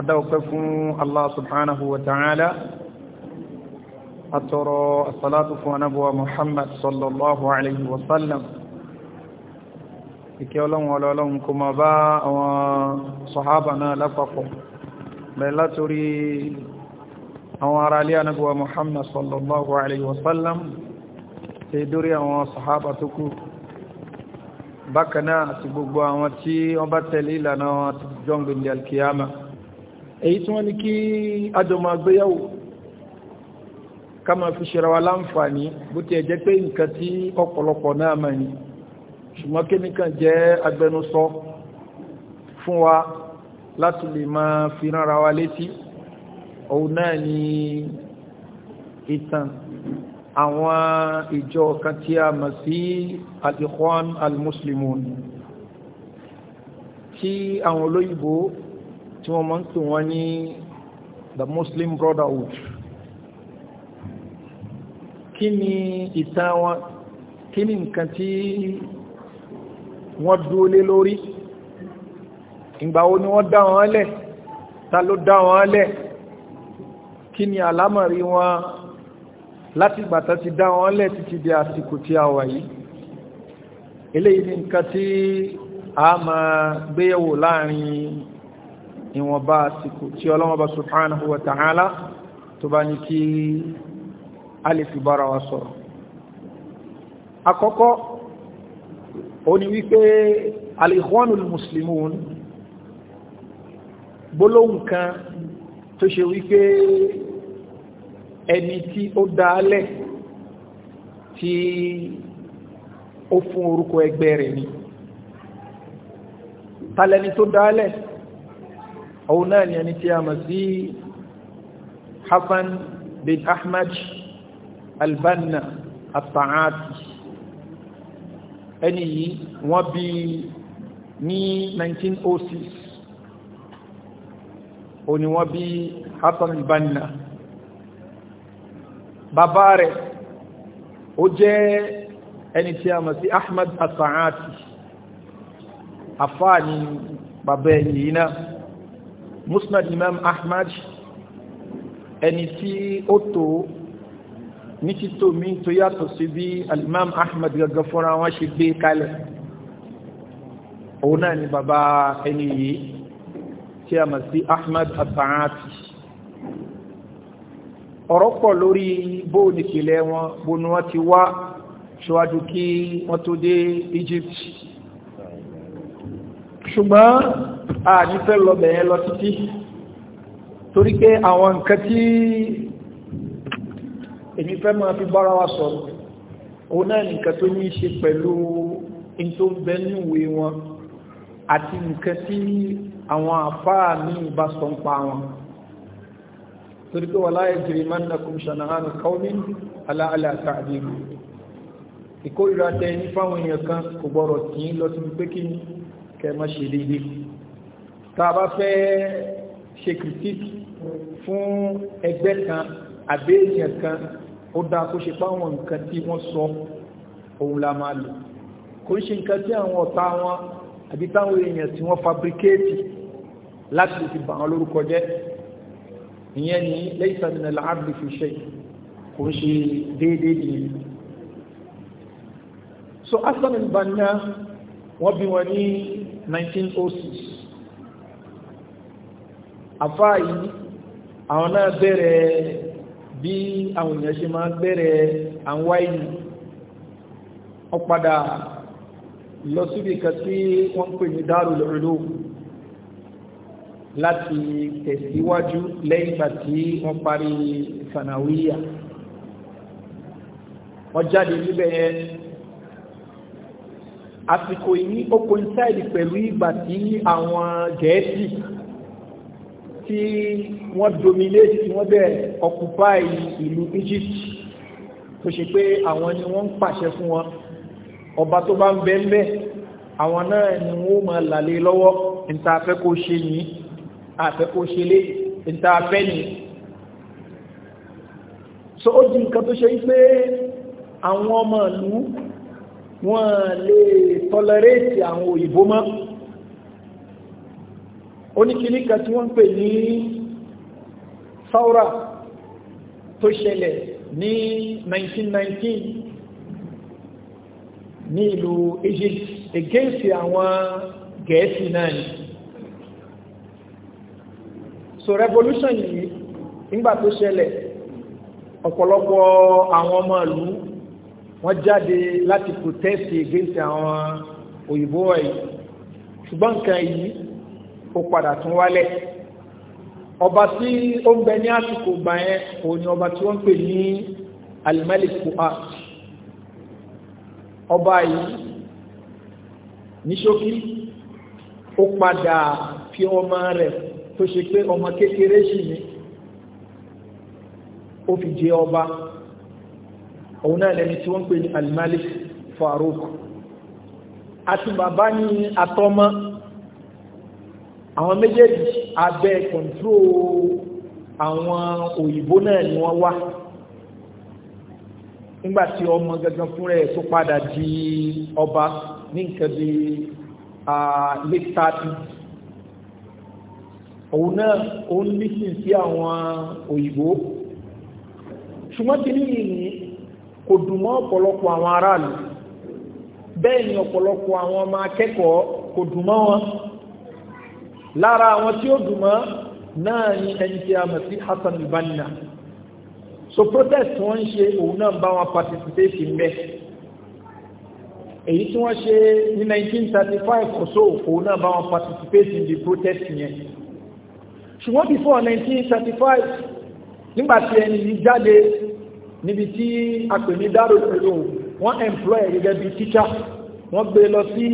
adáwọ̀pẹ́ fún Allah subhanahu wa ta'ala atọrọ asalatu fún anábọ̀wà Muhammad sallallahu alayhi wa sallam ìkẹ́ ọlọ́run ọlọ́run kó ma bá àwọn sọ̀hábà náà lápapọ̀ bẹ̀rẹ̀ látorí àwọn ará alẹ́ anábọ̀wà Muhammad sallallahu alayhi wa sallam ti dórí àwọn sọ̀hábà tó kú bákanáà àti gbogbo àwọn tí wọ́n bá tẹ̀lé ìlànà wọn jọ́ngbìn alkiyama èyí tí wọ́n ní kí adọ́mọ̀ àgbéyàwó ká máa fi ṣera wa láǹfààní bó ti ẹ̀jẹ́ pé nǹkan tí ọ̀pọ̀lọpọ̀ náà máa ní ṣùgbọ́n kí nìkan jẹ́ agbẹnusọ fún wa láti lè máa fi ránra wa létí òun náà ni ìtàn àwọn ìjọ kan tí a mọ̀ sí al-Ikhwan muslimun tí àwọn olóyìnbó tí wọ́n máa ń pè wọ́n ní the Muslim Brotherhood kí ni ìtàn wọn kí ni nǹkan tí wọ́n dúró lé lórí ìgbà wo ni wọ́n dá wọn lẹ̀ ta ló dá wọn lẹ̀ kí ni àlámọ̀rí wọn láti gbàtà ti dá wọn lẹ̀ títí di àsìkò tí a wà yìí eléyìí ni nǹkan tí a máa gbéyẹ̀wò láàrin ìwọ̀nba àsìkò tí ọlọ́wọ́ba subhanahu wa ta'ala tó bá ní kí a lè fi bára wa sọ̀rọ̀ àkọ́kọ́ ó ní wípé al-ikhwanul muslimun gbólóhùn kan tó ṣe wípé ẹni tí ó dáálẹ̀ tí ó fún orúkọ ẹgbẹ́ rẹ̀ ni tàlẹ́ni tó dáálẹ̀ òun náà ni ẹni tí a mọ̀ sí Hasan bin Ahmad al-Banna at-Ta'ati ẹni yìí wọ́n bí ní 1906 ó ní wọ́n bí Hasan al-Banna bàbá rẹ̀ ó jẹ́ ẹni tí a mọ̀ sí Ahmad at-Ta'ati afáà ni bàbá ẹni yìí náà musnad imam ahmad ẹni tí ó tó ní títò mí tó yàtọ̀ sí bí alimam ahmad gẹ́gẹ́ fúnra wọn ṣe gbé kalẹ̀ òun náà ni bàbá ẹni yìí tí a mọ̀ sí ahmad asaati ọ̀rọ̀ pọ̀ lórí bó nìkìlẹ̀ wọn bó ni wọ́n ti wá ṣíwájú kí wọ́n tó dé egypt ṣùgbọ́n a ní fẹ́ lọ bẹ̀yẹn lọ títí torí pé àwọn nǹkan tí èmi fẹ́ máa fi bára wa sọ̀rọ̀ òun náà nìkan tó ní ṣe pẹ̀lú in bẹ́núwé wọn àti nǹkan tí àwọn àfáà ní ìbá sọ ń pa wọn torí pé wala yajrimannakum shana'anu qawmin ala alla ta'dilu ìkórìíra tẹ́ ní fáwọn èèyàn kan kò gbọ́rọ̀ tí kẹmọ́ ṣe dédé tá a bá fẹ́ ṣe critique fún ẹgbẹ́ kan àbẹ́yẹn kan ó dáa kó ṣe páwọn nǹkan tí wọ́n sọ ohun la máa lò kò ń ṣe nǹkan tí àwọn ọ̀tá wọn àbí táwọn èèyàn tí wọ́n fabricate láti lè fi bà wọn lórúkọ jẹ́ ìyẹn ní laysa min al-'adli fi shay kò ń ṣe déédéé nìyẹn so aslan al-banna wọ́n bí wọn ní 1906 àfáà yìí àwọn náà bẹ̀rẹ̀ bí àwọn èèyàn ṣe máa bẹ̀rẹ̀ àwọn wáìnì wọ́n padà lọ síbi kan tí wọ́n ń pè ní Darul Ulum láti tẹ̀síwájú lẹ́yìn ìgbà tí wọ́n parí sanawiya wọ́n jáde níbẹ̀ àsìkò yìí ó coincide pẹ̀lú ìgbà tí àwọn gẹ̀ẹ́sì tí wọ́n dominate tí wọ́n bẹ̀rẹ̀ occupy ìlú Egypt tó ṣe pé àwọn ni wọ́n ń pàṣẹ fún wọn ọba tó bá ń bẹ́ńbẹ́ àwọn náà ni wọ́n máa làlẹ́ lọ́wọ́ so ó di nǹkan tó ṣe pé àwọn ọmọ ìlú wọ́n lè tọ́lẹ̀rẹ́tì àwọn òyìnbó mọ́ oníkìníkà tí wọ́n pè ní saura tó ṣẹlẹ̀ ní 1919 ní ìlú Egypt against àwọn gẹ̀ẹ́sì náà ni so revolution yìí nígbà tó ṣẹlẹ̀ ọ̀pọ̀lọpọ̀ àwọn ọmọ ìlú wọ́n jáde láti protest against àwọn òyìnbó wọ̀nyí ṣùgbọ́n nǹkan yìí ó padà tún wálẹ̀ ọba tí ó ń bẹ ní àsìkò gbà yẹn kò ní ọba tí wọ́n ń pè ní alimalik fuad ọba yìí ní ṣókí ó padà fi ọmọ rẹ̀ tó ṣe pé ọmọ kékeré sì ni ó fi jẹ ọba òun náà lẹni tí wọ́n pè ní Al-Malik Farouk àti bàbá ní atọ́mọ́ àwọn méjèèjì abẹ́ kọ̀ǹtró àwọn òyìnbó náà ni wọ́n wá nígbàtí ọmọ gangan fúnra ẹ̀ tó padà di ọba ní nǹkan bí late thirty òun náà òun lísìn sí àwọn òyìnbó ṣùgbọ́n tí nínú ìyìn kò dùn mọ́ ọ̀pọ̀lọpọ̀ àwọn aráàlú bẹ́ẹ̀ ni ọ̀pọ̀lọpọ̀ àwọn ọmọ akẹ́kọ̀ọ́ kò dùn mọ́ wọn lára àwọn tí ó dùn náà ni ẹni tí a mọ̀ sí Hassan al so protest wọ́n ń ṣe òun náà bá wọn participate ń bẹ́ èyí tí wọ́n ṣe ní 1935 or so òun náà bá wọn participate in the protest yẹn ṣùgbọ́n before 1935 nígbàtí ẹni yìí jáde níbi tí a pè ní dárò ìlú wọ́n employ gẹ́gẹ́ bí tíṣà wọ́n gbé lọ sí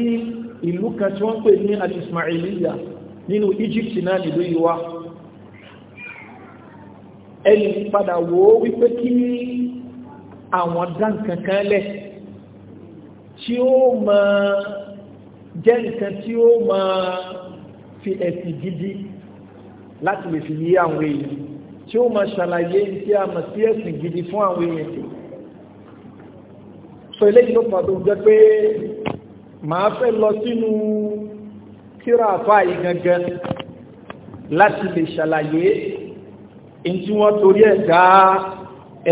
ìlú kan tí wọ́n pè ní al-Ismailiyya nínú Egypt náà nílùú yìí wá ẹni padà wò wípé kí àwọn dá kan lẹ̀ tí ó máa jẹ́ nǹkan tí ó máa fi ẹ̀sìn gidi láti lè fi yí àwọn èèyàn tí ó máa ṣàlàyé tí a mọ̀ sí ẹ̀sìn gidi fún àwọn èèyàn so eléyìí ló pàtó jẹ́ pé màá fẹ́ lọ sínú kíra àfáà yìí gangan láti lè ṣàlàyé èyí tí wọ́n torí ẹ̀ dá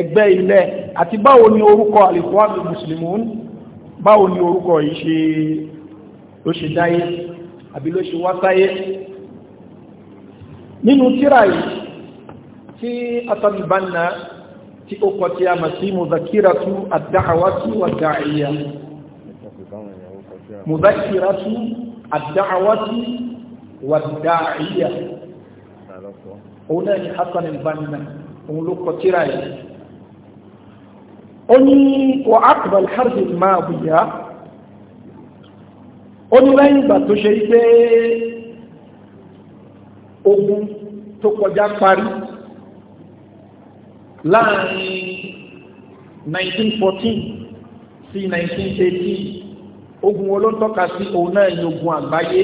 ẹgbẹ́ ilẹ̀ àti báwo ni orúkọ àlìkọ́wàbí mùsùlùmí báwo ni orúkọ yìí ló ṣe dáyé àbí ló ṣe wá sáyé nínú tíra yìí tí Hassan al-Banna tí ó kọ tí a mọ̀ sí muzakiratu ad-da'watu wad-da'iyya muzakiratu ad-da'watu wad-da'iyya òun náà ni Hassan al-Banna kọ tíra yìí ó ní wà aqba al-harb al-madiya ó ní lẹ́yìn ìgbà ṣe pé ogun tó kọjá parí láàrin 1914 sí 1918 ogun wo ló tọ́ka sí òun náà ní ogun àgbáyé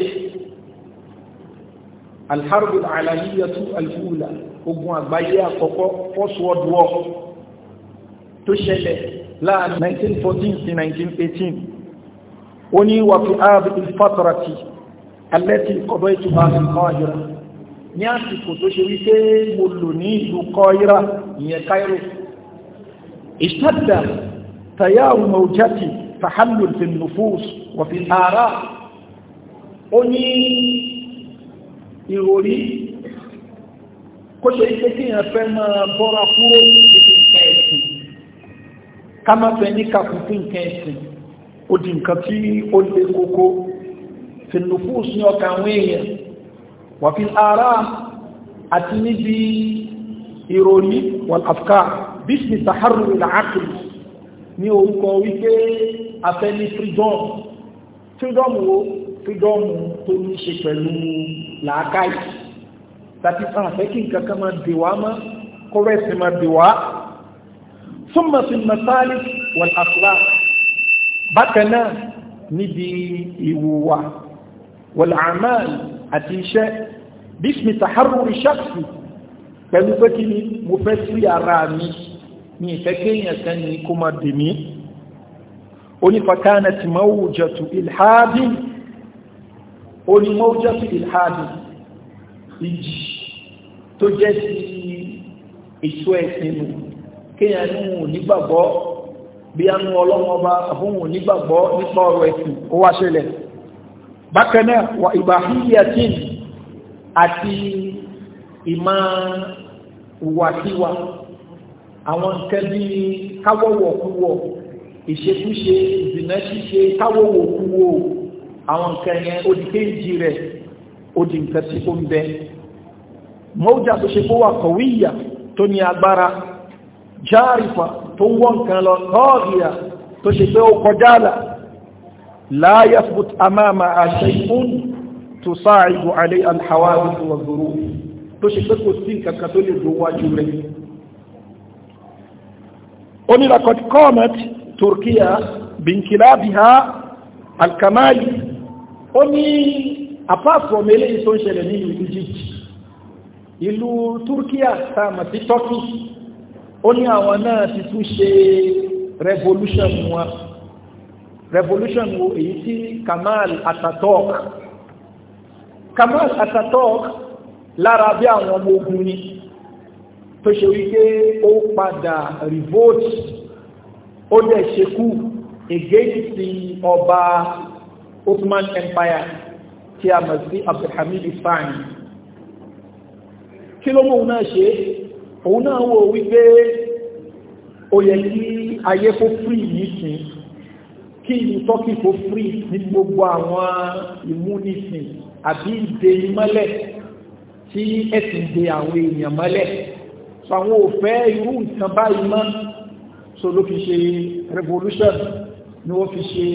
alharbu alaliyatu alfula ogun àgbáyé àkọ́kọ́ first world war tó ṣẹlẹ̀ láàrin 1914 sí 1918 ó ní wàfíà bí fatarati alẹ́tì kọ̀dọ̀ ìtùbà ní kọ́ àjọ́ra ní àsìkò tó ṣe wípé mo lò ní ìlú kọ́ira ìyẹn Cairo ìṣẹ́dà tayáwù mọ̀játi tahallul fi nufus wà fi ara ó ní ìròrí kó ṣe ipé kí èèyàn fẹ́ máa bọ́ra kúrò nípa nǹkan ká má fẹ́ ní wàfí ara àti níbi ìròrí wal afkar bísmi taharu al-aql ní orúkọ wípé afẹ́ ní freedom freedom wo freedom tó ní ṣe pẹ̀lú làákàyè tàbí fún àfẹ́ kí nǹkan kan máa dè wá mọ́ kọ́rẹ́sì máa dè wá ثم في المسالك والأخلاق بكنا نبي إيوه والأعمال àti iṣẹ́ bísmi taharuri ṣáàkì pẹ̀lú pé kí ni mo fẹ́ sí ara mi ní ìfẹ́ kéèyàn kan ní kó máa dè mí onífàkánà ti máa wù jẹ̀tù ìlhádì onímọ̀ ní òun nígbàgbọ́ bákanáà wà ìbáhíyàtín àti ìmá ìwàtíwà àwọn nǹkan bí káwọ́wọ̀kúwọ̀ ìṣekúṣe ìdìnà ṣíṣe káwọ́wọ̀kúwọ̀ àwọn nǹkan yẹn odìkéjì rẹ̀ odì nǹkan tí ó ń bẹ mọ́jà tó ṣe kówà kọ̀wíyà tó ní agbára járífà tó wọ́n nǹkan lọ tọ́ọ̀gìyà tó ṣe pé ó kọjá àlà لا يثبت أمامها شيء تساعد عليه الحوادث والظروف تشكك السنك كتل الرواج قل لقد قامت تركيا بانقلابها الكمالي قل apart from eléyìí tó ń ṣẹlẹ̀ ní ìlú Egypt ìlú Turkiya tààmà sí Turkey ó ní àwọn náà revolution wọn revolution wo èyí tí Kamal Atatürk Kamal Atatürk lára bí àwọn ọmọ ogun ni tó ṣe wípé ó padà revolt ó dẹ̀ ṣekú against ọba Ottoman Empire tí a mọ̀ sí Abdulhamid Ifani kí ló mọ̀ òun náà ṣe òun náà wò wípé ó yẹ kí ayé kó free yìí sìn kí ìlú tọ́kì kò fírí ní gbogbo àwọn ìmúnisìn àbí ìdè mọ́lẹ̀ tí ẹ̀sìn dè àwọn èèyàn mọ́lẹ̀ so àwọn òfẹ́ irú nǹkan báyìí mọ́ so ló fi ṣe revolution ni wọ́n fi ṣe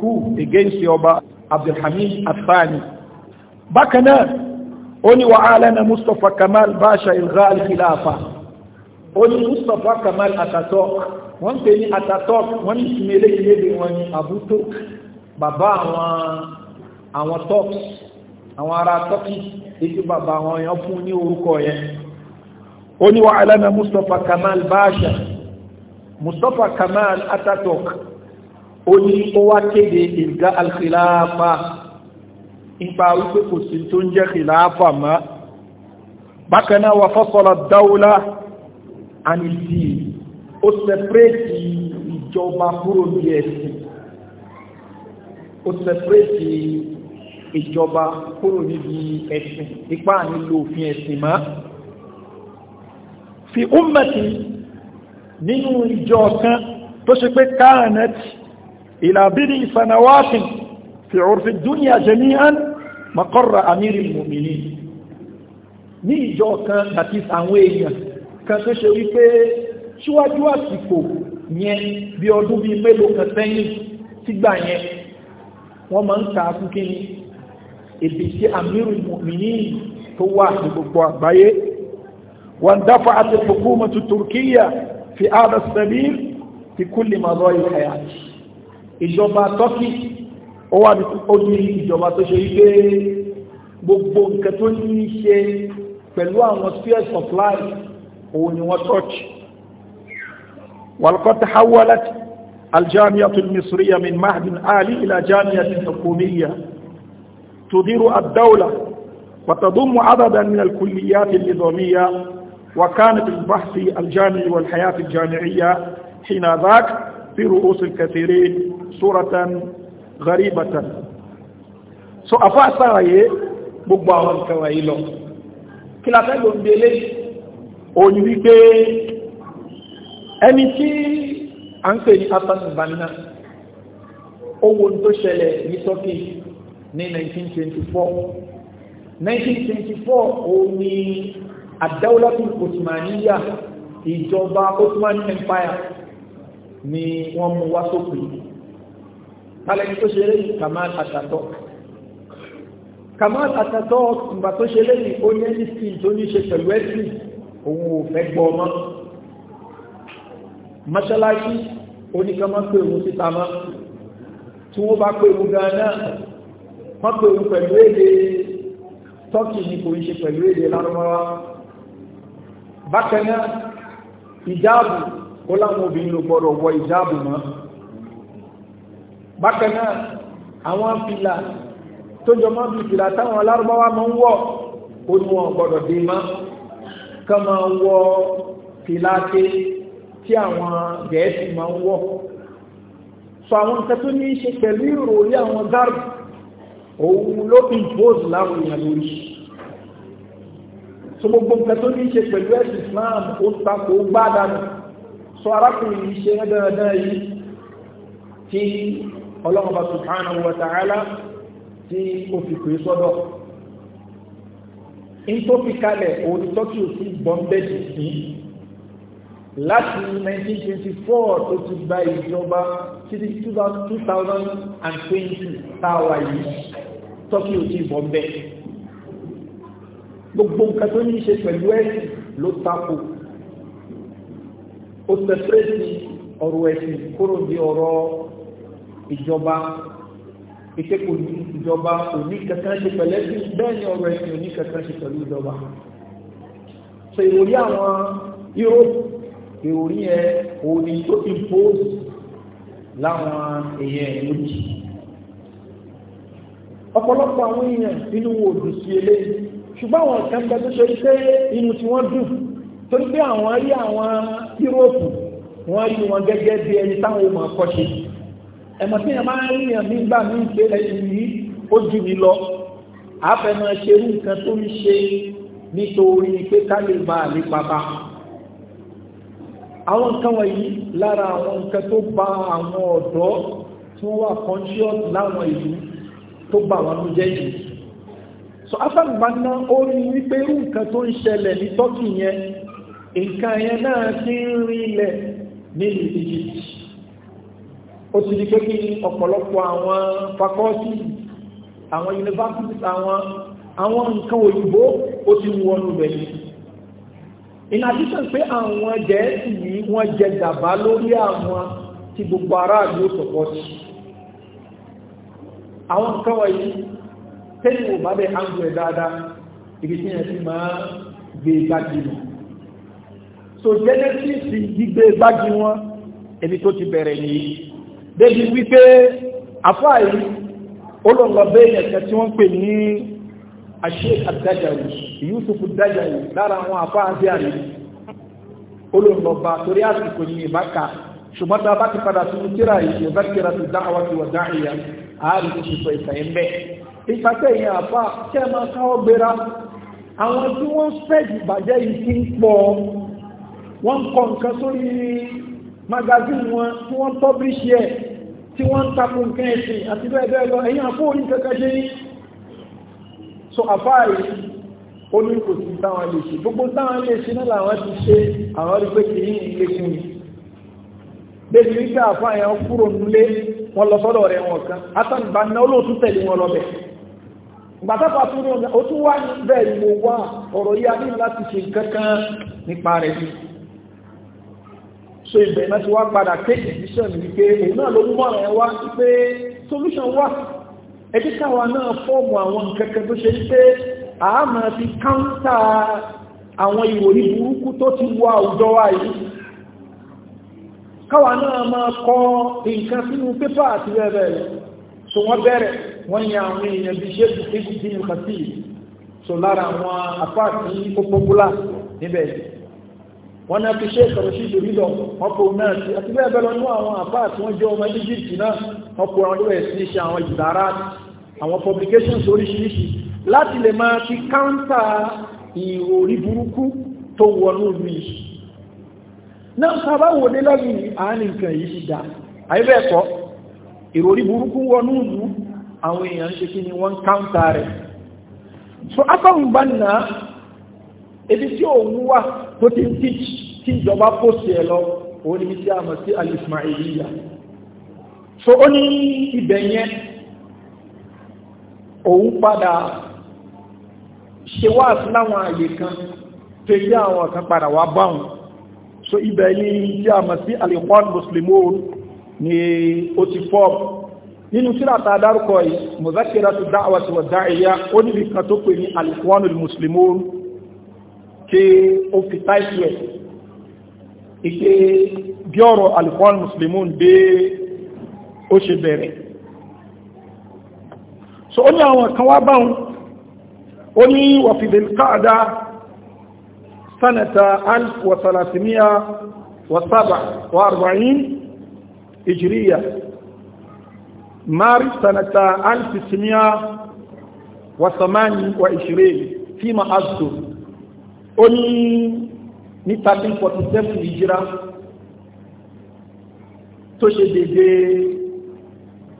coup against ọba Abdulhamid Athani bákan náà ó ní wàhálà na Mustapha Kamal Basha ilghal khilafa ó ní mustapha kamal atatok wọ́n pè ní atatok wọ́n ní ìsinmi eléyìí lébi wọn ní abutok bàbá àwọn àwọn turks àwọn ará turkey ètò bàbá àwọn èèyàn fún ní orúkọ yẹn ó ní wà mustapha kamal basha mustapha kamal atatok ó owa ó wá kéde ìgbà alkhilafa nípa wípé kò sí tó ń jẹ́ khilafa mọ́ bákan náà wà fasola dáúlá and his deed ó sẹpẹrẹtì ìjọba kúrò ní ẹ̀sìn ó sẹpẹrẹtì ìjọba kúrò níbi ẹ̀sìn ipá nílò òfin ẹ̀sìn mọ́ fi ummati nínú ìjọ kan tó ṣe pé káànẹ́tì ìlàbírí ìfẹ̀nàwáṣìn fi urfi dúnìyà jami'an maqarra amiril mu'minin ní ìjọ kan àti àwọn èèyàn kan tó ṣe wípé síwájú àsìkò yẹn bí ọdún bíi mélòó kan sẹ́yìn sígbà yẹn wọ́n máa ń ka kúkí ni èdè tí àmírù mùmìnì tó wà ní gbogbo àgbáyé wọ́n dáfà àti fòkúmọ̀ tó turkiyya fi ààrẹ sẹ́bíl fi kúlì màrọ̀ ìhàyà ìjọba tọ́kì ó wà ní ìjọba tó ṣe wípé gbogbo nǹkan pẹ̀lú àwọn sphere supply òun ni wọ́n tọ́ọ̀kì الجامعة المصرية من معهد عالي إلى جامعة حكومية تدير الدولة وتضم عددا من الكليات النظامية وكانت البحث الجامعي والحياة الجامعية حين ذاك في رؤوس الكثيرين صورة غريبة so afa sara ye gbogbo àwọn nǹkan òní wípé ẹni tí a ń pè ní Hassan owó tó ṣẹlẹ̀ ní Turkey ní 1924 1924 òní àdáwọ́lápùn Osmaniya ìjọba Ottoman Empire ni wọ́n mú wá sópin alẹ́ni tó ṣe lẹ́yìn Kamal Atatürk Kamal Atatürk ìgbà tó ṣe lẹ́yìn ó ní ẹni tó ní ṣe pẹ̀lú ẹ̀sìn òun ò fẹ́ gbọ́ ọmọ mọ́ṣáláṣí oníkanmọ́ pé òun síta mọ́ tí wọ́n bá pé òun gan náà wọ́n pé òun pẹ̀lú èdè tọ́kì ní kò ń ṣe pẹ̀lú èdè lárúbáwá bákan náà ìjáàbù ó láwọn obìnrin ló gbọ́dọ̀ wọ ìjáàbù mọ́ bákan náà àwọn fìlà tó jọ mọ́ bí fìlà táwọn lárúbáwá máa ń wọ̀ ó ní wọn gbọ́dọ̀ dé mọ́ kán máa wọ pìláte tí àwọn gẹ̀ẹ́sì máa ń wọ̀ so àwọn nǹkan tó ní í ṣe pẹ̀lú ìròyìn àwọn dárù òun ló impose láwọn èèyàn lórí so gbogbo nǹkan tó ní í ṣe pẹ̀lú ẹ̀sìn Islam ó takò ó so arákùnrin yìí ṣe dáadáa yìí tí Ọlọ́run bá subhanahu wa tí ó fi pè sọ́dọ̀ nítorí kalẹ̀ òun tọ́kì òsì bọ́m̀bẹ́sì sí láti 1924 tó ti gba ìjọba títí 2020 táwa yìí tọ́kì òsì bọ́m̀bẹ́ gbogbo nǹkan tó ní ṣe pẹ̀lú ẹ̀sìn ló tako ó sẹpẹ́rẹ́sì ọ̀rọ̀ ẹ̀sìn kúrò ní ọ̀rọ̀ ìjọba ìpé kò ní ìjọba kò ní kankan ṣe pẹ̀lẹ́ sí bẹ́ẹ̀ ni ọ̀rọ̀ ẹ̀sìn ò ní kankan ṣe pẹ̀lú ìjọba so ìròrí àwọn Europe ìròrí ẹ òní tó impose láwọn èèyàn ìlújì ọ̀pọ̀lọpọ̀ àwọn èèyàn nínú òdù sí eléyìí ṣùgbọ́n àwọn kan gbẹ́ tó ṣe pé inú tí wọ́n dùn torí pé àwọn rí àwọn Europe wọ́n rí wọn gẹ́gẹ́ bí ẹni táwọn ò mọ̀ ọ́kọ́ ṣe ẹ̀mọ̀ tí yẹn máa ń rí yẹn nígbà míì pé ẹ̀yìn yìí ó jù mí lọ àfẹnà ṣerú nǹkan tó ń ṣe nítorí pé ká lè máa lè pàpà àwọn nǹkan wọ̀nyí lára àwọn nǹkan tó bá àwọn ọ̀dọ́ tí wọ́n wà conscious láwọn ìlú tó bá wọn jẹ́ yìí so afẹ́gbàgbà ó rí wípé irú nǹkan tó ń ṣẹlẹ̀ ní tọ́kì yẹn nǹkan yẹn náà ti ń rí ilẹ̀ nílùú Egypt ó ti di pé kí ọ̀pọ̀lọpọ̀ àwọn fakọ́ọ̀tì àwọn yunifásitì àwọn àwọn nǹkan òyìnbó ó ti wọ ọ́nù bẹ̀yìn in addition pé àwọn jẹ́ẹ̀sì yìí wọ́n jẹ gàba lórí àwọn tí gbogbo aráàlú ó sọ̀pọ̀tì àwọn nǹkan wọ̀nyí tẹ́lẹ̀ ò bá bẹ̀ áńgù ẹ̀ dáadáa ibi tí yẹn ti máa gbé gbági lọ so genesis gbígbé gbági wọn ẹni tó ti bẹ̀rẹ̀ nìyí débi wípé àfáà yìí olóńgbàbẹ́ ẹ̀kẹ́ tí wọ́n pè ní àṣẹ àdájàwì Yúsùfù dájàwì lára àwọn àfáà bí àrí olóńgbàbà torí àsìkò ní ìbáka ṣùgbọ́n tá a bá ti padà sínú tíra yìí ìbá kíra ti dáhàwá ti wà dáhìyà àárí ti ṣètò ìsàyẹ̀ mbẹ́ ìpàtẹ́ ìyẹn àfáà kí máa káwọ́ gbéra àwọn tí wọ́n fẹ́ ìbàjẹ́ yìí ti ń pọ̀ wọ́n kọ nǹkan sórí magazine wọn tí wọ́n pọ́blíṣì ẹ̀ tí wọ́n ń tapò nǹkan ẹ̀sìn àti bẹ́ẹ̀ bẹ́ẹ̀ lọ ẹ̀yìn àfó orí kankan ṣe ní so àfáà yìí ó ní kò sí táwọn lè ṣe gbogbo táwọn lè ṣe náà làwọn ti ṣe àwọn rí pé kì í ilé fún mi bẹ́ẹ̀ ní ká àfáà yẹn kúrò nílé wọn lọ sọ́dọ̀ rẹ̀ wọn kan atan ìbáná olóòtú tẹ̀lé wọn lọ́bẹ̀ gbàtàpá tó ní ọjà ó tún wá bẹ́ẹ̀ ni mo wá ọ̀rọ̀ yìí a ní láti ṣe nǹkan nípa rẹ̀ bíi so ibẹ̀ náà ti wá padà take decision wípé òun náà ló mú ọ̀rọ̀ ẹ wá pé solution wà ẹ jẹ́ káwa náà fọ́ọ̀mù àwọn kẹ̀kẹ́ tó ṣe ń pé àmà ti káńtà àwọn ìròyìn burúkú tó ti wọ àwùjọ wa yìí káwa náà máa kọ nǹkan sínú pépà àti bẹ́ẹ̀ rẹ̀ so wọ́n bẹ̀rẹ̀ wọ́n yan àwọn èèyàn bíi ṣé kìí kìí kìí kàtì so lára àwọn apá àti ó pọ́pùlà níbẹ̀ yìí wọ́n náà fi ṣe ìsọ̀rọ̀ sí ìṣòrí lọ ọkọ̀ náà sí àti bẹ́ẹ̀ bẹ́ẹ̀ lọ ní àwọn àbá àti wọ́n jẹ́ ọmọ Egypt náà ọkọ̀ àwọn olóòwẹ̀ sí iṣẹ́ àwọn ìdára àwọn publications oríṣiríṣi láti lè máa fi káńtà ìròrí burúkú tó wọnú mi yìí ni wọ́n káńtà rẹ̀ so afọ́nbánà ebi tí òun wà tó ti ń tíj tí ìjọba pòsì ẹ lọ òun níbi tí a mọ̀ sí al-Ismailiyya so ó ní ibẹ̀ yẹn òun padà ṣe wá láwọn àyè kan tó yí àwọn kan padà wá báhùn so ibẹ̀ ní tí a mọ̀ sí al-Ikhwan ni ó ti fọ́ọ̀mù nínú tíra ta dárúkọ yìí muzakiratu da'wati wa da'iya ó níbi kan tó pè ní al-Ikhwanul tí ó fi táìsù ẹ̀ ìpé bí ọ̀rọ̀ alìkọ́n muslimun bí ó ṣe bẹ̀rẹ̀ so ó ní àwọn kan wá báhùn ó ní wàfidil káàdá sanata alf wa salasimiya wa saba wa arba'in hijriya مارس سنة 1928 فيما أذكر ó ní ní thirteen forty seven ìjírá tó ṣe dédé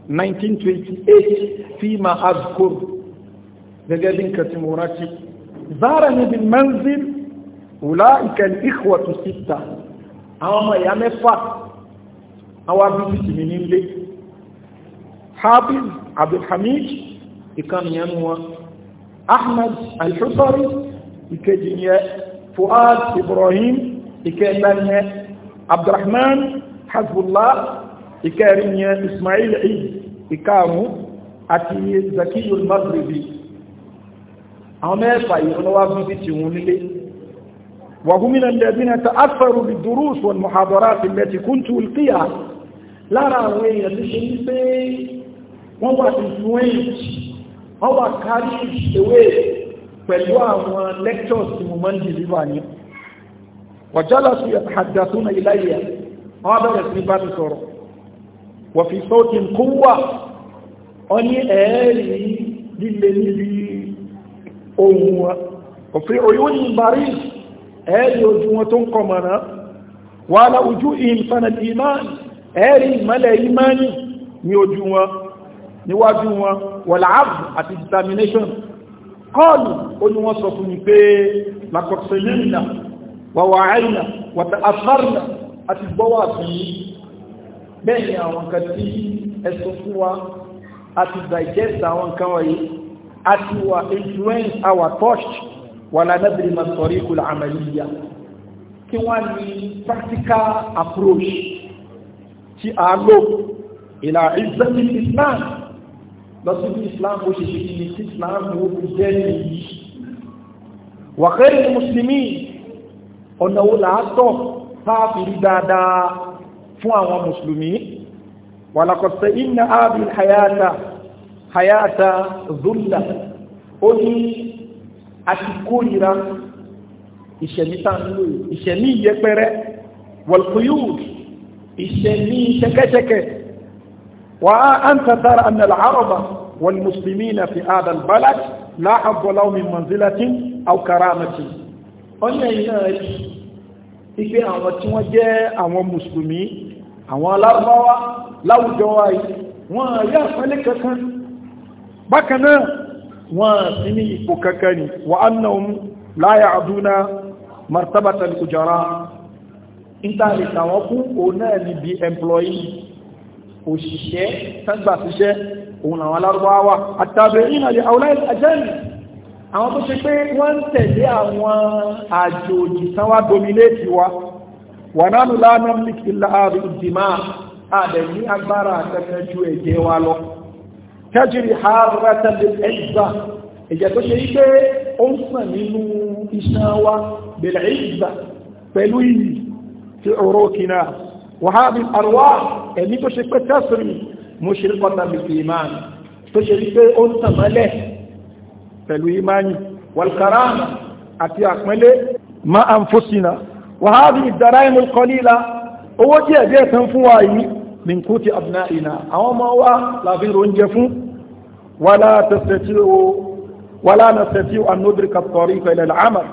nineteen twenty eight fíìmà azkur gẹ́gẹ́ bí nǹkan tí mo rántí zara ni bin manzil wùlá ìkẹlì ìkwàtú síta àwọn ọmọ ìyá mẹ́fà àwọn abúlé mi nílé hafiz abdulhamid ìkànnì yẹn wọn ahmed alhusari ìkejì yẹ Fuad Ibrahim ìkẹta yẹ Abdurrahman Hasbullah ìkẹrin yẹ Ismail Eid ìkarùn àti Zakiyul Maghribi àwọn mẹ́fà yìí ọlọ́wà bíbí ti wọn nílé وهم الذين تأثروا بالدروس والمحاضرات التي كنت ألقيها لا رأوية لشيء wọ́n wà influence wọ́n wà carried away pẹ̀lú àwọn lectures tí mo máa ń deliver ní wàjálà sí àdàtúnà iláyà wọ́n bẹ̀rẹ̀ sí bá ti sọ̀rọ̀ wọ́n fi sọ́ọ̀tì kún wà ọ ní ẹ̀ẹ́rì líle níbi ohun wa òfin oyún ní bari ẹ̀ẹ́rì ojú wọn tó ń kọ mọ̀nà wà lá ojú ìfànàdì ẹ̀ẹ́rì ìmọ́lẹ̀ imáni ní ojú wọn níwájú wọn wọ̀lá àti determination kọ́ọ̀lù ó ní wọ́n sọ fún mi pé lakọ̀sẹ̀lẹ́nà wàwàáìnà wàtà afárìnà àti gbọ́wà fún bẹ́ẹ̀ ni àwọn kan tí ẹ̀sùn fún wa àti digest àwọn nǹkan wọ̀nyí àti wà influence our touch wà lánàbìrì masọ̀rí kùlà àmàlìyà kí wọ́n ní practical approach tí a ìlà ìzẹ́mì islam lọ sí bí islam ó ṣe ṣe kí ni tí islam ó fi jẹ́ nìyí wàkẹ́rì mùsùlùmí ọ̀nà wo làátọ̀ táàfìrí dáadáa fún àwọn mùsùlùmí wàlàkọ̀tẹ̀ iná ààbí hayata hayata zulla ó ní àti kórìíra ìṣẹ̀mí tàǹlò ìṣẹ̀mí yẹpẹrẹ wọ̀lùkúyù ìṣẹ̀mí ṣẹkẹ́ṣẹkẹ́ وأنت ترى أن العرب والمسلمين في هذا البلد لا حظ لهم من منزلة أو كرامة ọ̀nà ìyáàrí ipé àwọn tí wọ́n jẹ́ àwọn mùsùlùmí àwọn alárùbáwá láwùjọ wa yìí wọ́n yá àpẹẹlẹ̀ kankan bákanáà wọ́n sí ní ipò kankan ni wa annahum la ya'duna martabata al-ujara ìtàlẹ̀ tàwọn fún òun náà ni bí employee òṣìṣẹ́ tágbà ṣiṣẹ́ òun àwọn alárúbáwà àtàbẹ̀ ìrìnàlẹ̀ àwọláìsì àjẹ́rì àwọn tó ṣe pé wọ́n ń tẹ̀lé àwọn àjòjì tánwà dominate wa wà nánú lánà ìlà ààrùn ìdìmá àdẹ̀ ní agbára àtẹ́fẹ́jú ẹ̀jẹ̀ wa lọ kẹjìrì ààrẹ̀tẹ̀lẹ̀ ẹ̀gbà pẹ̀lú ìyí tí ọ̀rọ̀ kìnnà wàhábí àrùwá ẹ̀mí tó ṣe pé tẹ́sìrì mo ṣe kọta bìtì ìmáàni tó ṣe wípé ó ń tàmọ́lẹ̀ pẹ̀lú ìmáàni wàlkàrá àti àpẹẹlẹ ma an fòsìnà wàhábí ìdára ìmú kọlíla owó díẹ̀ díẹ̀ tán fún wa yìí min kú ti àbúná ìná àwọn ọmọ wa láfi oúnjẹ fún wàlá tẹ̀sẹ̀ tí ó wàlá nà tẹ̀sẹ̀ tí ó ànóbìrì kàtọ̀rí pẹ̀lẹ̀ àmàlì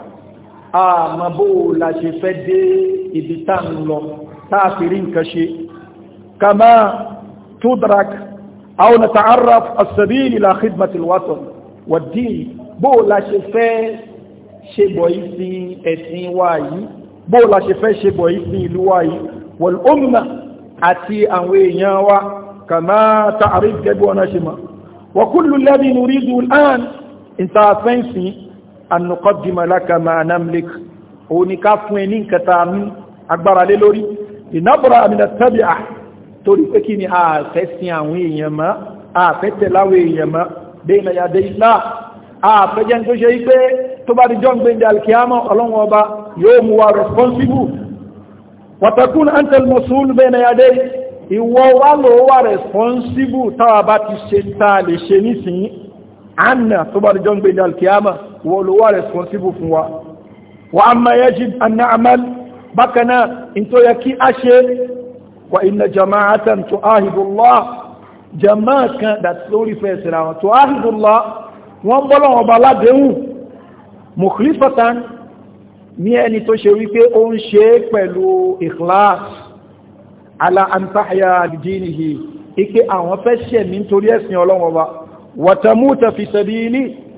àmàbò la ṣe fẹ́ dé ibi tá ń lọ táàfìrí nǹkan ṣe kama tudrak aw nata'arraf as-sabil ila khidmat al-watan wa ad-din bó la ṣe fẹ́ ṣe bọ̀ yìí sí ẹ̀sìn wa yìí bó la ṣe fẹ́ ṣe bọ̀ yìí ìlú wa yìí wal umma àti àwọn èèyàn wa kama ta'arif gẹ́gbẹ́ wọn ṣe ma wa kullu alladhi nuridu al-an ìta fẹ́ǹsìn an nuqaddima laka ma namlik ó ní ká fún ẹni nǹkan tá ní agbára lé lórí ìnábọ̀rọ̀ àmì tàbíà torí pé kí ni a fẹ́ sin àwọn èèyàn mọ́ a fẹ́ tẹ̀láwọ̀ èèyàn mọ́ bayna yaday illah a fẹ́ jẹ́ tó ṣe wípé tó bá di john gbẹ̀ndẹ̀ alkiyama ọlọ́wọ́ ọba yóò mú wa responsible wa takun anta al-mas'ul bayna yaday ìwọ wá ló wà responsible táwa bá ti ṣe ta lè ṣe nísìnyí anna tó bá di john gbẹ̀ndẹ̀ alkiyama wọ́n ló wà responsible fún wa wa amma yajib an na'mal bákanáà in tó yẹ kí a ṣe wa inna jama'atan tu'ahidullah jama'a kan that lórí fẹ́ síra wọn tu'ahidullah wọ́n bọ́lọ̀ ọba aládéhùn mukhlifatan ní ẹni tó ṣe wípé ó ń ṣe pẹ̀lú ikhlas ala an ike àwọn fẹ́ ṣẹ̀mí nítorí ẹ̀sìn ọlọ́wọ́ wa watamuta fi sabili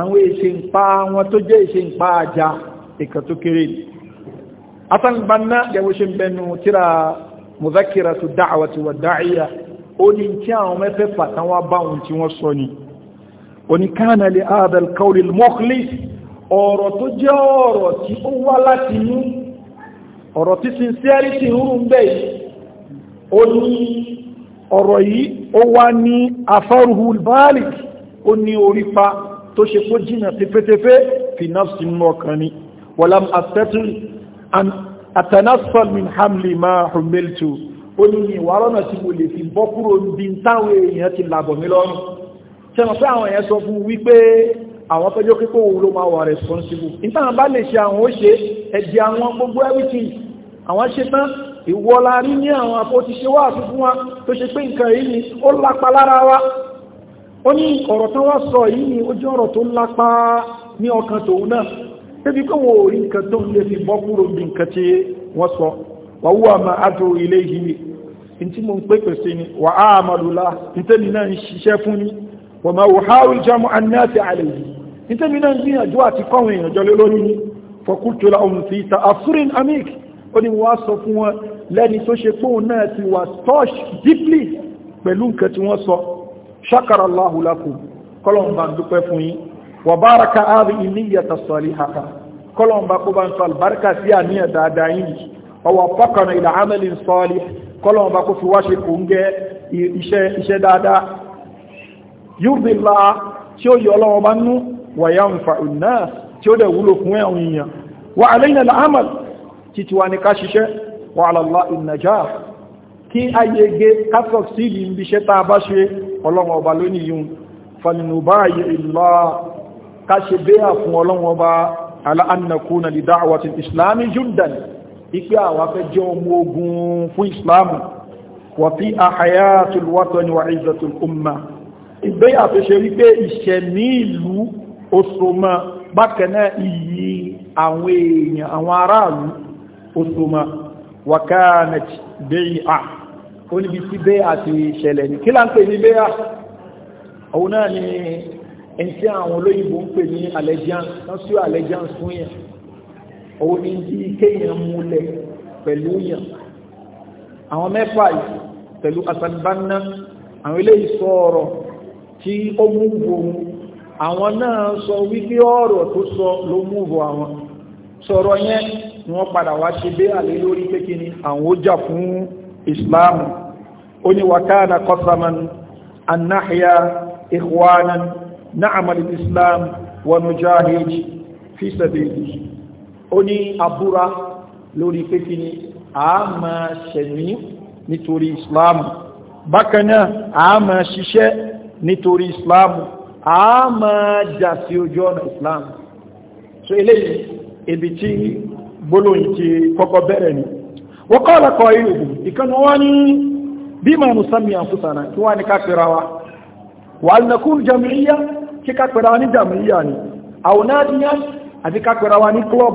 àwọn èṣe ń pa wọn tó jẹ́ èṣe ń pa ajá ìkà tó kéré asanbanna gẹ̀wó ṣe ń bẹnu tíra muzakiratu da'wati wa da'iya ó ní tí àwọn mẹ́fẹ́ fàtàwà báwọn tí wọ́n sọ ní kana li hadha al-qawl al-mukhlis ọ̀rọ̀ tó jẹ́ ọ̀rọ̀ tí ó wá láti inú tó ṣe kó jìnà tẹfẹ́tẹfẹ́ fi nafsi nínú ọkàn ni walam atanasfal min hamli ma humiltu ó ní ìwà rọ́nà tí mo lè fi bọ́ kúrò bí n táwọn èèyàn ti làbọ̀ mí lọ́rùn tẹ́nà pé àwọn èèyàn sọ fún wípé àwọn tọ́jọ́ kíkó wo ló máa wà responsible ìtàn bá lè ṣe àwọn ó ṣe ẹ̀dì àwọn gbogbo everything àwọn ṣe tán ìwọ́la rí ní àwọn àpótíṣẹ́wà fún tó ṣe pé nǹkan yìí ni ó lápa lára wa ó ní ọ̀rọ̀ tán wá sọ yìí ni ojú ọ̀rọ̀ tó lápá ní ọkàn tòun náà débi kó wò rí nǹkan tó ń lè fi bọ́ kúrò bí nǹkan tí wọ́n sọ wà máa adò ilé yìí tí mo ń pè pèsè ni wà á àmàlùlá ìtẹ́mi náà ń ṣiṣẹ́ fún ní wà máa wò háwù jámù anáàtì àlè yìí ìtẹ́mi náà ń gbìyànjú àti kọ́wọ̀n èèyàn jọ lórí ní fọkútùlá ohun ti ta afurin amik ó ní wọ́n sọ fún wọn lẹ́ni tó ṣe pé náà ti wà touch deeply pẹ̀lú nǹkan tí wọ́n sọ ṣakara láhùlákù kọlọ̀mbà dúpẹ́ fún yí wà báraka áàrí iníyàtà sọ̀rí haka kọlọ̀mbà kó bá ń sọ albarka sí àníyà dáadáa yìí ọwà fọ́kànà ìlà amẹ́lì sọ́ọ̀lì kọlọ̀mbà kó fi wáṣe kò ń gẹ́ iṣẹ́ dáadáa yúbìlá tí ó yọ ọlọ́wọ́ bá nú wà yá ń fa ìná tí ó dẹ̀ wúlò fún ẹ̀hùn èèyàn wà àlẹ́yìn àmàl títí wa ká ṣiṣẹ́ wà àlàlá ìnàjáà kí ayege catholic sílì ń bí iṣẹ́ tá bá ṣe ọlọ́run ọba lónìí yun faninu báyìí ìlà káṣe bẹ́yà fún ọlọ́run ọba aláàánàkúnà lè dá àwọn islami jùdàn ipé àwọn fẹ́ jẹ́ ọmọ ogun fún islamu wà fí hayatul watani wà izzatul umma ìgbéyà tó ṣe wípé ìṣẹ̀mí ìlú osoma bákanáà iyì ó níbi tí bẹ́ àti ìṣẹ̀lẹ̀ ní kí là ń pè ní bẹ́yà náà ni ẹni tí àwọn olóyìnbó ń pè ní allegiance wọ́n allegiance fún yẹn òun ni tí kéèyàn múlẹ̀ pẹ̀lú yẹn àwọn mẹ́fà yìí pẹ̀lú asanbanna àwọn eléyìí sọ ọ̀rọ̀ tí ó mú wòun àwọn náà sọ wípé ọ̀rọ̀ tó sọ ló mú wò àwọn sọ̀rọ̀ yẹn ni wọ́n padà wá ṣe bẹ́yà lé lórí pé kí ni àwọn ó jà fún ìsìláàmù oni wakana qasaman an nahya ikhwanan na'mal al-islam wa nujahid fi sabili oni abura lórí pé kíni a máa ṣẹ̀mí nítorí islam bákan náà a máa ṣiṣẹ́ nítorí islam a máa jà sí ojú ọ̀nà islam so eléyìí ibi tí gbólóyìn ti ni wọ́n kọ́ ọ̀lọ́kọ̀ ìrùbù ìkànnà bima nusami anfusana kí wọ́n ní ká pèrà wa wà alìnàkún jamiya kí ká pèrà wa ní jamiya ni àwọnádìyà àti ká pèrà wa ní club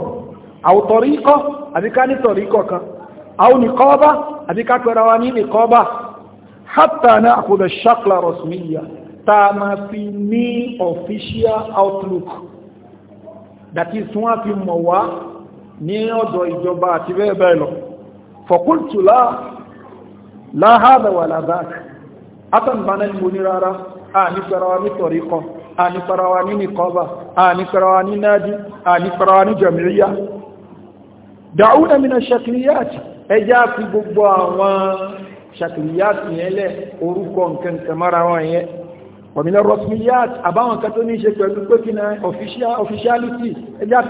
àwòtọ̀ríkọ́ àti ká ní tọ̀ríkọ́ kan àwọnìkọ́ọ́bá àti ká pèrà wa ní nìkọ́ọ́bá hatta na àkùdà shakla rasmiya ta fi ní official outlook that is wọ́n fi mọ̀ wá ní ọ̀dọ̀ ìjọba àti bẹ́ẹ̀ bẹ́ẹ̀ lọ fọ̀kúltùlá láhàbà wà lábáàkì atànbánà ni mo ní rárá a ní pẹ̀rọ wa ní tọ̀ríkọ a ní pẹ̀rọ wa ní nìkọba a ní pẹ̀rọ wa ní náàdí a ní pẹ̀rọ wa ní jẹ̀mìríyà dàúnà mi na ṣakìlíyàtì ẹjá fi gbogbo àwọn ṣakìlíyàtì yẹn lẹ orúkọ nǹkan kẹmara wọn yẹn ọ̀mìnà rọ̀smíyàtì àbáwọn kan tó ní ṣe pẹ̀lú pé kí na ọ̀fíṣálítì ẹjá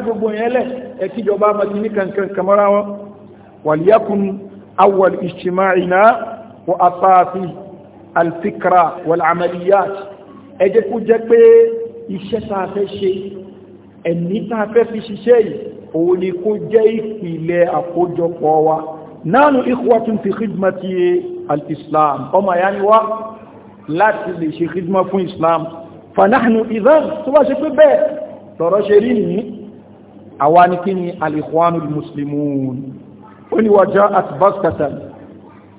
fi awwal ìṣìmáìnà وأطافي الفكرة والعمليات ẹjẹ́ kó jẹ́ pé iṣẹ́ tàà fẹ́ ṣe ẹ̀ní tàà fẹ́ fi ṣiṣẹ́ yìí òun ni kó jẹ́ ìpìlẹ̀ àkójọpọ̀ wa nánú ikhwatun fi khidmati al-islam ọmọ ya ni wá láti lè ṣe khidma fún islam fanahnu idan tó bá ṣe pé bẹ́ẹ̀ tọ̀rọ̀ ṣe rí ní àwa ní kí ni al-ikhwanul muslimun ó ni wà já at baskatan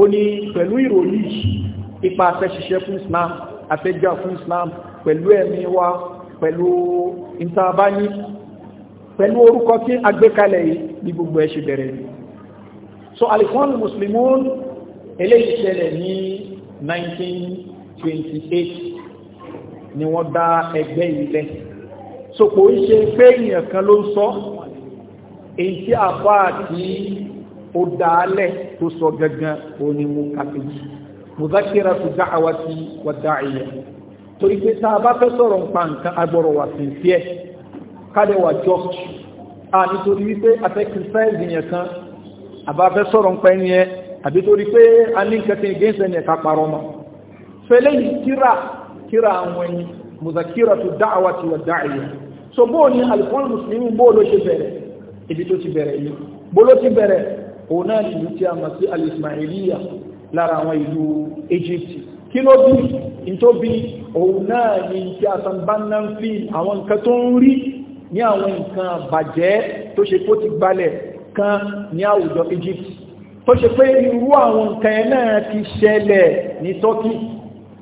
ó ní pẹ̀lú ìròyìn ipa afẹ́ ṣiṣẹ́ fún islam afẹ́jà fún islam pẹ̀lú ẹ̀mí wa pẹ̀lú ìtàbáyí pẹ̀lú orúkọ tí a gbé ní gbogbo ẹ̀ bẹ̀rẹ̀ so alifon muslimun eléyìí ṣẹlẹ̀ ní 1928 ni wọ́n dá ẹgbẹ́ ilẹ̀ so kò ń ṣe pé èèyàn kan ló ń sọ èyí tí àfáà tí ó dálẹ̀ tó sọ gangan òní mú kàkejì mùzákìrà tó dá àwa ti wà dá ìyẹ torí pé tá a bá fẹ́ sọ̀rọ̀ nípa nǹkan agbọ̀rọ̀ wà sí sí ẹ̀ kálẹ̀ wà jọ́ a nítorí wípé afẹ́kìsáìsì yẹn kan àbá fẹ́ sọ̀rọ̀ nípa ẹni yẹn àbí torí pé a ní nǹkan tí gẹ́ǹsẹ̀ yẹn parọ́ mọ́ fẹ́lẹ́ yìí kíra kíra àwọn ẹni mùzákìrà tó dá àwa ti wà ìyẹ so bóò ni alukóòlù mùsùlùmí bóò ló ṣe bẹ̀rẹ̀ ibi tó ti bẹ̀rẹ̀ yìí bóò ló ti bẹ̀rẹ̀ òun náà ìlú tí a mọ̀ sí al-Ismailiya lára àwọn ìlú Egypt kí ló bí in tó bí òun náà ni tí a san bannan fi àwọn nǹkan tó ń rí ní àwọn nǹkan bàjẹ́ tó ṣe kó ti gbalẹ̀ kan ní àwùjọ Egypt tó ṣe pé irú àwọn nǹkan náà ti ṣẹlẹ̀ ní Turkey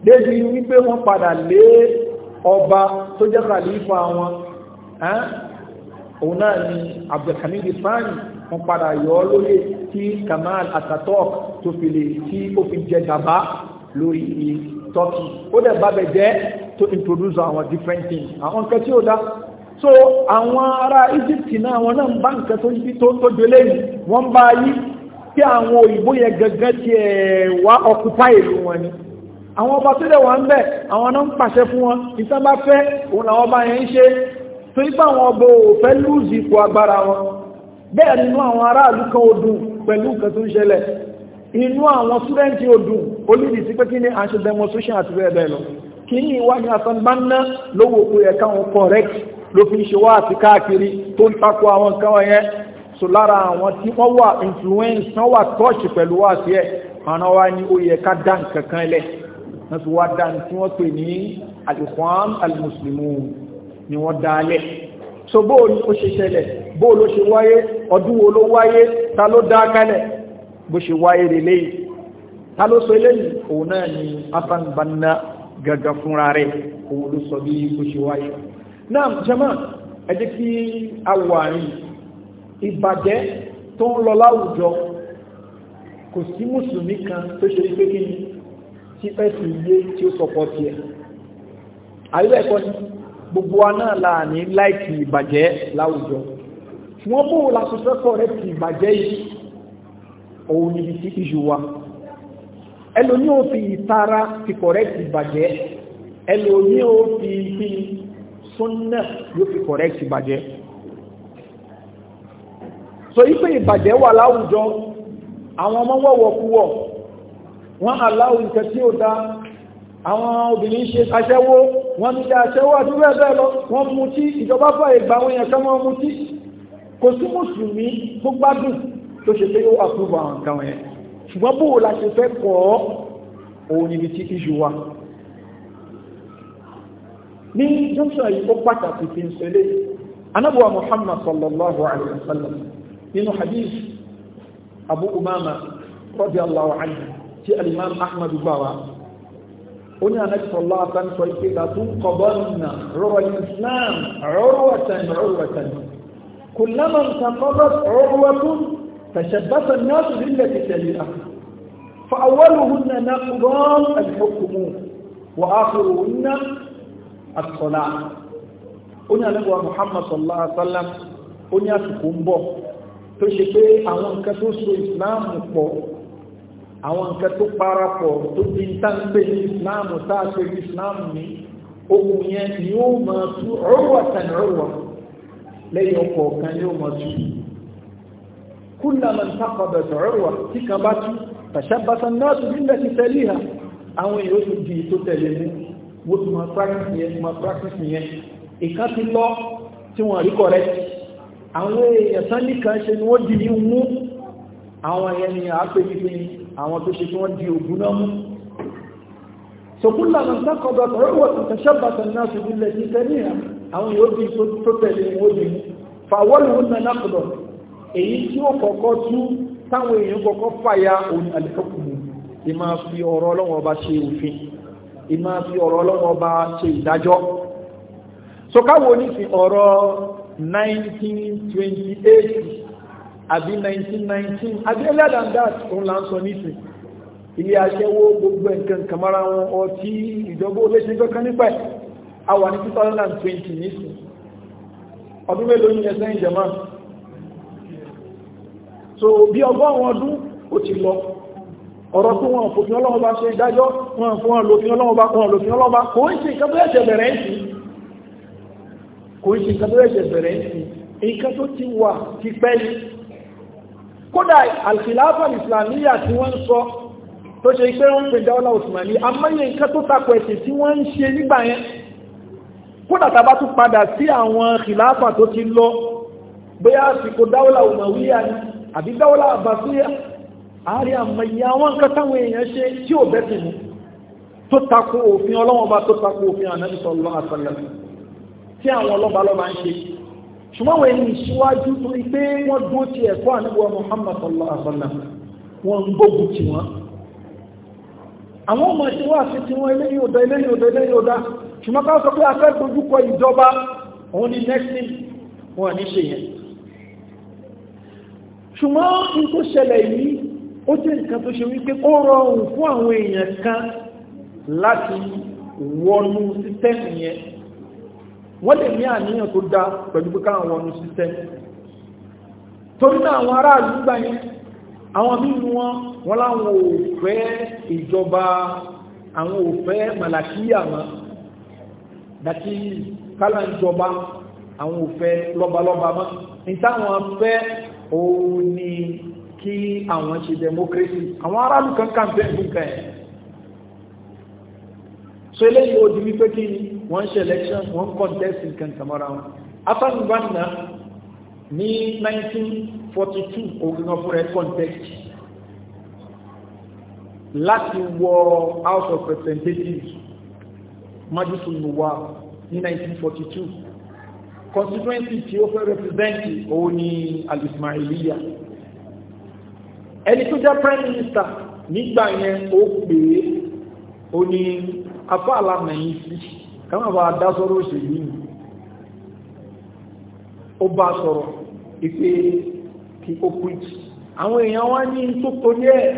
débi wípé wọ́n padà lé ọba tó jẹ́ kàlífà wọn òun náà ni Abdulhamid Sani mo padà yọ ọ́ lóye tí Kamal Atatürk tó fi lè tí ó fi jẹ gàba lórí turkey ó dẹ̀ bá bẹ jẹ́ to introduce our different things àwọn nǹkan tí ó dá so àwọn ará Egypt náà àwọn náà ń bá nǹkan tó yí tó tó délé yìí wọ́n bá yí tí àwọn òyìnbó yẹn gẹ́gẹ́ ti ẹ̀ wá occupy ìlú wọn ni àwọn ọba tó dẹ̀ wà ń bẹ̀ àwọn náà ń pàṣẹ fún wọn ìtàn bá òun làwọn ọba yẹn ń ṣe torí pé àwọn ọba ò fẹ́ lùzì ipò agbára wọn bẹ́ẹ̀ nínú àwọn aráàlú kan odùn pẹ̀lú nǹkan tó ń ṣẹlẹ̀ inú àwọn súrẹ́ǹtì odùn ó lè sí pé kí ni a ṣe demonstration àti bẹ́ẹ̀ bẹ́ẹ̀ lọ kí ní ìwádìí Hassan Banna lówó òkú ẹ̀ka wọn correct ló fi ń ṣe wá àti káàkiri tó ń takò àwọn nǹkan wọ̀nyẹn so lára àwọn tí wọ́n wà influence wọ́n wà touch pẹ̀lú wá sí ẹ̀ àwọn wá ní ó yẹ ká dá nǹkan kan lẹ̀ wọ́n ti wá dá ní tí wọ́n pè ní al-Ikhwan al-Muslimun ni wọ́n dá lẹ̀ so bóòlù ó ṣe ṣẹlẹ̀ bóòlù ó ṣe wáyé ọdún wo ló wáyé ta ló dá kalẹ̀ bó ṣe wáyé relé yìí ta ló sọ eléyìí òun náà ni Hasan Banna gangan fúnra rẹ̀ òun ló sọ bí ó ṣe wáyé náà jama ẹ kí a ìbàjẹ́ tó ń lọ láwùjọ kò sí mùsùlùmí kan tó ṣe pé kí ni tí ẹ̀sìn ilé tí ó sọpọ̀ tiẹ̀ àyíwẹ̀ ẹ̀kọ́ gbogbo wa náà là ní láìkì ìbàjẹ́ láwùjọ wọ́n bó lásọsẹ́kọ̀ rẹ̀ ti ìbàjẹ́ yìí òun níbi tí ìṣù wa ẹlòmí ò fi ìtara ti kọ̀rẹ́ ti ìbàjẹ́ ẹlòmí ò fi fi súnnà yóò fi kọ̀rẹ́ ìbàjẹ́ so ipe ìbàjẹ́ wà láwùjọ àwọn ọmọ wọ̀wọ̀ kúwọ̀ wọ́n aláwùjọ tí ó dá àwọn obìnrin ṣe aṣẹ́wó wọ́n ní ṣe aṣẹ́wó àdúgbò ẹ̀bẹ́ lọ wọ́n mú tí ìjọba fà ìgbà àwọn èèyàn kan wọ́n mú tí kò sí mùsùlùmí tó gbádùn tó ṣe pé ó àpúrò àwọn nǹkan yẹn ṣùgbọ́n bó la ṣe fẹ́ kọ́ òun níbi tí iṣu wa ní junction yìí ó pàtàkì fi ń ṣẹlẹ̀ anábùwà muhammad sallallahu alayhi wa sallam nínú hadith abu umama radiyallahu anhu tí alimam ahmad gbà ó ní àná ìsọ̀lá àtàǹsọ̀ ìpè tàbí kọ̀bọ́nà rọrọ̀ islam rọrọ̀tàn rọrọ̀tàn kò lámà ntàkọ́bọ̀ rọrọ̀tún tàṣẹ̀bàtà náà sì rí lẹ́tì tẹ̀lé فأولهن نقضان الحكم وآخرهن الصلاة oní àlẹ́gbọ́ Muhammad sallallahu alaihi wasallam ó ní àsìkò ń bọ̀ tó ṣe pé àwọn nǹkan tó so ìsìláàmù pọ̀ àwọn nǹkan tó parapọ̀ tó di ń tánpé ní ìsìláàmù táàpé ní ìsìláàmù ní ohun yẹn ni ó máa tú ọrùwà tàn ọrùwà lẹ́yìn ọkọ̀ kan ni ó máa tú kúlàmà tápàbẹ̀ ọrùwà tí kan bá tú tàṣàbàtà náà tó nílẹ̀ ti tẹ̀lé ha àwọn èèyàn tó di tó tẹ̀lé mú wọ́n ti máa practice yẹn máa practice yẹn ìkan ti lọ tí wọ́n rí correct àwọn èèyàn tán nìkan ṣe ni wọ́n di ní mú àwọn èèyàn ni àá àwọn tó ṣe kí wọ́n di ògùn náà mú sọkúnlá náà sákọ̀ọ́bà tọ̀rọ̀ wọ̀ tẹ̀sẹ̀bàtà náà ṣubú lẹ̀ sí tẹ́lẹ̀ àwọn yóò bí tó tẹ̀lé wọn ni fàwọ́lù wọn náà nàkùdọ̀ èyí tí ó kọ̀kọ́ tú táwọn èèyàn kọ̀kọ́ fàyà òun àlẹ́kọ̀kùnrin ìmá fi ọ̀rọ̀ ọlọ́wọ́ ọba ṣe òfin ìmá fi ọ̀rọ̀ ọlọ́wọ́ ọba ṣe ìdájọ́ sọkáwọ́ ní fi ọ̀rọ̀ 1928 àbí 1919 àbí earlier than that òun là ń sọ nísìn ilé aṣẹ́wó gbogbo nǹkan kàmára wọn ọtí ìjọba olóṣèlú kankan nípa ẹ̀ a wà ní 2020 nísìn ọdún mélòó ní ẹsẹ́ ìjẹ̀mọ́ so bí ọgọ́rùn ọdún ó ti lọ ọ̀rọ̀ tó wọn fòfin ọlọ́wọ́ bá ṣe ìdájọ́ wọn fún wọn lòfin ọlọ́wọ́ bá wọn lòfin ọlọ́wọ́ bá kò ń ṣe nǹkan tó yẹ̀ṣẹ̀ bẹ̀rẹ̀ ń sí kò ń ṣe nǹkan tó yẹ̀ṣẹ̀ bẹ̀rẹ̀ ń sí nǹkan tó ti wà ti pẹ́ yìí kódà alkhilafa islamiyya tí wọ́n sọ tó ṣe pé wọ́n pè dáwọ́lá osmani amáyé nǹkan tó takò ẹ̀sìn tí wọ́n ń ṣe nígbà yẹn kódà tàbá tún padà sí àwọn khilafa tó ti lọ bóyá àsìkò dáwọ́lá umawiya ni àbí dáwọ́lá abasiya àárín àmàyà àwọn nǹkan táwọn èèyàn ṣe tí ò bẹ́ẹ̀ tìmú tó takò òfin ọlọ́wọ́n ṣùgbọ́n wọ́n ní ìṣíwájú torí pé wọ́n dúró ti ẹ̀kọ́ àníwọ̀ Muhammad sallallahu alaihi wa sallam wọ́n ń gbógun ti wọ́n àwọn ọmọ ti wá sí ti wọ́n eléyìí ọ̀dọ̀ eléyìí ọ̀dọ̀ eléyìí ọ̀dá ṣùgbọ́n ká sọ pé a ìjọba òun ni nexin wọn ní ṣe yẹn ṣùgbọ́n n tó ṣẹlẹ̀ yìí ó jẹ́ nǹkan tó ṣe wípé ó yẹn wọ́n lè ní àníyàn tó dá pẹ̀lú pé káwọn wọnú sísẹ́ torí náà àwọn aráàlú gbà yẹn àwọn mímu wọn wọn láwọn ò fẹ́ ìjọba àwọn ò fẹ́ màlàkíyà wọn dàtí kálá ìjọba àwọn ò fẹ́ lọ́balọ́ba mọ́ ní táwọn fẹ́ òun ni kí àwọn ṣe democracy àwọn aráàlú kan kàn fẹ́ so eléyìí ó di wípé kí wọ́n ṣe election wọ́n contest nǹkan kàmọ́ra wọn afan banna ní 1942 ògùn ọ̀fúnrẹ́ contest láti wọ house of representatives majusul nuwa ní 1942 constituency tí ó fẹ́ represent òun ní al-Ismailiyya ẹni tó jẹ́ prime minister nígbà yẹn ó pè é ó ní afá alámẹ̀yìn sí kama bá dá sọ́rọ̀ òṣèlú ni ó bá sọ̀rọ̀ ìpé kí ó quit àwọn èèyàn wá ní tó torí ẹ̀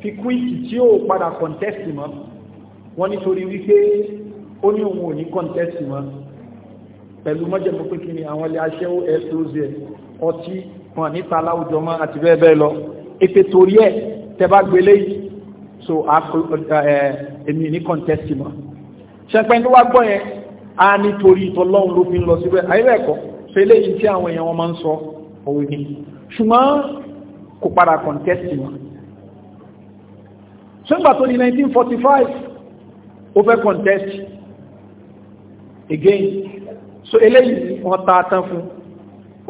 fi quit tí ó padà contest mọ́ wọ́n nítorí wípé ó ní òun ò ní contest mọ́ pẹ̀lú mọ́jẹ̀mú pé kí ni àwọn ilé aṣẹ́wó ẹ̀ tó ṣe ọtí wọn níta láwùjọ mọ́ àti bẹ́ẹ̀ bẹ́ẹ̀ lọ ètè torí ẹ̀ tẹ́ bá gbélé yìí so èmi ní contest mọ́ ṣẹ́pẹ́ ní wá gbọ́ yẹn a nítorí ìtọ́lọ́run ló fi ń lọ síbẹ̀ ayébẹ̀ ẹ̀kọ́ so eléyìí tí àwọn èèyàn wọn máa ń sọ òwe ni ṣùgbọ́n kò padà contest mọ́ ṣẹ́gbà tó di 1945 ó fẹ́ contest again so eléyìí wọ́n ta tán fún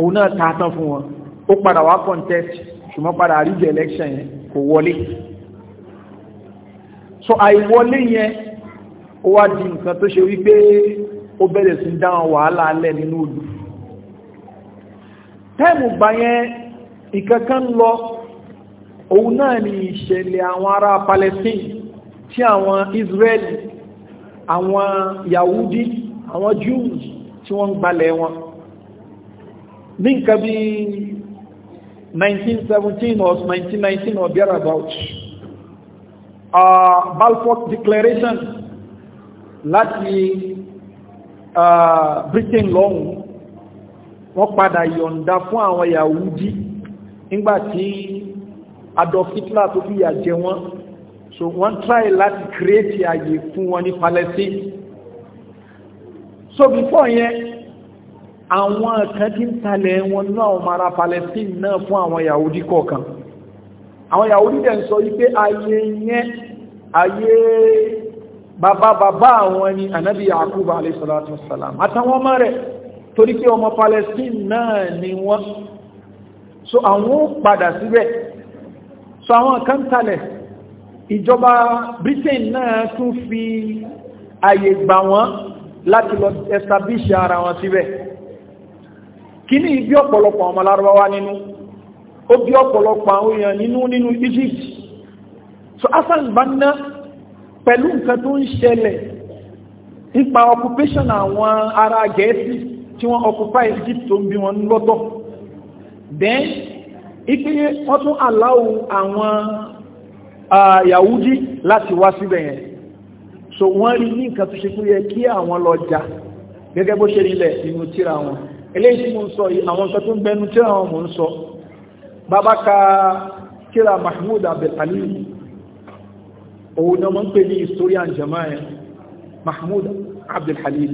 òun náà ta tán fún wọn ó padà wá contest ṣùgbọ́n padà rí the election yẹn kò wọlé so àìwọlé yẹn ó wá di nǹkan tó ṣe wípé ó bẹ̀rẹ̀ sí dáhùn wàhálà alẹ́ nínú òdù tẹ́ẹ̀mù gbà yẹn ìkankan lọ òun náà ni ìṣẹ̀lẹ̀ àwọn ará Palestine tí àwọn Israeli àwọn Yahudi àwọn Jews tí wọ́n ń gbalẹ̀ wọn ní nǹkan bí 1917 or 1919 or thereabouts uh, Balfour Declaration láti uh, Britain lọ́hùn wọ́n padà yọ̀ǹda fún àwọn Yahudi nígbàtí Adolf Hitler tó fìyà jẹ wọ́n so wọ́n try láti create àyè fún wọn ní Palestine so before yẹn àwọn kan tí ń talẹ̀ wọn náà mara Palestine náà fún àwọn Yahudi kọ̀ọ̀kan àwọn Yahudi dẹ̀ ń sọ wípé ayé yẹn ayé bàbá bàbá àwọn ni ànábì Yaqub alayhi salatu wassalam àtàwọn ọmọ rẹ̀ torí pé ọmọ Palestine náà ni wọ́n so àwọn padà síbẹ̀ so àwọn kan ìjọba Britain náà tún fi àyè gbà wọ́n láti lọ establish ara wọn síbẹ̀ kí ní ibi ọ̀pọ̀lọpọ̀ ọmọ lárúbáwá nínú ó bí ọ̀pọ̀lọpọ̀ àwọn èèyàn nínú nínú Egypt so asal Banna pẹ̀lú nǹkan tó ń ṣẹlẹ̀ nípa occupation àwọn ará gẹ̀ẹ́sì tí wọ́n occupy Egypt tó ń bí wọn lọ́tọ̀ then ipe wọ́n tún aláwò àwọn Yahudi láti wá síbẹ̀ yẹn so wọ́n rí ní nǹkan tó ṣe kú yẹ kí àwọn lọ jà gẹ́gẹ́ bó ṣe nílẹ̀ nínú tíra wọn eléyìí tí mo ń sọ àwọn nǹkan tó ń bẹnu tíra wọn mo ń sọ bàbá ka tíra Mahmoud Abdul Halim òun náà mọ́ ń pè ní historian jama'a mahmoud abdulhalim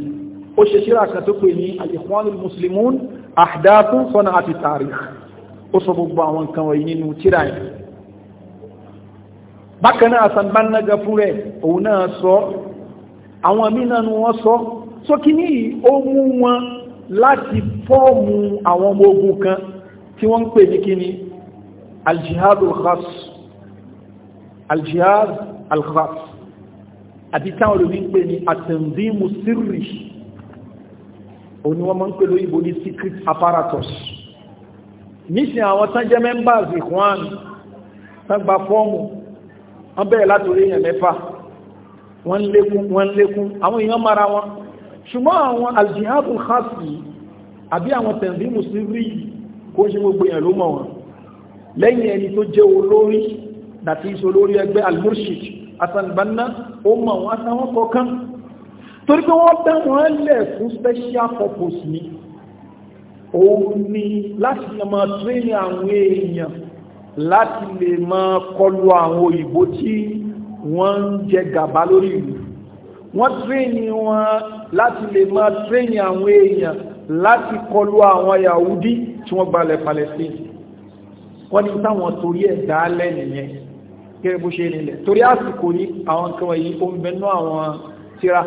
ó ṣe ṣíra kan tó pè ní al-ikhwanul muslimun ahdathu sana'at at-tarikh ó sọ gbogbo àwọn nǹkan wọ̀nyí nínú tíra yẹn bákan náà sanbannaga fún rẹ̀ òun náà sọ àwọn míì náà sọ aljihaz alkhas àti táwọn olómi ń pè ní atendimu sirri òun ni wọ́n máa ń pè lóyìnbó ní secret apparatus nísìn àwọn tán jẹ́ members ìkwọ́n tán gba fọ́ọ̀mù wọ́n bẹ̀rẹ̀ látòrí èèyàn mẹ́fà wọ́n lékún wọ́n lékún àwọn èèyàn mara wọn ṣùgbọ́n àwọn aljihadul khasi àbí àwọn tẹ̀sí mùsùlùmí kó ṣe gbogbo èèyàn ló mọ̀ wọn lẹ́yìn ẹni tó jẹ́ olórí dàtí iṣẹ́ olórí ẹgbẹ́ al-murshid Hassan Banna ó mọ̀ wọ́n àtàwọn kọ̀ọ̀kan torí pé wọ́n dá wọn lẹ̀ fún special purpose ni òun ni láti lè máa tréní àwọn èèyàn láti lè máa kọlu àwọn òyìnbó tí wọ́n ń jẹ gàba lórí ìlú wọ́n tréní wọn láti lè máa tréní àwọn èèyàn láti kọlu àwọn Yahudi tí wọ́n gbalẹ̀ Palestine wọ́n ní táwọn torí ẹ̀ dálẹ̀ nìyẹn gẹ́gẹ́ bó ṣe nílẹ̀ torí àsìkò ní àwọn nǹkan wọ̀nyí ó ń bẹnú àwọn tírà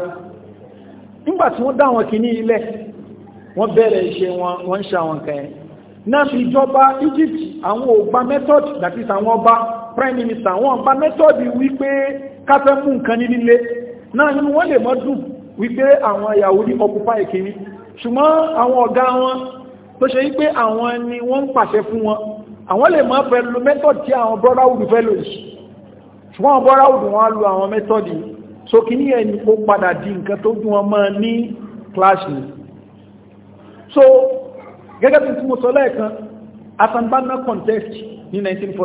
nígbà tí wọ́n dá wọn kì ní ilẹ̀ wọ́n bẹ̀rẹ̀ iṣẹ́ wọn ṣe àwọn nǹkan náà fi ìjọba Egypt àwọn ògbà method that is àwọn ọba prime minister àwọn ọba method wípé káfẹ́ mú nǹkan ní líle náà nínú wọ́n lè mọ́ dùn wípé àwọn Yahudi occupy kìíní ṣùgbọ́n àwọn ọ̀gá wọn tó ṣe wípé àwọn ni wọ́n ń pàṣẹ fún wọn àwọn lè mọ́ fẹ́ lo method tí àwọn brotherhood fellows ṣùgbọ́n bọ́ra òdùn wọn lu àwọn mẹ́tọ́dì so kí ní ẹni ó padà di nǹkan tó dùn wọn mọ́ ní kíláàsì so gẹ́gẹ́ bí mo sọ lẹ́ẹ̀kan asanbanna contest ní 1945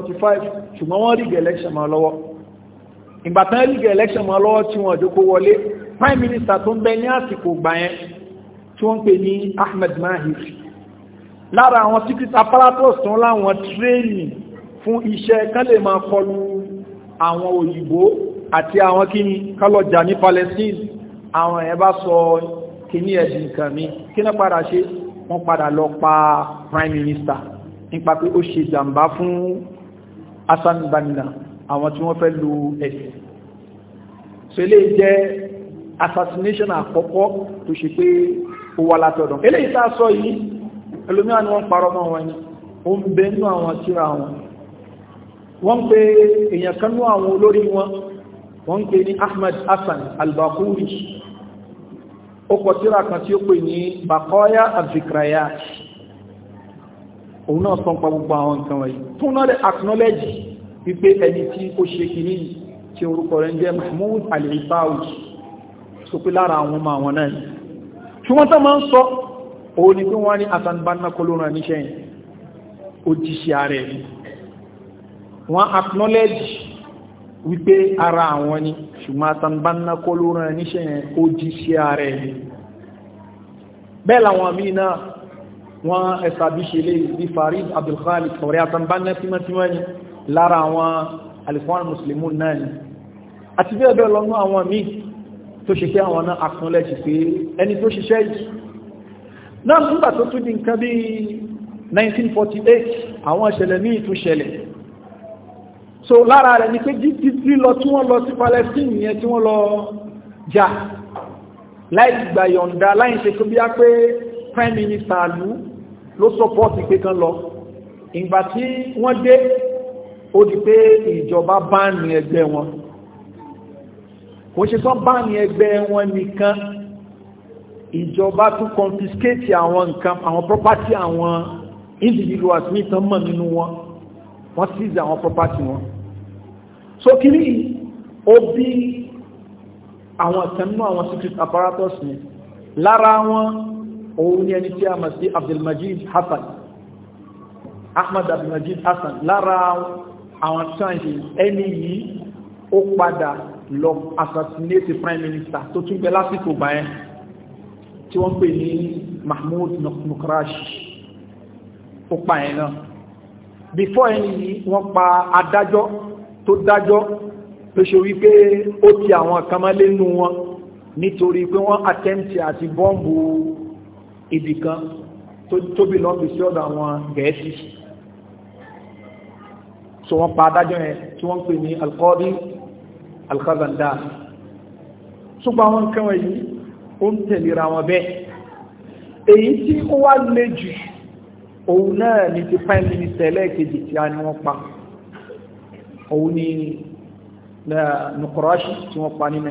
ṣùgbọ́n wọ́n rígẹ̀ election mọ́ lọ́wọ́ ìgbà tán rígẹ̀ election mọ́ lọ́wọ́ tí wọ́n jókòó wọlé prime minister tó ń bẹ ní àsìkò gbà yẹn tí wọ́n ń pè ní Ahmed Mahir lára àwọn secret apparatus tó ń láwọn tírénì fún iṣẹ́ kán lè máa kọlu àwọn òyìnbó àti àwọn kíni kálọ̀jà ní Palestine àwọn ẹ̀ bá sọ kíní ẹ̀dùn nǹkan mi kí náà padà ṣe wọ́n padà lọ pa prime minister nípa pé ó ṣe jàǹbá fún Hassan Banna àwọn tí wọ́n fẹ́ lu ẹ̀sìn so ilé jẹ́ assassination àkọ́kọ́ tó ṣe pé ó wà látọ̀dọ̀ eléyìí tá a sọ yìí ẹlòmíràn ni wọ́n parọ́ mọ́ wọn ni ó ń bẹ́ẹ̀ àwọn tíra wọn wọ́n pe èèyàn kan ní àwọn olórí wọn wọ́n pe ní Ahmed Hassan al-Bakuri ó kọ tírà kan tí ó pè ní Baqaya al-Zikriyat òun náà sọ pa gbogbo àwọn nǹkan wọ̀nyí tó náà lè acknowledge wípé ẹni tí ó ṣe kìíní tí orúkọ rẹ̀ jẹ́ Mahmoud al-Ifawi pé lára àwọn ọmọ àwọn náà ni ṣùgbọ́n tó máa ń sọ òun ni pé wọ́n ní Hassan Banna kọlọ́rọ̀ níṣẹ́ yìí ó ti wọ́n acknowledge wípé ara àwọn ni ṣùgbọ́n àtàǹbáná kọ́ ló rán níṣẹ́ yẹn ó jí sí ara ẹni bẹ́ẹ̀ làwọn míì náà wọ́n establish eléyìí bí Farid Abdulkhaliq ọ̀rẹ́ àtàǹbáná tímọ́tímọ́ ni lára àwọn alifọ́n muslimun náà ni àti bí ẹ̀bẹ̀ lọ́nà àwọn míì tó ṣe pé àwọn náà acknowledge pé ẹni tó ṣiṣẹ́ yìí náà nígbà tó tún di nǹkan bí 1948 àwọn ìṣẹ̀lẹ̀ míì tún ṣẹlẹ̀ so lára rẹ̀ ni pé títí lọ tí wọ́n lọ sí Palestine yẹn tí wọ́n lọ jà láì gbà yọ̀ǹda láì ṣe tó bí á pé prime minister lu ló sọpọ́ọ̀tì pé kan lọ ìgbà tí wọ́n dé ó di pé ìjọba báàni ẹgbẹ́ wọn kò ṣe tán báàni ẹgbẹ́ wọn nìkan ìjọba tún confiscate àwọn nǹkan àwọn property àwọn individuals ní tán mọ̀ nínú wọn wọ́n seize àwọn property wọn sókìrí ó bí àwọn ìtẹ̀nú àwọn secret apparatus ni lára wọn òun ni ẹni tí a mọ̀ sí Abdulmajid Hassan Ahmad Abdulmajid Hassan lára àwọn sáàjì ẹni yìí ó padà lọ assassinate prime minister tó tún bẹ lásìkò gbà ẹ́ tí wọ́n pè ní Mahmoud Nukrash ó pa ẹ̀ náà before eni, yìí wọ́n pa adájọ́ tó dájọ́ tó ṣe wípé ó ti àwọn kamalé nú wọn nítorí pé wọ́n attempt àti bọ́ǹbù ibìkan tó tóbi lọ́pì sí ọ̀dọ̀ àwọn gẹ̀ẹ́sì so wọ́n pa adájọ́ yẹn tí wọ́n pè ní alkọ́dí alkazanda ṣùgbọ́n àwọn nǹkan wọ̀nyí ó ń tẹ̀lera wọn bẹ́ẹ̀ èyí tí ó wá le jù òun náà ni ti prime minister ẹlẹ́ẹ̀kejì tí a ní wọ́n pa òun ni nukurashi tí wọ́n pa ní 1948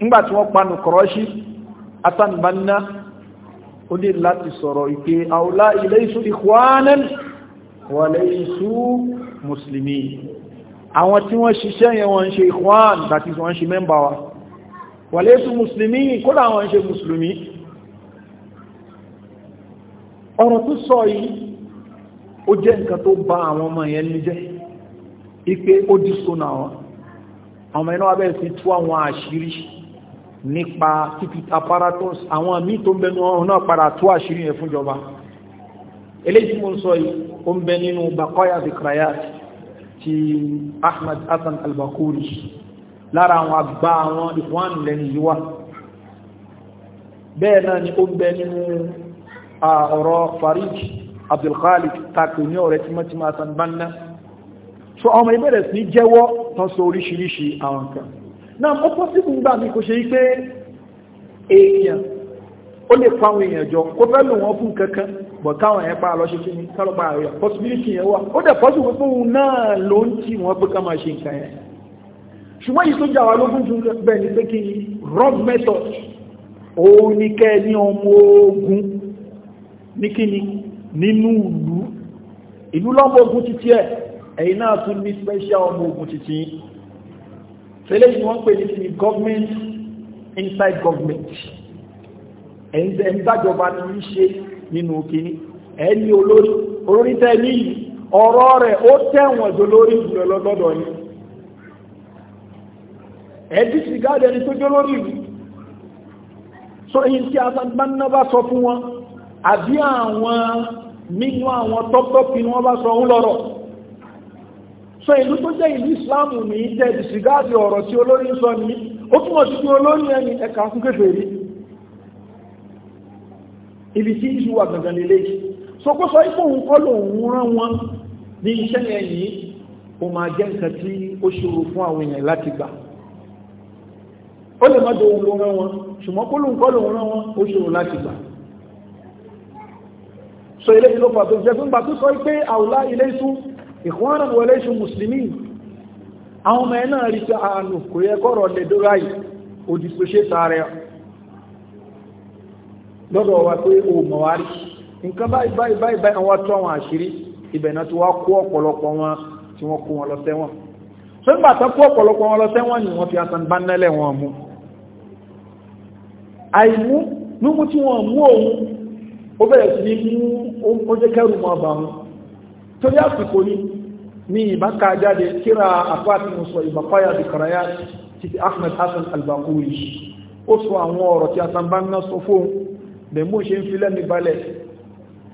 nígbà tí wọ́n pa nukurashi Hassan Banna ó dé láti sọ̀rọ̀ ìpé àwọlá ilé isu ikhwanan wà lè isu musulmi àwọn tí wọ́n ṣiṣẹ́ yẹn wọ́n ṣe ikhwan láti wọ́n ṣe mẹ́mbà wa wà lè musulmi kódà wọ́n ṣe musulmi ọ̀rọ̀ tó sọ yìí ó jẹ́ nǹkan tó bá àwọn ọmọ yẹn ní jẹ́ ipé ó dísọ́nà wọn àwọn iná abẹ́ sí tú àwọn àṣírí nípa títí apparatus àwọn àmì tó ń bẹnu ọ̀run náà padà tú àṣírí yẹn fúnjọba eléyìí mo ń sọ yìí ó ń bẹ nínú bakaya zikrayat ti ahmad hasan albakuri lára àwọn àgbà àwọn ìwọ̀n lẹ́nu yìí wà bẹ́ẹ̀ náà ni ó ń bẹ nínú ọ̀rọ̀ fariji abdulkhalik tàkì ní ọ̀rẹ́ tímọ́tímọ́ asanbanna so ọmọ ìbẹ̀rẹ̀ sí jẹ́wọ́ tán so oríṣiríṣi àwọn kan náà ó pọ́sílù ń gbà mí kò ṣe pé èèyàn ó lè pa àwọn èèyàn jọ kó fẹ́ lò wọ́n fún kankan bọ̀ táwọn èèyàn pa lọ́ṣe kí ni kálọ́pà àríyà pọ́sibílítì yẹn wà ó dẹ̀ pọ́sù pé fóun náà ló ń tì wọ́n pé ká máa ṣe nǹkan yẹn ṣùgbọ́n yìí tó jà wá lógún jù bẹ́ẹ̀ ni pé kí ni wrong method òun ní kẹ́ ní ọmọ ogun ní kí ni nínú ìlú ìlú lọ́pọ̀ ogun títí ẹ̀ ẹ̀yìn náà tún ní special ọmọ ogun títí tẹ́lẹ̀ yìí wọ́n pè ní ti government inside government ẹ̀yìn dájọba ni ń ṣe nínú kìíní ẹ̀ẹ́ni olórí olórí tẹ́ ní ọ̀rọ̀ rẹ̀ ó tẹ̀wọ̀n jọ lórí ìlú lọ́dọ̀ ni ẹ̀ẹ́dì sì ẹni tó jọ lórí ìlú so èyí tí a bá ń bá sọ fún wọn àbí àwọn nínú àwọn tọ́pọ́pì ni wọ́n bá sọ ń lọ́rọ̀ so ìlú tó jẹ́ ìlú islam ní ìjẹ́ ìsìgáàdì ọ̀rọ̀ tí olórí ń sọ ní ó túnmọ̀ sí pé olórí ẹni ẹ̀ka fún kéfèrí ibi tí ìṣù wà gangan lè so kó sọ ipò òun kọ́ lòun rán wọn ní iṣẹ́ yẹn yìí ó máa jẹ́ nǹkan tí ó ṣòro fún àwọn èèyàn láti gbà ó lè má jẹ́ òun ló rán wọn ṣùgbọ́n kó lòun kọ́ lòun rán wọn ó ṣòro láti gbà so ilé ìlú pàtó jẹ́ fún gbà tó sọ pé àwùlá ilé ìsún ìkwọ́nà wọlé ìsún mùsùlùmí àwọn ọmọ ẹ̀nà rí sí àánú ah, kò yẹ kọ́rọ̀ lè dóra yìí òdìsó ṣe sáré lọ́dọ̀ wa pé o mọ̀ wá rí nǹkan báyìí báyìí báyìí báyìí àwọn tó àwọn àṣírí ibẹ̀ náà ti wá kó ọ̀pọ̀lọpọ̀ wọn tí wọ́n kó wọn lọ sẹ́wọ̀n tó ń bàtà kó ọ̀pọ̀lọpọ̀ wọn lọ sẹ́wọ̀n ni wọ́n fi asan bá nẹ́lẹ̀ wọn mú àìmú mímú tí wọ́n mú òun ó bẹ̀rẹ̀ sí ní mú ó jẹ́ kẹrù mọ́ ọba wọn tó yá àsìkò ní ní ìbáka jáde kíra àfáàtì ìbàpáyà dìkàráyà títí Ahmed Hassan Al-Baquri ó sọ àwọn ọ̀rọ̀ tí asambanna sọ fóun bẹ̀mú ṣe ń fi lẹ́nu balẹ̀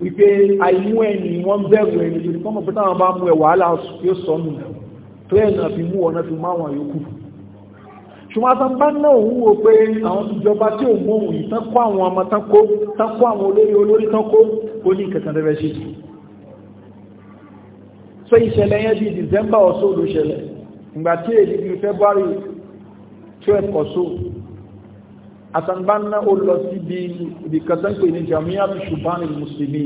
wípé àìmú ẹni wọ́n bẹ̀rù ẹni tó ní kọ́mọ̀ pẹ́tàwọn bá mú ẹ̀ wàhálà yóò sọ tó ẹ̀ fi mú ọ̀nà fi máwọn yòókù ṣùgbọ́n asanpá náà òun wò pé àwọn ìjọba tí ò mọ̀ òun tán kó àwọn ọmọ tán kó tán kó àwọn olórí olórí tán kó ó ní ìkẹ̀kẹ̀ rẹ̀ ṣe so ìṣẹ̀lẹ̀ yẹn bí December ọ̀sọ́ ló ṣẹlẹ̀ ìgbà tí èdè bí February 12 ọ̀sọ́ asanpá náà ó lọ sí bí ibìkan tán pè ní Jamiat Shuban Muslimi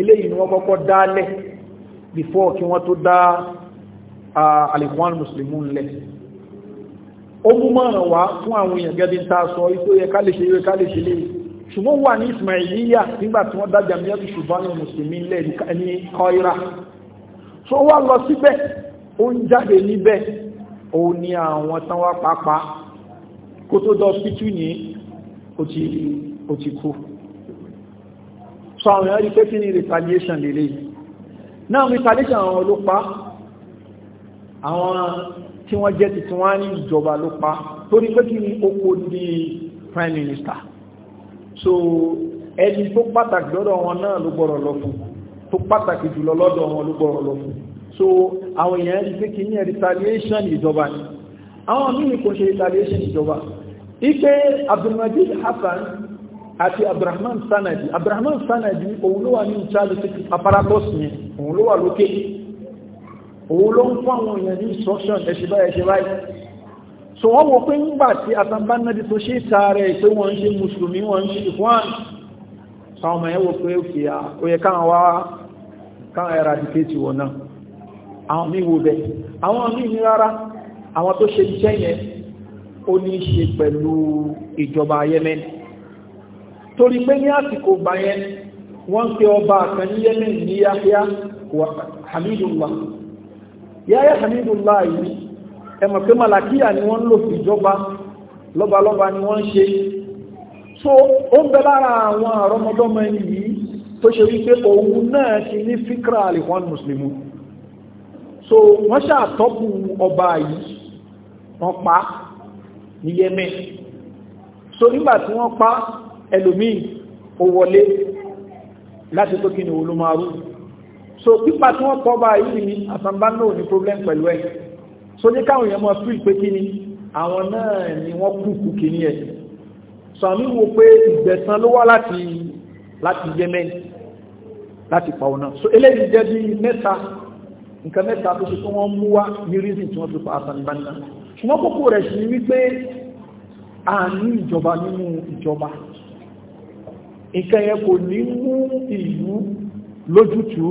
eléyìí ni wọ́n kọ́kọ́ dálẹ̀ before kí wọ́n tó dá ah, Al-Ikhwan Muslimun lẹ̀ ó mú mọ̀ràn wá fún àwọn èèyàn gẹ́gẹ́ ta sọ ipò yẹ ká lè ṣe eré ká lè ṣe lè ṣùgbọ́n wà ní Ismailiya nígbà tí wọ́n dájà mẹ́rin ṣùgbọ́n àwọn mùsùlùmí lẹ̀ ní Kọ́írà tó wá lọ síbẹ̀ ó ń jáde níbẹ̀ ó ní àwọn tán wá kó tó dọ́ pítú ní ó so àwọn èèyàn ni retaliation lélẹ́yìí náà retaliation àwọn ọlọ́pàá àwọn tí wọ́n jẹ́ títí wọ́n á ní ìjọba ló pa torí pé kí ni oko di prime minister so ẹni tó pàtàkì lọ́dọ̀ wọn náà ló gbọ́dọ̀ lọ fún tó pàtàkì jùlọ lọ́dọ̀ wọn ló gbọ́dọ̀ lọ fún so àwọn èèyàn rí pé kí ní retaliation ìjọba ni àwọn míì kò ṣe retaliation ìjọba ipe abdulmajid hasan àti abdulrahman sanadi abdulrahman sanadi òun ló wà ní ìṣáájú sí apparatus yẹn òun ló wà lókè òun ló ń fún àwọn èèyàn ní instruction ẹ̀ṣẹ̀ báyìí ẹ̀ṣẹ̀ báyìí so wọ́n wọ́n pé ńgbà tí àtàbánádì tó ṣe ìtaàrẹ ìpé wọ́n ń ṣe mùsùlùmí wọ́n ń ṣe ìfúnwàn sáwọn ọmọ ẹ̀wọ̀ pé òkè à ó yẹ káwọn wá káwọn ẹ̀rà dìkéètì náà àwọn míì wo bẹ́ẹ̀ àwọn míì Yemen torí pé ní àsìkò gbà yẹn wọ́n Yemen ní yáyá hamidullah yáyá Hamidu yìí ẹmọ̀ pé malakiya ni wọ́n ń lò sí ìjọba lọ́balọ́ba ni wọ́n ṣe so ó ń bẹ lára àwọn àrọmọdọ́mọ yìí tó ṣe wípé òun náà ti ní fíkra àlìkwan mùsùlùmí so wọ́n ṣàtọ́kù ọba yìí wọ́n pa ní yẹmẹ́ so nígbà tí wọ́n pa ẹlòmíì ó wọlé láti tó kí ni olùmọ̀ọ́rù so pípa tí wọ́n kọ́ bá yìí ni àtàǹbá náà ní problem pẹ̀lú ẹ̀ so ní káwọn èèyàn máa fún ìpé kíni àwọn náà ni wọ́n kúkú kíní ẹ̀ so àmì wo pé ìgbẹ̀san ló wá láti láti Yemen láti pa ọ̀nà so eléyìí jẹ́ bí mẹ́ta nǹkan mẹ́ta tó ṣe kí wọ́n mú wá ní reason tí wọ́n fi pa àtàǹbá náà ṣùgbọ́n kókó rẹ̀ sì ni wípé a ní ìjọba nínú ìjọba nǹkan yẹn kò ní mú ìlú lójútùú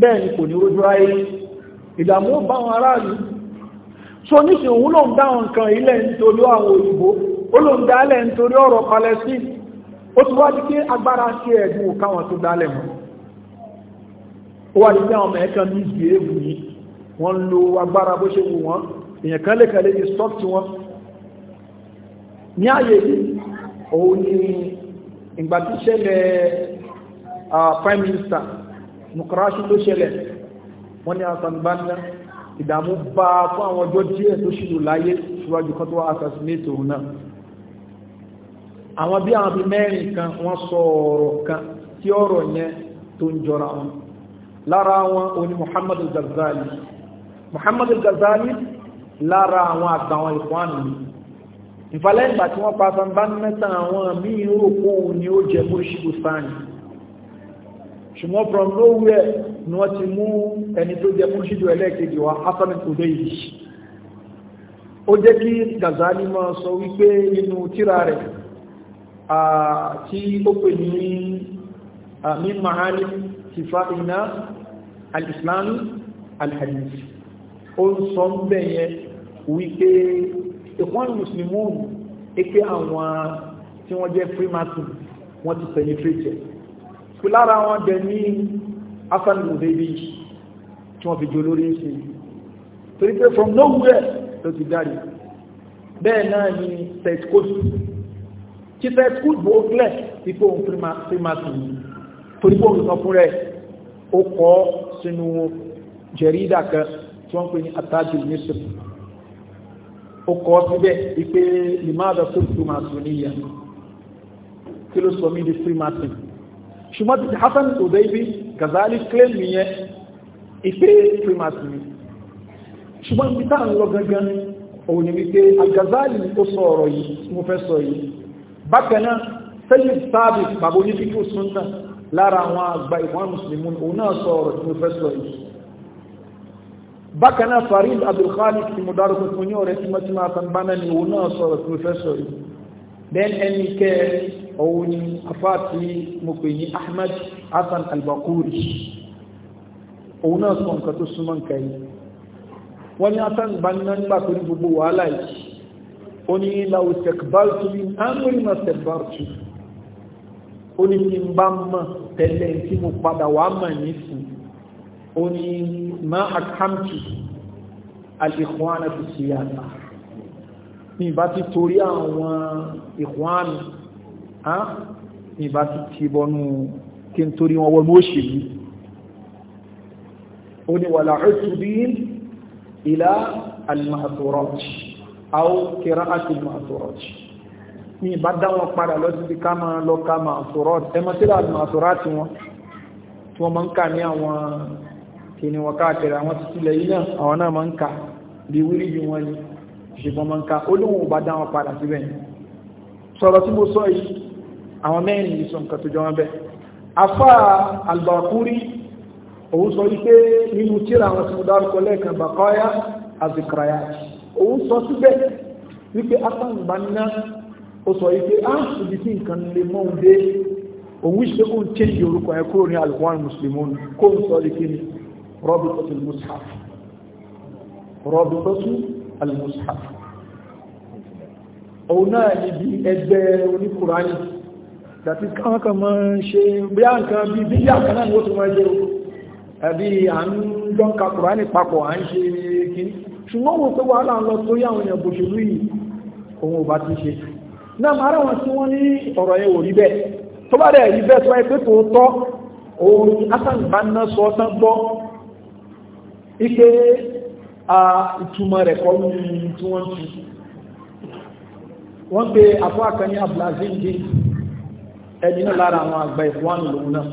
bẹ́ẹ̀ ni kò ní ojú ayé ìdàmú bá wọn aráàlú so nísìn òun lòun dá wọn nǹkan ilẹ̀ nítorí àwọn òyìnbó ó lòun dálẹ̀ nítorí ọ̀rọ̀ Palestine ó ti wájú pé agbára ṣe ẹ̀dùn káwọn tó dálẹ̀ wọn ó wá ní pé àwọn mẹ́ẹ̀kan ní ìgbé èbù yìí wọ́n lo agbára bó ṣe wù wọ́n èèyàn kan lè kẹ́lé ní stock tí wọ́n ní ààyè yìí òun ni ìgbà tí ṣẹlẹ̀ ah, prime minister mùkúráṣí ló ṣẹlẹ̀ wọ́n ní Hassan Banna ìdààmú bá fún àwọn ọjọ́ díẹ̀ tó ṣìlò láyé síwájú kan tó wá assassinate òun náà àwọn bí àwọn bí kan wọ́n sọ ọ̀rọ̀ kan tí ọ̀rọ̀ yẹn tó ń jọra wọn lára wọn Muhammad al-Ghazali Muhammad al-Ghazali lara àwọn àgbà àwọn ìfọ́nù ìfàlẹ́ ìgbà tí wọ́n pa Hassan Banna tán àwọn míì rò kóhun ni ó jẹ mọ́ ìṣíkú sáàni ṣùgbọ́n from nowhere ni wọ́n ti mú ẹni tó jẹ múṣídù ẹlẹ́ẹ̀kejì wa Hasan al-Hudaydi ó jẹ́ kí Ghazali máa sọ wípé inú tíra rẹ̀ tí ó pè ní min mahali sifaina al-Islam al-Hadith ó ń sọ ń bẹ̀yẹn wípé ìkwọ́n muslimun pé àwọn tí wọ́n jẹ́ primatum wọ́n ti penetrate pé lára wọn jẹ ní afẹ́lú bèbí tí wọ́n fi jẹ olórí ń ṣe torí pé from nowhere ló ti dárí bẹ́ẹ̀ náà ni tescoat tí tescoat bó gílẹ̀ pípò ohun primasi torí pé òun sọ fún rẹ̀ ó kọ́ sínú jẹ̀rídà kan tí wọ́n pè ní àtàjù nísìn ó kọ́ síbẹ̀ wípé lè má dọ̀ tó primasi níyà kí ló sọ mí di primasi ṣùgbọ́n ti Hassan Odaibi Ghazali claim yẹn ìpé primacy ni ṣùgbọ́n ibi tá à ń lọ gangan òun ni wípé Ghazali ó sọ ọ̀rọ̀ yìí mo fẹ́ sọ yìí bákan náà sẹ́yìn sáàbì bàbá oníbíkú súnà lára àwọn àgbà ìwọ̀n mùsùlùmí òun náà sọ ọ̀rọ̀ tí mo fẹ́ sọ yìí bákan Farid Abdulkhalik tí mo dárúkọ tí mo ní ọ̀rẹ́ tí mo ti máa tàn bá ni òun náà sọ ọ̀rọ̀ tí mo fẹ́ sọ yìí then ẹnì kẹrin òun ni afáàtí mo pè ní Ahmad Hasan al-Bakuri òun náà sọ nǹkan tó súnmọ́ nǹkan yìí wọ́n ní Hasan Banna nígbà tó ní gbogbo wàhálà yìí ó ní law istakbaltu min amri ma istakbartu ó ní kí n bá mọ̀ tẹ́lẹ̀ tí mo padà wà mọ̀ nísìn ó ní ma akhamtu al-ikhwana fi siyasa ní ìbá ti torí àwọn ikhwana hàn ní ìbá ti ti bọnú kí n torí wọn wọnú òṣèlú ó ní wàlà ọ̀túbí ìlà alìmọ̀tòrọ̀tì àwọn kẹrà àti alìmọ̀tòrọ̀tì ní ìbá dá wọn padà lọ sí ká máa lọ ká máa sọ̀rọ̀tì ẹ máa sílẹ̀ alìmọ̀tòrọ̀tì wọn tí wọ́n máa ń kà ní àwọn kìíní wọn káàkiri àwọn títí ilẹ̀ yìí náà àwọn náà máa ń kà ni ṣùgbọ́n máa ń kà bá dá padà síbẹ̀ sọ̀rọ̀ tí mo sọ yìí àwọn mẹ́rin ìsọ nǹkan tó jọ wọn bẹ́ afá albakuri òun sọ wípé nínú tíra àwọn tí mo dárúkọ lẹ́ẹ̀kan bakaya azikraya òun sọ síbẹ̀ wípé afánbáná ó sọ wípé á ibi tí nǹkan lè mọ́ òun dé òun ṣe kó ń tẹ́ ìdí orúkọ yẹn kúrò ní alukóhán mùsùlùmí kó ń sọ wípé ní rọ́bì tọ́tù mushaf rọ́bì tọ́tù almushaf òun náà níbi ẹgbẹ́ oníkùránì dàtí káwọn kan mọ́ ṣe bí á nǹkan bí bí yà kan náà ni ó tún mọ́ ṣe o ẹ̀bí à ń dọ́nka kùránì papọ̀ à ń ṣe kìíní ṣùgbọ́n wo pé wàhálà ń lọ tó yà àwọn èèyàn bòṣèlú yìí òun ò bá ti ṣe náà máa ráwọn tí wọ́n ní ọ̀rọ̀ yẹn ò rí bẹ́ẹ̀ tó bá dẹ̀ rí bẹ́ẹ̀ tó wáyé pé tó tọ́ òun asàǹbáná sọ tán gbọ́ ike ìtumọ̀ rẹ̀ kọ́ ní tí wọ́n ti wọ́n pe àfọ́ àkànní abdulazim dé ẹni náà lára àwọn àgbà ìfúnwánù lòun náà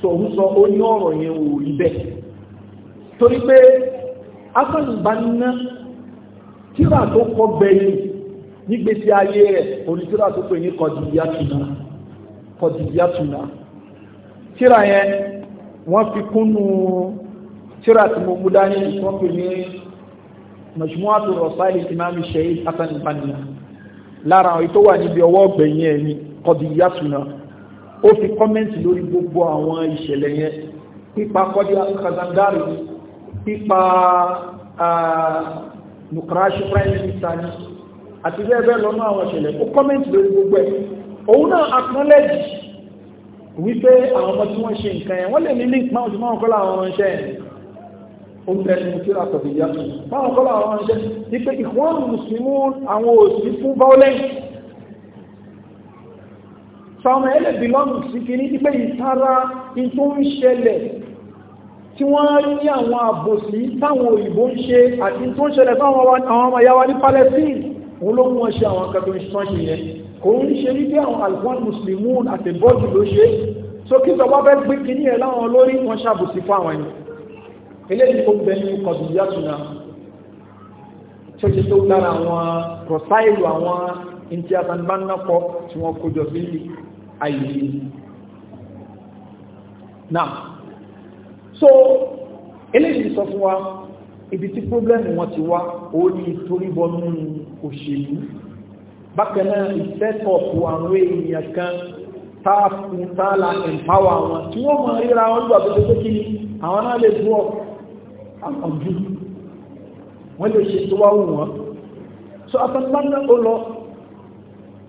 sọ òun sọ ó ní ọ̀rọ̀ yẹn ò rí bẹ́ẹ̀ torí pé afẹ́nìbáníná tíra tó kọ gbẹ̀yìn nígbésí ayé rẹ̀ onítíra tó pè ní kọdìyàtùnà kọdìyàtùnà tíra yẹn wọ́n fi kúnnú tíra tí mo mú dání wọ́n pè ní majmuatu rasail imam shaykh afẹ́nìbáníná lára àwọn ètò wà níbi ọwọ́ gbẹ̀yìn ẹ̀yìn kọ̀dìyàtùnà ó fi kọ́mẹ́ntì lórí gbogbo àwọn ìṣẹ̀lẹ̀ yẹn pípa kọ́díyà Kazangari pípa nukarashi prime minister ni àti bẹ́ẹ̀ bẹ́ẹ̀ lọ́nà àwọn ìṣẹ̀lẹ̀ ó kọ́mẹ́ntì lórí gbogbo ẹ̀ òun náà acknowledge wípé àwọn ọmọ tí wọ́n ṣe nǹkan yẹn wọ́n lè ní link máa ti máa kọ́lá àwọn ọmọ iṣẹ́ yẹn ó ń bẹ̀rẹ̀ ní kíra táwọn ẹlẹ́bí lọ́nù sí kí ní pípẹ́ ìtara tó ń ṣẹlẹ̀ tí wọ́n ní àwọn àbòsí táwọn òyìnbó ń ṣe àti tó ń ṣẹlẹ̀ fáwọn ọmọ yáwá ní Palestine wọ́n wọ́n ṣe àwọn akẹ́kọ̀ọ́ ìṣọ́ muslimun àti bọ́ọ̀dù so kí sọba bẹ́ gbé kí ní ẹ̀ láwọn olórí wọn ṣàbòsí fáwọn ẹni eléyìí ó bẹ ní kọ̀dùyàtùnà tó ṣe tó lára àwọn rọ̀sáìlù àwọn ìntí àtàǹbánnápọ̀ tí wọ́n kójọ sí àìyí náà so eléyìí sọ fún wa ibi tí pọ́blẹ́mù wọn ti wá ó ní torí bọnú òṣèlú bákan náà ìfẹ́tọ̀pù àwọn èèyàn kan táàfún tààlà ẹ̀mpáwà wọn tí wọ́n mọ̀ ríra wọn gbà tó tó kí ni àwọn náà lè bú ọ̀pọ̀jú wọ́n lè ṣe tó wá wù wọ́n so afẹ́lẹ́lẹ́ ó lọ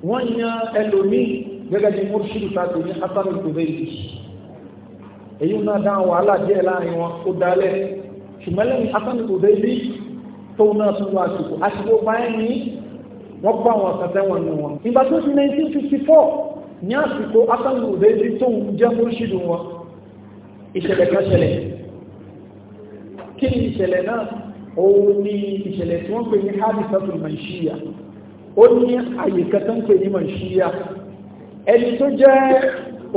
wọ́n yan ẹlòmíì gẹ́gẹ́ bí mọ́ṣílù tàbí ní hasanul kubeyi èyí náà dá àwọn wàhálà díẹ̀ láàrin wọn ó dálẹ̀ ṣùgbọ́n lẹ́yìn hasanul kubeyi tóun náà tún lọ àsìkò àsìkò báyìí ni wọ́n gbọ́ àwọn àtàtẹ́ wọn nù wọn. ìgbà tó ti 1954 ní àsìkò hasanul kubeyi tóun jẹ́ mọ́ṣílù wọn ìṣẹ̀lẹ̀ kan ṣẹlẹ̀ kí ni ìṣẹ̀lẹ̀ náà òun ni ìṣẹ̀lẹ̀ tí wọ́n pè ní hadisatul ẹni tó jẹ́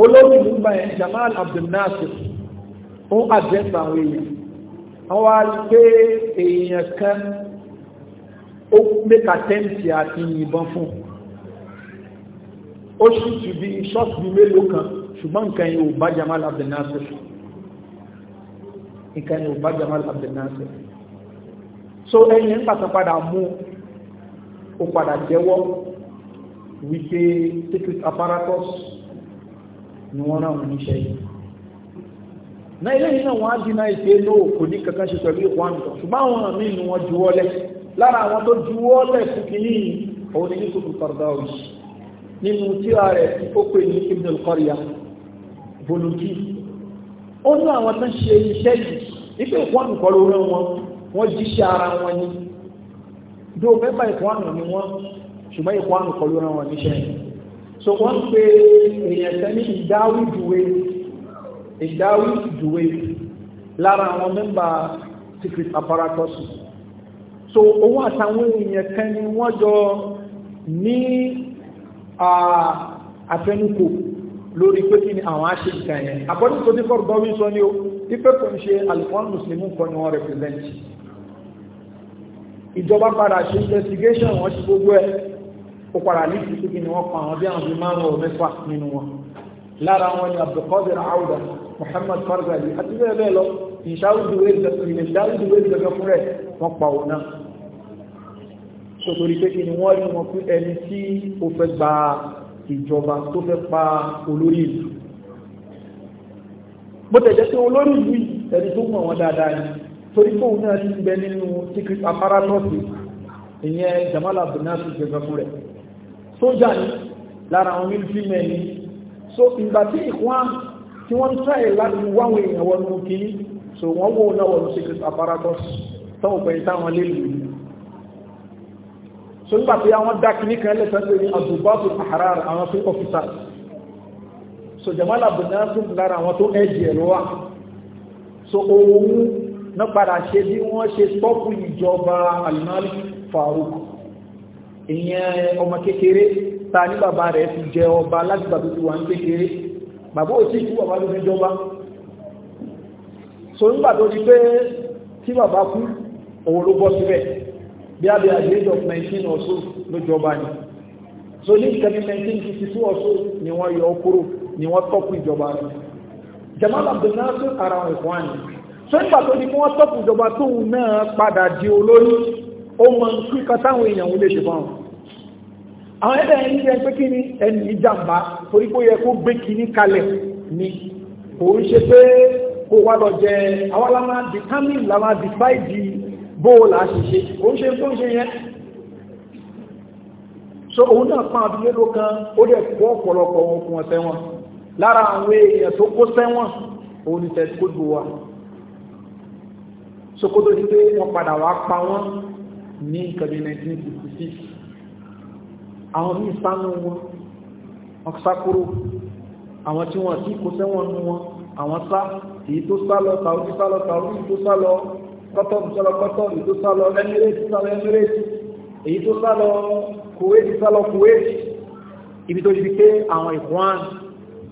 olórí nígbà ẹ̀ Jamal Abdul Nasir fún àjẹ́sà àwọn èèyàn wọ́n wá pé èèyàn kan ó mẹ́ta tẹ́ǹtì àti yìnbọn fún ó sì tù bí ṣọ́ọ̀tù bí mélòó kan ṣùgbọ́n nǹkan yìí ò bá Jamal Abdul nǹkan yìí ò bá Jamal Abdul so ẹ̀yìn ń pàtàkì padà mú ó padà jẹ́wọ́ wípé secret apparatus ni wọ́n ráwọn oníṣẹ́ yìí na ilé yìí náà wọ́n á dínà ìpé lóò kò ní kankan ṣe pẹ̀lú ìwọ̀n nǹkan ṣùgbọ́n àwọn àmì ni wọ́n juwọ́lẹ̀ lára àwọn tó juwọ́lẹ̀ fúkìní òun ni yusuf fardawi nínú tíra rẹ̀ tí ó pè ní ibn al-Qaryah voluki ó ní àwọn tó ń ṣe iṣẹ́ yìí ipe ìwọ̀n nǹkan ló wọn wọ́n jíṣẹ́ ara wọn ni dóò mẹ́fà ìwọ̀n ni wọ́n ṣùgbọ́n ìkọ́ àrùn kọ́ ló wọn níṣẹ́ so wọ́n pe èèyàn sẹ́ ní ìdáwí ìdúwé ìdáwí ìdúwé lára àwọn mẹ́mbà secret apparatus so owó àtàwọn èèyàn kan ni wọ́n jọ ní àfẹnukò lórí pé kí ni àwọn á ṣe nǹkan yẹn àkọ́dún tó ti fọ́rọ̀ bọ́wí sọ ni ó ipe kò ń ṣe alifon muslimu kan ni wọ́n represent ìjọba padà ṣe investigation wọ́n ṣe gbogbo ẹ̀ ó padà ní ìsìnkú ni wọ́n pa àwọn bí àwọn bí márùn ún mẹ́fà nínú wọn lára wọn ni abdulkadir auda muhammad farzali àti bẹ́ẹ̀ bẹ́ẹ̀ lọ ìṣàrùdùwé ìgbẹ̀gbẹ̀ fún rẹ̀ wọ́n pa òun náà sọ̀tòrí pé kí ni wọ́n rí wọn fún ẹni tí ó fẹ́ gba ìjọba tó fẹ́ pa olórí ìlú bó tẹ̀jẹ́ pé olórí ìlú ẹni tó ìyẹn jamal abdulnasir gbẹ̀gbẹ̀ rẹ̀ sójà ní lára àwọn military men ní so ìgbà tí ìkwọ́n tí wọ́n ń tráyè láti wáwọn èèyàn wọnú kìíní so wọ́n wó náà wọnú secret apparatus tọ́wọ́ pẹ̀lú táwọn lè lù so nígbà tí àwọn dákìní kan lè sẹ́sẹ̀ ní àdùbáàbù àhàrà àwọn fún ọ́fíìsà so jamal abdulnasir lára àwọn tó ẹ̀jì ẹ̀rọ wa so òun náà padà ṣe bí wọ́n ṣe tọ́pù ìjọba alimali Farouk ìyẹn ọmọ kékeré ta ní bàbá rẹ̀ fi jẹ ọba láti bàbá tó wà ní kékeré bàbá ò sí kú bàbá ló fi jọba so nígbà tó di pé tí bàbá kú òun ló bọ́ síbẹ̀ bí a bí a grade of 19 or so ló jọba ni so ní ìkẹ́ni 1952 or so ni wọ́n yọ kúrò ni wọ́n tọ́pù ìjọba rẹ̀ Jamal Abdul Nasir ara wọn ìkwáni so nígbà tó di pé wọ́n tọ́pù ìjọba tóun náà padà di olórí ó mọ nǹkan táwọn èèyàn ò lè ṣe fún wọn àwọn ẹ̀dẹ̀ ẹni yẹ pé kí ni ẹni ìjàmbá torí pé yẹ kó gbé kíní kalẹ̀ ni kò ń ṣe pé kó wá lọ jẹ àwọn aláma determine làwọn adìsáìdì bóòlù àṣìṣe kò ń ṣe tó ń ṣe yẹn so òun náà kan abúlélò kan ó dẹ̀ kó ọ̀pọ̀lọpọ̀ ohun fún ọ̀sẹ̀ wọn lára àwọn èèyàn tó kó sẹ́wọ̀n òun ni tẹ̀síkó gbò wa sokoto ti pé wọ́n padà wá pa wọ́n ní ìkàbí 1966 àwọn ní ìsánú wọn ọ̀sákúrò àwọn tí wọ́n tí kò sẹ́wọ̀n nú wọn àwọn sá èyí tó sálọ tàbí sálọ tàbí tó sálọ kọ́tọ̀bù sálọ kọ́tọ̀bù tó sálọ Emirates sálọ Emirates èyí tó sálọ Kuwait sálọ Kuwait ibi tó di pé àwọn ìkwọ́n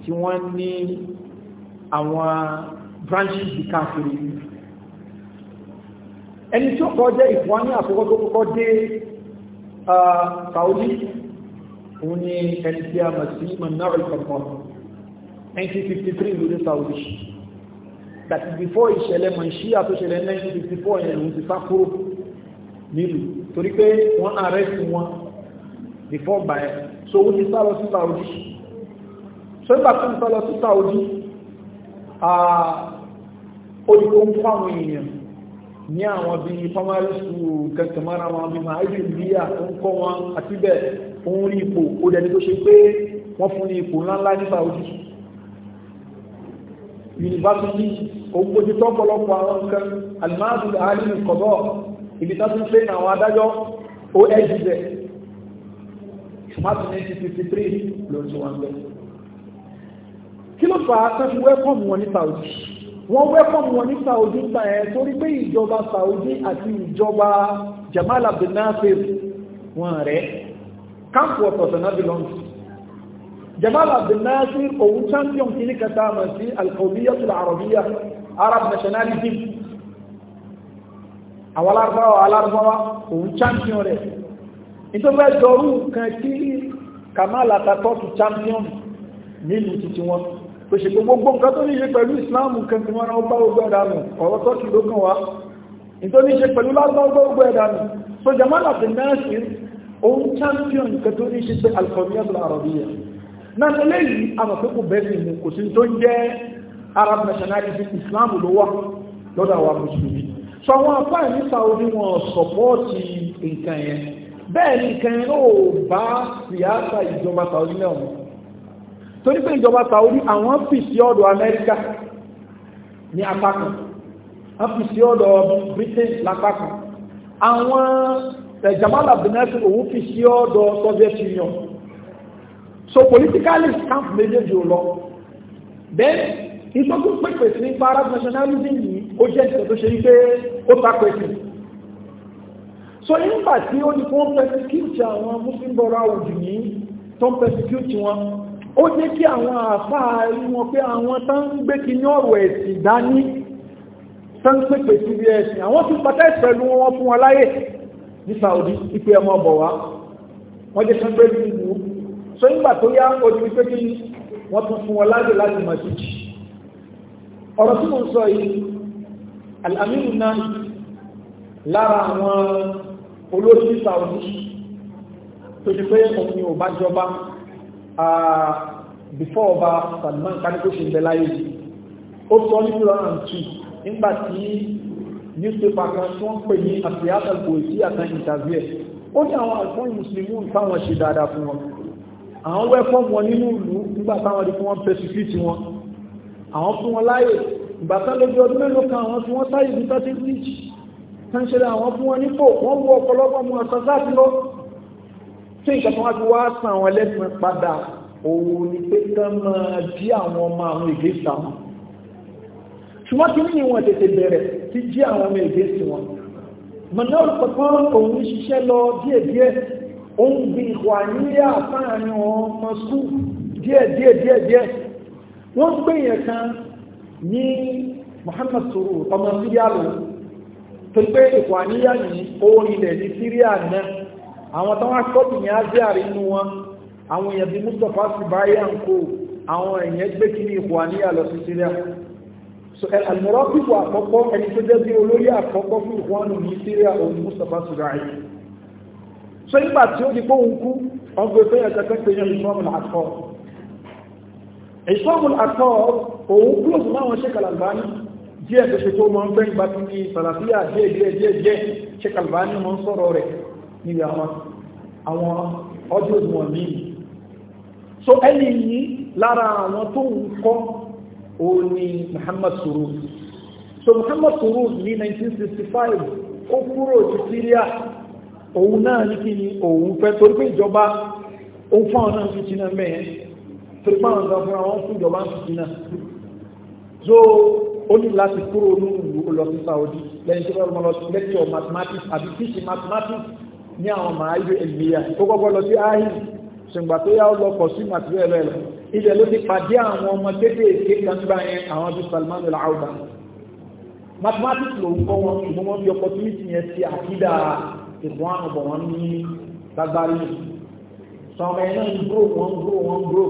tí wọ́n ní àwọn branches di káàkiri ẹni tí ó kọ́ jẹ́ ìfún ní àkókò dé Saudi òun ni ẹni tí a mọ̀ sí manar al-kampan 1953 lórí Saudi that is before ìṣẹ̀lẹ̀ mọ̀ṣíà tó ṣẹlẹ̀ 1954 yẹn lòun ti sá kúrò nílùú torí pé wọ́n arrest wọn before by so ó ti sá lọ sí Saudi so nígbà tó ń sá lọ sí Saudi ó ní kó fáwọn èèyàn ní àwọn bíi primary school kẹsàn-án àwọn bíi mahajir bíyà tó ń kọ́ wọn àti bẹ́ẹ̀ ó ń rí ipò ó dẹni tó ṣe pé wọ́n fún ní ipò ńláńlá ní Saudi yunifásitì ògbójútó ọ̀pọ̀lọpọ̀ àwọn nǹkan alimadu alimu kọ̀dọ̀ ibi tó ti ń ní àwọn adájọ́ ó ẹ̀jú bẹ̀ ṣùgbọ́n ní fifty three ló ń tún wọn bẹ̀ kí ló fà á sẹ́fún wẹ́kọ̀mù wọn ní Saudi wọ́n wẹ́kọ̀m wọn ní Saudi ta ẹ̀ torí pé ìjọba Saudi àti ìjọba Jamal Abdel Nasir wọn rẹ̀ káàpù ọ̀tọ̀ọ̀tọ̀ náà bí lọ́nà Jamal Abdel Nasir òun champion kìíní kata mọ̀ sí alkaudiyatul arabiya Arab nationalism àwọn alárúbáwá alárúbáwá òun champion rẹ̀ nítorí ẹjọ́rú kan tí Kamal atatọ́tù champion nílùú titi wọn kò ṣe gbogbo nǹkan tó ní ṣe pẹ̀lú islam kan tí wọ́n rán ọgbá ogbó ẹ̀dànù ọ̀rọ̀ tọ́kì ló kàn wá tó ní ṣe pẹ̀lú lágbá ogbó ogbó so jamana ti nẹ́ẹ̀sì ohun champion kan tó ní ṣe pé alfamiyatul arabiya náà tó léyìí àwọn tó kù bẹ́ẹ̀ arab nationalism islam ló wà lọ́dọ̀ àwọn so àwọn afáà ní saudi wọn sọpọ́ọ̀tì nǹkan yẹn bẹ́ẹ̀ ni nǹkan yẹn ó torí pé ìjọba Saudi àwọn fi sí ọ̀dọ̀ Amẹ́ríkà ní apá kan wọ́n fi sí ọ̀dọ̀ Britain lápá kan àwọn eh, Jamal Abdel Nasser òun fi sí ọ̀dọ̀ Soviet Union so politically camp méjèèjì ò lọ then ìtọ́jú pèpè sí nípa arab nationalism yìí ó jẹ́ ìtọ́ tó ṣe ní pé ó tako ẹ̀sìn so nígbà tí ó ní kó ń persecute àwọn muslim bọ́ra òdì yìí tó ń persecute wọn ó jẹ́ kí àwọn àfáà rí wọn pé àwọn tán ń gbé kí ní ọ̀rọ̀ ẹ̀sìn dání tán ń pèpè sí bí ẹ̀sìn àwọn tún pàtẹ́ pẹ̀lú wọn fún wọn láyè ní Saudi ipe ọmọ ọbọ̀ wá wọ́n jẹ́ sọ́gbẹ́ sí ìlú so nígbà tó yá ojú wípé kí wọ́n tún fún wọn láyè láti mọ̀ sí ọ̀rọ̀ tí mo ń sọ yìí al náà lára àwọn olóṣèlú Saudi tó ti pé òun ni ò bá jọba before ọba Salman kaníkó ṣe ń bẹ láyé yìí ó sọ ní two thousand and two nígbà tí newspaper kan tí wọ́n pè ní àfíàtà kòsí àtàn interview ẹ̀ ó ní àwọn àlùfọ́n mùsùlùmí táwọn ṣe dáadáa fún wọn àwọn wẹ́fọ́n wọn nínú ìlú nígbà táwọn di fún wọn pẹ́sifíìtì wọn àwọn fún wọn láyè ìgbàtán lójú ọdún mélòó kan àwọn tí wọ́n sáyé ibi tọ́tí bíjì tán ṣe àwọn fún wọn nípò wọ́n wọ ọ̀pọ̀lọpọ̀ mọ̀ ọ̀sán sáàtì lọ tí ìjọba ti wá sàn àwọn ẹlẹ́sìn padà òun ni pé kán máa jí àwọn ọmọ àwọn ìgbésí àwọn ṣùgbọ́n kí ní ìwọ̀n tètè bẹ̀rẹ̀ tí jí àwọn ọmọ ìgbésí wọn mọ̀nà ọ̀pọ̀pọ̀n òun ṣiṣẹ́ lọ díẹ̀díẹ̀ òun gbin ìwà nílé àfáàrin ọmọ skúù díẹ̀díẹ̀díẹ̀díẹ̀ wọ́n gbé yẹn kan ní Muhammad suru ọmọ síríà lò tó pé ìwà níyà ní orin ilẹ̀ ní síríà náà àwọn tó wá kọ́ àwọn èèyàn bí Mustapha sì bá yà ń kó àwọn èèyàn gbé kí ní ipò àníyà lọ sí Syria so àlùmọ́rọ́ pípò àkọ́kọ́ ẹni tó jẹ́ bí olóyè àkọ́kọ́ fún ìwọ́nù ní Syria òun Mustapha sì rà so nígbà tí ó di pé òun kú ọgbẹ́ fẹ́ ẹ̀ka kẹ́kẹ́ yẹn ìṣọ́mù àtọ́ ìṣọ́mù àtọ́ òun kúrò fún àwọn ṣẹ́kàlàgbáni díẹ̀ tó ṣe tó mọ́ ń fẹ́ ìgbà tó ní sàlàfíà so ẹni yìí lára àwọn tó ń kọ́ òun ni Muhammad Surur so Muhammad Surur ní 1965 ó kúrò ní Syria òun náà ní kí ni òun fẹ́ torí pé ìjọba ó fún àwọn náà fi jìnnà mẹ́ẹ̀ torí pé àwọn kan fúnra wọn fún ìjọba fi jìnnà so ó ní láti kúrò ní ìlú lọ sí Saudi lẹ́yìn tó bá lọ lọ sí lecture mathematics àbí teaching mathematics ní àwọn màá yọ ẹ̀mí yà ó kọ́kọ́ lọ sí ahim ṣùgbà tó yá ó lọ pọ̀ sí màtí bẹ́ẹ̀ bẹ́ẹ̀ lọ ibẹ̀ ló ti pàdé àwọn ọmọ kéékèèké kan gbà yẹn àwọn bíi Salman al-Auda mathematics ló ń kọ́ wọn ṣùgbọ́n wọ́n fi opportunity yẹn ti àkídà ìfún àwọn ọ̀bọ̀ wọn ní gbàgbárí sọmọ ẹ̀ náà ń gbúrò wọn ń gbúrò wọn ń gbúrò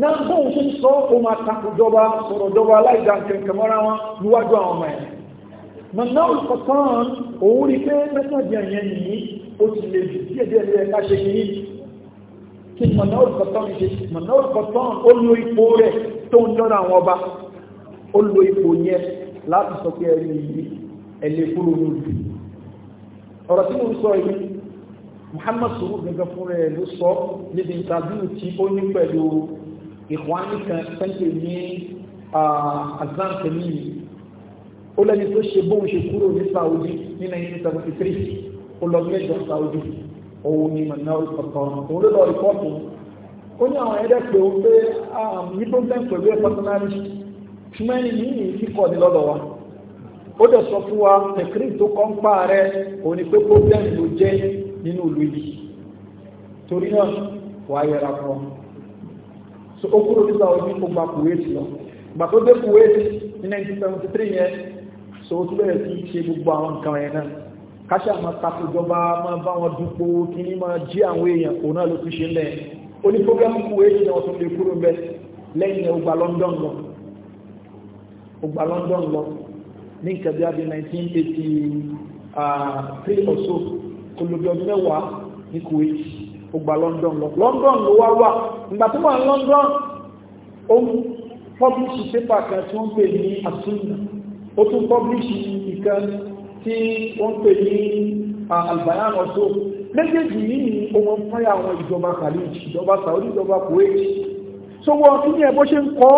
náà bóun ṣe sọ ó máa takò jọba sọ̀rọ̀ jọba aláìdá kẹ̀kẹ́ mọ́ra wọn níwájú àwọn ọmọ ẹ̀ mọ̀nà ìkọ̀tàn òun rí pé mẹ́tàdínlẹ́yìn yìí ó ti lè jù díẹ̀díẹ̀ lẹ́ẹ̀ká ṣe kìíní kí mọ̀náwó kọ̀tán ṣe mọ̀náwó kọ̀tán ó lo ipò rẹ̀ tó ń lọ́rọ̀ àwọn ọba ó lo ipò yẹn láti sọ pé ẹni yìí ẹ̀lẹ́ kúrò lórí ọ̀rọ̀ tí mo ń sọ yìí Muhammad sọ̀rọ̀ gẹ́gẹ́ fún rẹ̀ ló sọ níbi ìtàbíù tí ó ní pẹ̀lú ìkwáni kan pẹ́ńtẹ̀ ní azan tẹ̀mí ó lẹ́ni tó ṣe bóun ṣe kúrò ní Saudi ní 1973 ó lọ mẹ́jọ Saudi òun ni mọ̀nàwó kọ̀kan òun ló lọ rìpọ́ọ̀tù ó ní àwọn ẹ̀dẹ́ pé ó pé ní problem pẹ̀lú ẹ̀ pọ́tánárì ṣùgbọ́n ní ní kíkọ́ ni lọ́dọ̀ wa ó dẹ̀ sọ fún wa tẹ̀kírì tó kọ́ ń pa rẹ̀ òun ni pé problem ló jẹ́ nínú ìlú yìí torí náà wàá yẹra fún ọ so ó kúrò nígbà wo ní kó gba Kuwait lọ gbà tó dé Kuwait ní 1973 yẹn so ó tún bẹ̀rẹ̀ sí ṣe gbogbo àwọn nǹkan yẹn náà káṣà máa takòjọba máa bá wọn dúpó kí ní máa jí àwọn èèyàn kò náà ló fi ṣe lẹ́ oní fọ́gẹ́mù kú èyí ni ọ̀tún lè kúrò bẹ́ lẹ́yìn ọgbà London lọ ọgbà London lọ ní nǹkan abẹ́ 1983 ah, or so kò lóbi ọdún mẹ́wàá ní Kuwait ọgbà London lọ London ló wá wà ìgbà tó wà ní London ó ń pọ́blíṣì pépà kan tí wọ́n pè ní àtúnyà ó tún pọ́blíṣì ìkan tí wọ́n pè ní ah, albayan ọ̀ṣọ́ méjèèjì yìí ni ó wọ́n fáyà àwọn ìjọba khalid ìjọba saudi ìjọba kuwait so wọ́n kí ní ẹbọ́ ṣe ń kọ́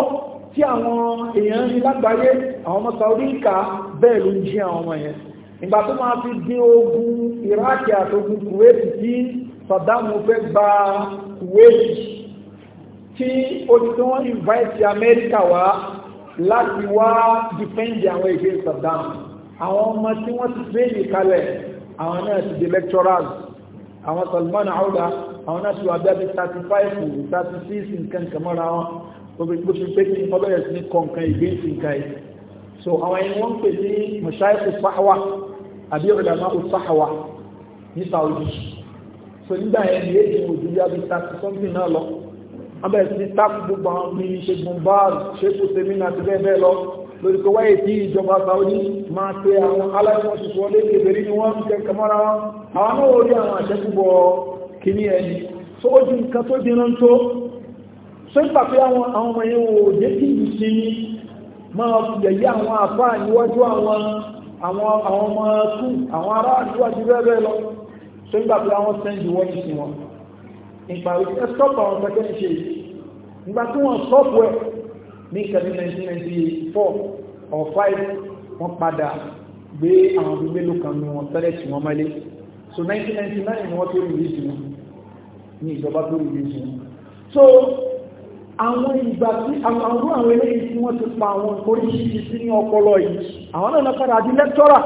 tí àwọn èèyàn ní lágbàáyé àwọn ọmọ saudi kà bẹ́ẹ̀ ló ń jí àwọn ọmọ yẹn ìgbà tó máa fi dín ogun iraq àtogun kuwait tí saddam fẹ́ gba kuwait tí ó ti tí wọ́n invite America wá láti wá defend àwọn èdè saddam àwọn ọmọ tí wọ́n ti fẹ́ẹ̀lì kalẹ̀ àwọn náà ti di lecturers àwọn Salman Auda àwọn náà ti wà bí i thirty five thirty six nǹkan kàmọ́ra wọn gbogbo ìgbó ti pé kí wọ́n bẹ̀rẹ̀ sí ní kọ̀ǹkan ìgbé ìsìnká yìí so àwọn ẹni wọ́n ń pè ní mọ̀ṣáìkù sáháwá àbí ọ̀dàmá ọ̀sáháwá ní Saudi so nígbà yẹn ni èdè òjò yá bí thirty something náà lọ wọ́n bẹ̀rẹ̀ sí ní táàkù gbogbo àwọn bíi ṣe gbọ̀nbáàlù ṣe kò sẹ́mínà àti bẹ́ẹ̀ bẹ́ẹ̀ lọ lórí kò wáyé tí ìjọba Saudi máa pe àwọn aláìsàn tuntun wọlé kébèrè ni wọ́n ń jẹ kàmọ́ra wọn àwọn náà orí àwọn àṣẹ́kùbọ̀ kìíní ẹni tó ó di nǹkan tó di rán tó ṣé ń pàpẹ́ àwọn ọmọ yẹn ò dé kí ìsinmi máa yẹ̀yẹ́ àwọn àfáà níwájú àwọn àwọn ọmọ ẹkú àwọn ará àdúwàjú rẹ́rẹ́ lọ tó ń gbà pé àwọn sẹ́ndì wọ́n ti wọn ìgbà ẹ̀ stop àwọn pẹ̀kẹ́ ṣe ìgbà tí wọ́n stop ẹ̀ ní ìṣẹ́lẹ̀ 1994 or 5 wọ́n padà gbé àwọn ọdún mélòó kan ní wọn tẹ́lẹ̀ tí wọ́n mẹ́lé so 1999 ni wọ́n tó rìlí sí wọn ní ìjọba tó rìlí sí wọn so àwọn ìgbà tí àwọn àwọn eléyìí tí wọ́n ti pa àwọn oríṣiríṣi sí ní ọpọlọ yìí àwọn náà padà di lẹ́tọ́rà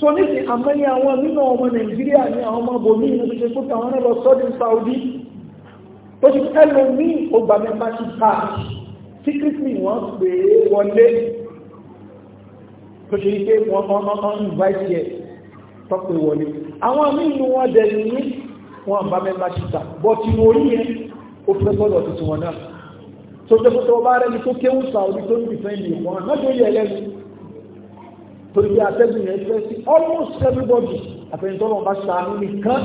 so nísìn àmọ́yé àwọn nínú ọmọ nàìjíríà ní àwọn ọmọ bòmí ìlú ṣe tó tàwọn náà lọ sọ́dún Saudi ó ti tẹ́lẹ̀ ní ọgbà mẹ́ta ti káàkiri síkírìtì wọ́n pè é wọlé tó ṣe ike wọ́n kàn invite yẹ tọ́pẹ̀ wọlé àwọn mímu wọn dẹ̀ ní wọn bá mẹ́mbà ṣìta bọ́tí orí yẹn ó fẹ́ gbọ́dọ̀ tuntun wọn náà tó jẹ́ pọ́tọ́ bá rẹ́ni tó kéwù sa orí tó ń bì almost everybody àfẹnitọ́lọ́ bá ṣàánú nìkan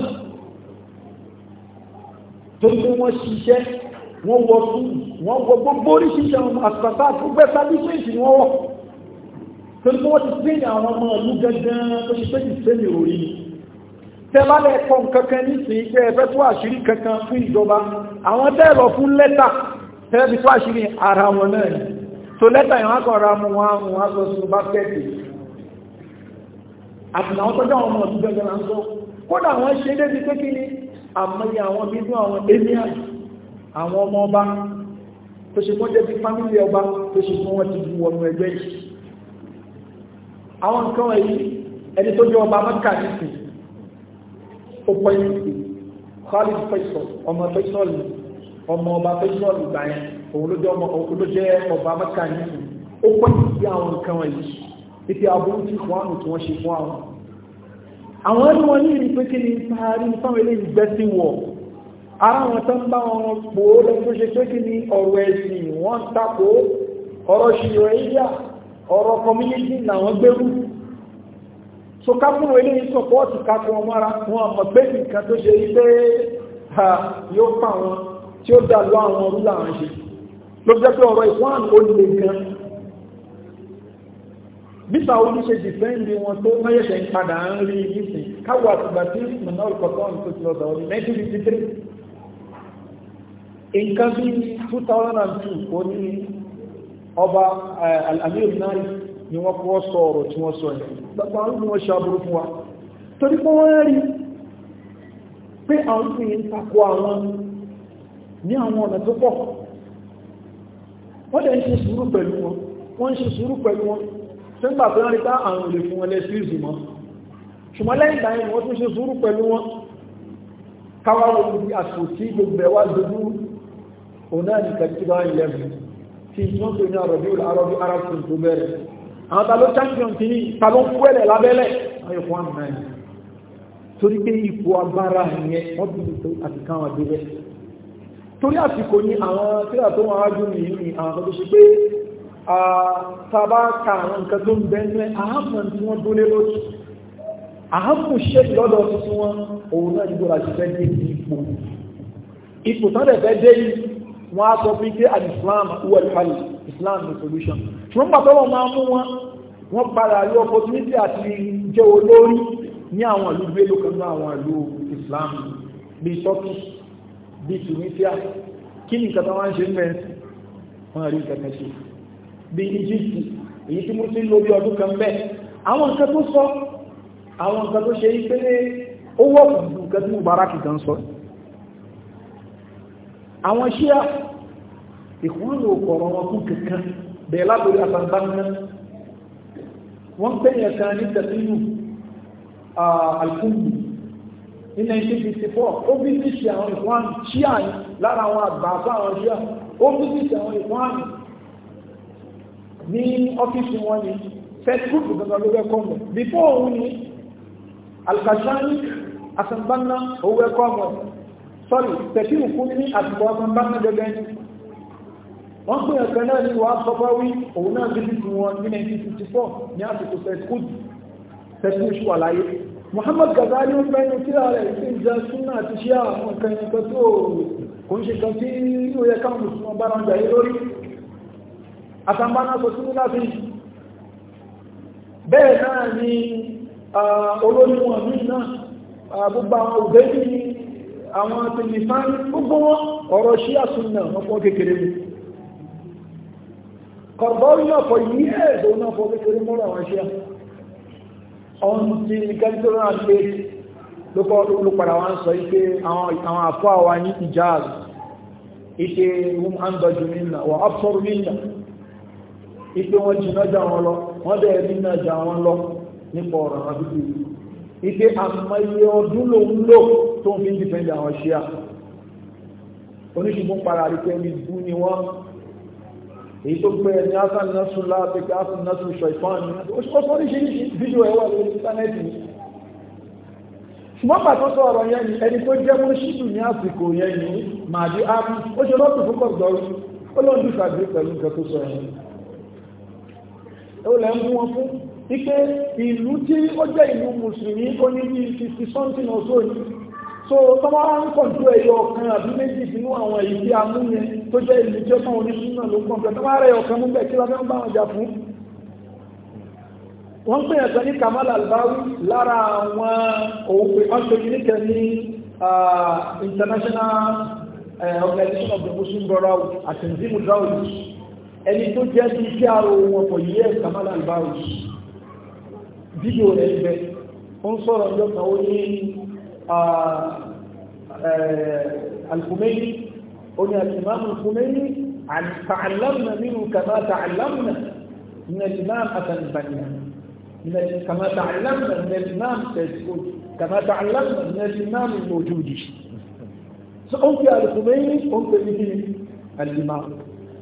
torí pé wọ́n ṣiṣẹ́ wọ́n wọ sùn wọ́n wọ gbogbo oríṣiríṣi àwọn àṣàṣà tó gbẹ́ sábíṣẹ́ǹsì ni wọ́n wọ̀ torí pé wọ́n ti pín àwọn ọmọ ìlú gangan tó ṣe pé kì í sẹ́mi òrí ni kankan nísìnyí pé ẹfẹ́ tó wọn náà ni so pé kí ni àmọye àwọn bíbú àwọn emir àwọn ọmọ ọba tó ṣe wọ́n jẹ́ bí fámílì ọba tó ṣe fún wọn ti bú wọnú ẹgbẹ́ yìí àwọn nǹkan wọ̀nyí ẹni tó jẹ́ ọba mẹ́kà nìsín ó pọ̀ ìsìn Khalid Faisal ọmọ Faisal ọmọ ọba Faisal ìgbà yẹn òun ló jẹ́ ọmọ òun ló jẹ́ ọba mẹ́kà nìsín ó pọ̀ ìsìn àwọn nǹkan wọ̀nyí títí aburú tí fún àwọn tí wọ́n ṣe fún àwọn àwọn ẹni wọn ní ìrìn pé kí ni parí fáwọn eléyìí gbẹ́sìn ara wọn tó ń bá wọn pò ó lọ tó ṣe pé kí ni ọ̀rọ̀ ẹ̀sìn wọ́n ń tako ọ̀rọ̀ ṣìrọ̀ ẹ̀yà ọ̀rọ̀ community làwọn gbérú so kápùrù eléyìí sọpọ́ọ̀tì kápùrù wọn mọ́ra wọn mọ̀ pé nǹkan tó ṣe pé yóò pa wọn tí ó dá lọ àwọn ọdún làwọn ṣe ló jẹ́ pé ọ̀rọ̀ ìfún àmì olùlé gan bípa oníṣe dìfẹ́ǹdì wọn tó mẹ́yẹ̀ṣẹ̀ ń padà ń rí nísìn káwọ́ àtìgbà tí mọ̀nà ọ̀pọ̀tọ́ ń tó ti lọ́dọ̀ ọdún 1953 nǹkan bí 2002 ó ní ọba eh, al-amir nari ni wọ́n kọ́ sọ tí wọ́n sọ ẹ̀ gbogbo àwọn ni ṣàbúrú fún wa torí pé wọ́n rí pé àwọn fún yìí ń takò àwọn ní àwọn ọ̀nà tó pọ̀ wọ́n dẹ̀ ń ṣe sùúrù pẹ̀lú wọn wọ́n ń ṣe sùúrù pẹ̀lú wọn tí ń gbà pé wọ́n rí àrùn lè fún wọn lẹ́sí ìzùmọ́ ṣùgbọ́n lẹ́yìn ìgbà yẹn wọ́n tún ṣe sùúrù pẹ̀lú wọn káwá ibi àsòtí gbogbo ẹ̀ wá òun náà ní kàjí bá ilẹ̀ mi tí wọ́n pè ní àrọ̀bí àrọ̀bí arab team tó bẹ̀rẹ̀ àwọn ta ló champion ti ní ta ló kú ẹ̀lẹ̀ lábẹ́lẹ̀ ayọ̀ fún àmì náà torí pé ipò agbára yẹn wọ́n bí i tó àti káwọn adébẹ̀ torí àsìkò ní àwọn tíra tó wọn ájú ní ìlú àwọn tó ṣe pé tàbá ka àwọn nǹkan a ń bẹ́ẹ̀ ní àhámù tí wọ́n dólé lójú àhámù ṣe lọ́dọ̀ tuntun wọn òun náà ní gbọ́dọ̀ àti fẹ́ dé ipò ipò tán dẹ̀ fẹ́ dé yìí wọ́n á sọ pé al islam wọ ìfàlì islam ní solution ṣùgbọ́n pàtọ́lọ̀ máa mú wọn wọ́n padà rí opportunity àti jẹ́ olórí ní àwọn ìlú gbélò kan ní àwọn ìlú islam bíi turkey bíi tunisia kí ni nǹkan tó wá ń ṣe mẹ́ wọ́n rí nǹkan kan ṣe bíi egypt èyí tí mo ti lò bí ọdún kan bẹ́ẹ̀ àwọn nǹkan tó sọ àwọn nǹkan tó ṣe yí ó wọ́pù nǹkan tí mo bára kìkan sọ àwọn ṣíà ìkúrúnù kọ̀rọ̀ wọn kú kankan bẹ̀ẹ̀ lábòrí àtàbánná wọ́n pẹ̀yẹ̀ kan ní tẹ̀síyù alkúndù ní 1954 ó bí tíṣì àwọn ìkwọ́n ṣíà lára àwọn àgbàfà àwọn ṣíà ó bí tíṣì àwọn ìkwọ́n ní ọ́fíìsì wọn ni first group gbogbo ló wẹ́kọ́ mọ̀ before òun ni alkashani àtàbánná ó wẹ́kọ́ sọ́rì tẹ̀síwù fún ní àtìkọ́ ọkùn bá ní gẹ́gẹ́ wọ́n pè ẹ̀kẹ́ náà ní wàá sọ báwí òun náà bí títí wọn ní 1954 ní àsìkò sẹ́kùd tẹ̀síwù ṣùwà láyé Muhammad Ghazali ń fẹ́nu tí a rẹ̀ sí ìjọ súnà àti ṣíà àwọn nǹkan ẹ̀kọ́ tí ó kò ń ṣe kan tí ó yẹ káwọn mùsùlùmọ́ bára ń jàyé lórí àtàmbáná sọ sí láti bẹ́ẹ̀ náà ni ah, olóyún wọn ní náà ah, gbogbo àwọn òbẹ́ ní àwọn tẹlifán gbogbo wọn ọ̀rọ̀ sí àsúnnà wọn fọ́ kékeré mú kọ̀bọ́rù náà fọ yí ẹ̀ẹ́dọ̀ náà fọ́ kékeré mọ́rọ̀ àwọn ṣíà ọ̀n ti kẹ́ntọ́rọ̀ àti lókọ́ olùpadà wọn sọ ike àwọn àfọ́ àwa ní ìjáàz ike wọn á ń dọ̀jú nínà wọ́n á sọ̀rọ̀ nínà ike wọn jìnnà jà wọn lọ wọ́n bẹ̀rẹ̀ nínà jà wọn lọ nípa ọ̀rọ̀ àbíkú yìí ike àmọye ọdún ló ń lò tó ń fi ń dìpẹ́ndì àwọn ṣíà oníṣùgbọ́n para rí pé ibú ni wọ́n èyí tó pé ẹni hasan nasu lápẹ́kẹ́ hasan nasu ṣọ̀ìfán ní ọ̀sán oríṣiríṣi fídíò ẹ̀wà lórí íńtánẹ́ẹ̀tì ṣùgbọ́n pàtó sọ ọ̀rọ̀ yẹn ni ẹni tó jẹ́ mọ́ṣídù ní àsìkò yẹn ni màdí ápù ó ṣe lọ́pù fún kọ̀ọ̀dọ́rù ó lọ́n dùsàgbé pẹ̀lú nǹkan tó sọ yẹn ó lẹ́ wípé ìlú tí ó jẹ́ ìlú mùsùlùmí ó ní bí fifty something or so ni so tọ́wọ́ ń kọ̀jú ẹ̀yọ ọ̀kan àbí méjì sínú àwọn èyí tí a mú yẹn tó jẹ́ ìlú tí ó kàn wọn ní súnà ló kàn bẹ́ẹ̀ tọ́wọ́ rẹ̀ ọ̀kan mú bẹ́ẹ̀ kí lọ́dún bá wọn jà fún. wọ́n ń pèyàn kan ní Kamal Albawi lára àwọn òun pé wọ́n ní international organization of the muslim brotherhood àti nzimu drawings ẹni tó jẹ́ bí kí a ro wọn for years Kamal Albawi fídíò rẹ̀ ibẹ̀ ó ń sọ̀rọ̀ ọjọ́ kan ó ní alfumeni ó ní alimami alfumeni àtàlámùnà nínú kàmá tàlámùnà nínú كما تعلمنا من الإمام كما تعلمنا من الإمام الموجودي سأنت الخميني أنت به الإمام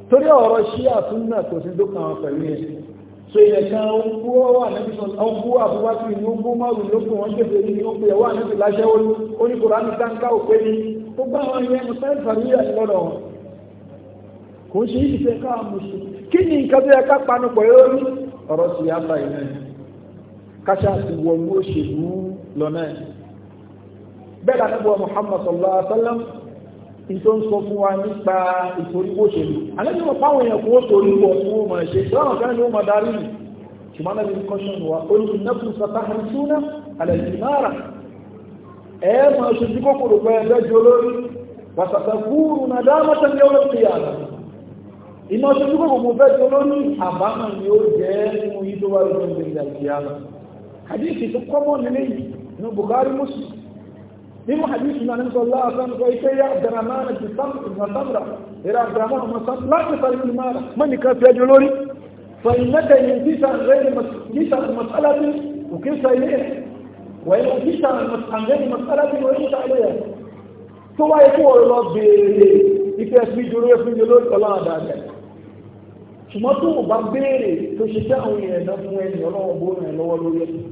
torí ọ̀rọ̀ ṣíà súnnà kò sí so ilẹ̀ kan ó kú ọwọ́ ànábì sọ ó kú àbúwátì ní ó kú mọ́rùn ló kù wọ́n ṣètò yìí ní ó pè ẹ̀wọ́ ànábì láṣẹ ó ní ó ní kòrán ní táǹkà òpé ní tó bá wọn yẹn mo sáré fàmílíà lọ́dọ̀ wọn kò ń ṣe yìí fẹ́ ká mùsù kí ni nǹkan tó yẹ ká panu pọ̀ yóò rí ọ̀rọ̀ sì yá bá iná yìí káṣá sì wọ ní òṣèlú lọ́nà yìí bẹ́ẹ̀ tó ń sọ fún wa nípa ìforíwó òṣèlú alẹ́bí wọn fáwọn èèyàn kó torí wọ fún ọmọ ẹ̀ṣẹ́ ìdáhùn kan ni ó máa darí nì ṣùgbọ́n náà ní kọ́ṣọ́nù wa ó ní nẹ́kùn sàtàhàn súnà alẹ́sìmára ẹ máa ṣojú kòkòrò pé ẹgbẹ́ ju olórí wàtàtà kúrú na dáhàmátà ní ọlọ́ ti yàrá ìmọ̀ ṣojú kòkòrò fẹ́ ju olórí àbámà ni ó jẹ́ nínú yìí tó wà lórí ìgbẹ̀yà ìyàrá hadith tó kọ́mọ́ nílé yìí ní Bukhari Muslim nínú àdìsí náà nípa láàrín sọ ike yá abdulrahman ti sam ìgbàsámra ìrà abdulrahman ọmọ sam láti sọ ìlú mara mọ́ni kan fi ẹjọ́ lórí sọ ìmẹ́tẹ̀ yìí dísà rẹ̀ dísà mọ́sálásí òkè sọ ilé wẹ̀yìn dísà àǹgẹ́yìn mọ́sálásí wọ́n ń sàlẹ̀ tó wáyé kó wọ́n lọ béèrè ìfẹ́ fi jòrò ẹ̀fún ilé lórí ọlọ́run àdáadáa ṣùgbọ́n tó bá béèrè tó ṣe jẹ́ àwọn èèyàn náà fún ẹni ọlọ́run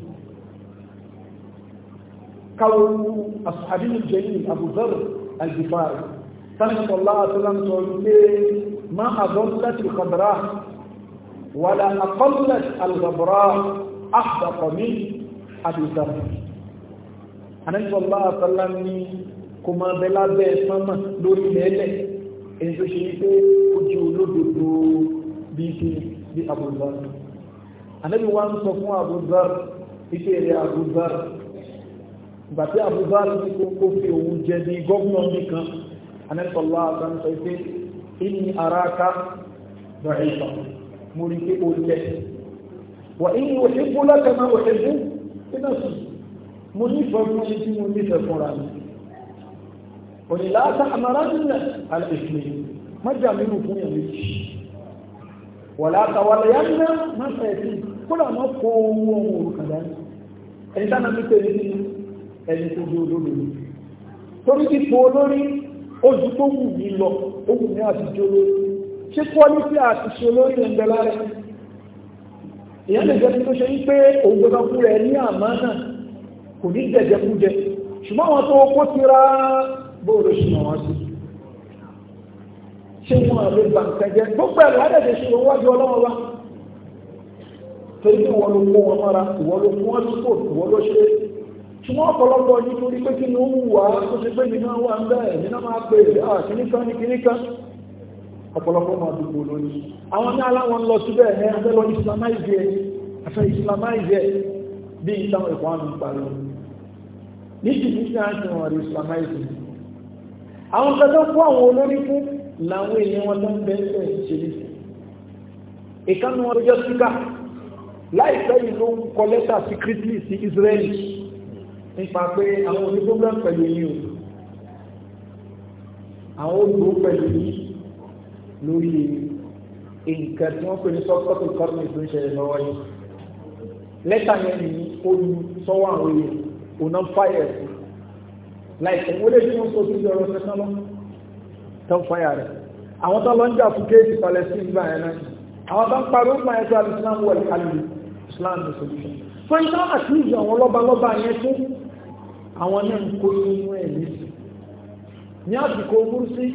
káwọ́rú asàbílù jẹ́yìn àbúzọ́r àjìfààrí sánàtọ̀lá àtúnlám sọ wípé ma àdọ́lẹ́tì kọ̀dọ̀rá wà lá àkọ́lẹ́t alùgbọ̀rá àfàkọ̀mí àbúzọ́r anẹ́sọ̀lá àtúnlám ní kò máa bẹ lábẹ́ sánmà lórí lẹ́lẹ̀ èyí tó ṣe wípé ojú olódodo bí ṣe bí àbúzọ́r anẹ́bí wá ń sọ fún àbúzọ́r ike rẹ̀ àbúzọ́r ìgbà tí àbúgbà ti kó kó fi òun jẹ ní gọ́ọ̀nà nìkan anẹ́sọ̀lá àtàǹsọ̀ ìpé inú ara ká dọ̀ẹ̀sọ̀ mo rí pé ó jẹ́ wà inú òṣèbú látàmà òṣèbú iná sùn mo nífẹ̀ẹ́ fún ẹni tí fẹ̀ẹ́ sí kó làwọn kó owó ohun òrùkàdá ẹni tánà mi tẹ̀lé ẹni tó dé olórí mi torí ipò olórí oṣù tó wù mí lọ ó wù mí àti jẹ olórí ṣé kọ́lífì àti ṣe olórí ń bẹ lára ìyá lè jẹ́ tó ṣe ń pé òun gbọ́dọ̀ fún rẹ̀ ní àmọ́ náà kò ní jẹjẹkújẹ ṣùgbọ́n àwọn tó kó ti ra bóòrò ṣùgbọ́n wọn sí ṣé wọn àlè bà nǹkan jẹ gbogbo ẹ̀rọ adẹ́dẹ̀ ṣe lọ wájú ọlọ́wọ́ wa torí pé wọn ló kó wọn mọ́ra ìwọ ló kó wọn tó ìwọ ló ṣe ṣùgbọ́n ọ̀pọ̀lọpọ̀ nítorí pé kí ni ó wù wá tó ṣe pé nínú àwọn àǹdá ẹ̀ nínú máa pè á kìníkan ní kìníkan ọ̀pọ̀lọpọ̀ máa dùgbò lónìí àwọn ní aláwọn lọ síbẹ̀ ẹ̀ afẹ́ lọ islamize ẹ̀ afẹ́ islamize ẹ̀ bí ìtàwọn ẹ̀kọ́ àmì ìparí ní ti ní sí àṣẹ wọn rí islamize àwọn kẹta fún àwọn olórí fún làwọn èèyàn wọn tó ń bẹ ẹ̀ ṣeré ìkànnì wọn ló jẹ́ síkà Israeli nípa pé àwọn onígbógbà pẹ̀lú yín o àwọn olùgbò pẹ̀lú yín lórí nǹkan tí wọ́n pè ní sọ́kọ́tù kọ́tù tó ń ṣẹlẹ̀ lọ́wọ́ yìí lẹ́tà yẹn ni ó lu sọ́wọ́ àwọn èèyàn ònà fáyà ẹ̀sìn láìpẹ́ wọ́n lè tí wọ́n sọ sí ọ̀rọ̀ ṣẹ́kán lọ tán fáyà rẹ̀ àwọn tó lọ ń jà fún kéèsì Palestine bá yẹn náà àwọn tó ń parí ó máa ẹ̀sọ́ Islam wọ̀lẹ̀ alìlú Islam solution fún ìtàn àti ìjọ àwọn lọ́balọ́ba yẹn tún àwọn náà ń kó inú ẹ̀ lẹ́sì ní àsìkò múrúsí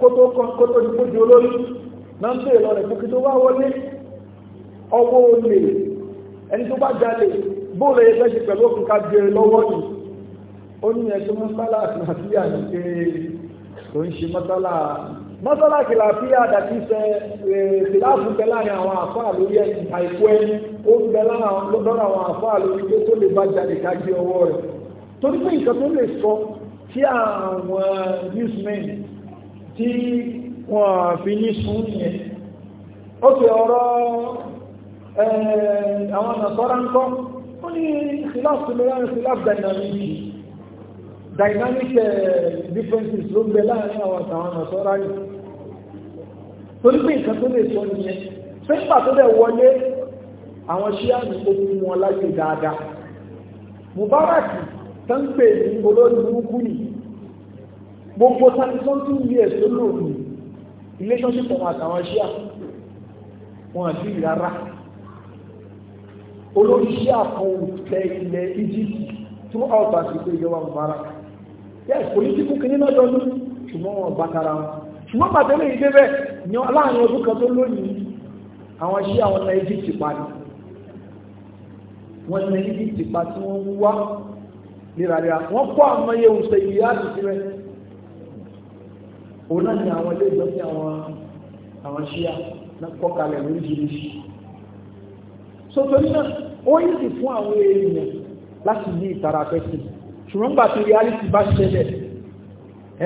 kótó kótó ní kójú olórí náà ń pè lọ rẹ̀ fúkí tó bá wọlé ọwọ́ olè ẹni tó bá jalè bóòlù ẹgbẹ́ ṣe pẹ̀lú òkú ká jẹ lọ́wọ́ ni ó ní ẹ̀sùn mọ́sálà àfíà ní pé tó ń ṣe mọ́sálà mọ́sálà kìláfíà dàbí sẹ kìláàfù bẹ láàrin àwọn àfáà lórí àìkú ẹni ó ń bẹ láàrin àwọn àfáà lórí pé tó lè bá jalè ká jẹ ọwọ́ rẹ̀ torí pé nǹkan tó lè sọ tí àwọn newsmen tí wọ́n fi ní sún yẹn ó fi ọ̀rọ̀ àwọn nàṣọ́rá ń kọ́ ó ní ìsìláàfù tó lọ́wọ́ ìsìláàfù dynamic dynamic differences ló ń bẹ láàrin àwọn àtàwọn nàṣọ́rá yìí torí pé nǹkan tó lè sọ nìyẹn pépà tó dẹ̀ wọlé àwọn ṣíà ní ó wọn láyé dáadáa Mubarak tánpẹ̀ ní olórí burúkú ni gbogbo thirty something years ló lò ní relationship ọ̀hún àtàwọn ṣíà wọn àti ìrara olórí ṣíà kan tẹ ilẹ̀ Egypt throughout àsìkò ìjọba Mubarak yes political kìíní náà jọ ní ṣùgbọ́n wọn bá tara wọn ṣùgbọ́n pàtẹ́lẹ̀ yìí débẹ̀ ní láàrin ọdún kan tó lónìí àwọn ṣíà wọn na Egypt pa ni wọn na Egypt pa tí wọ́n wá nírarira wọ́n kọ́ àwọn yẹ òṣè ìyá àtúntì rẹ̀ òun náà ni àwọn ilé ìgbọ́sí àwọn àwọn ṣíà náà kọ́ kalẹ̀ lóríṣiríṣi sotori náà ó yìí sì fún àwọn èèyàn láti ní ìtara pẹ́sì ṣùgbọ́n gbà tí reality bá ṣẹlẹ̀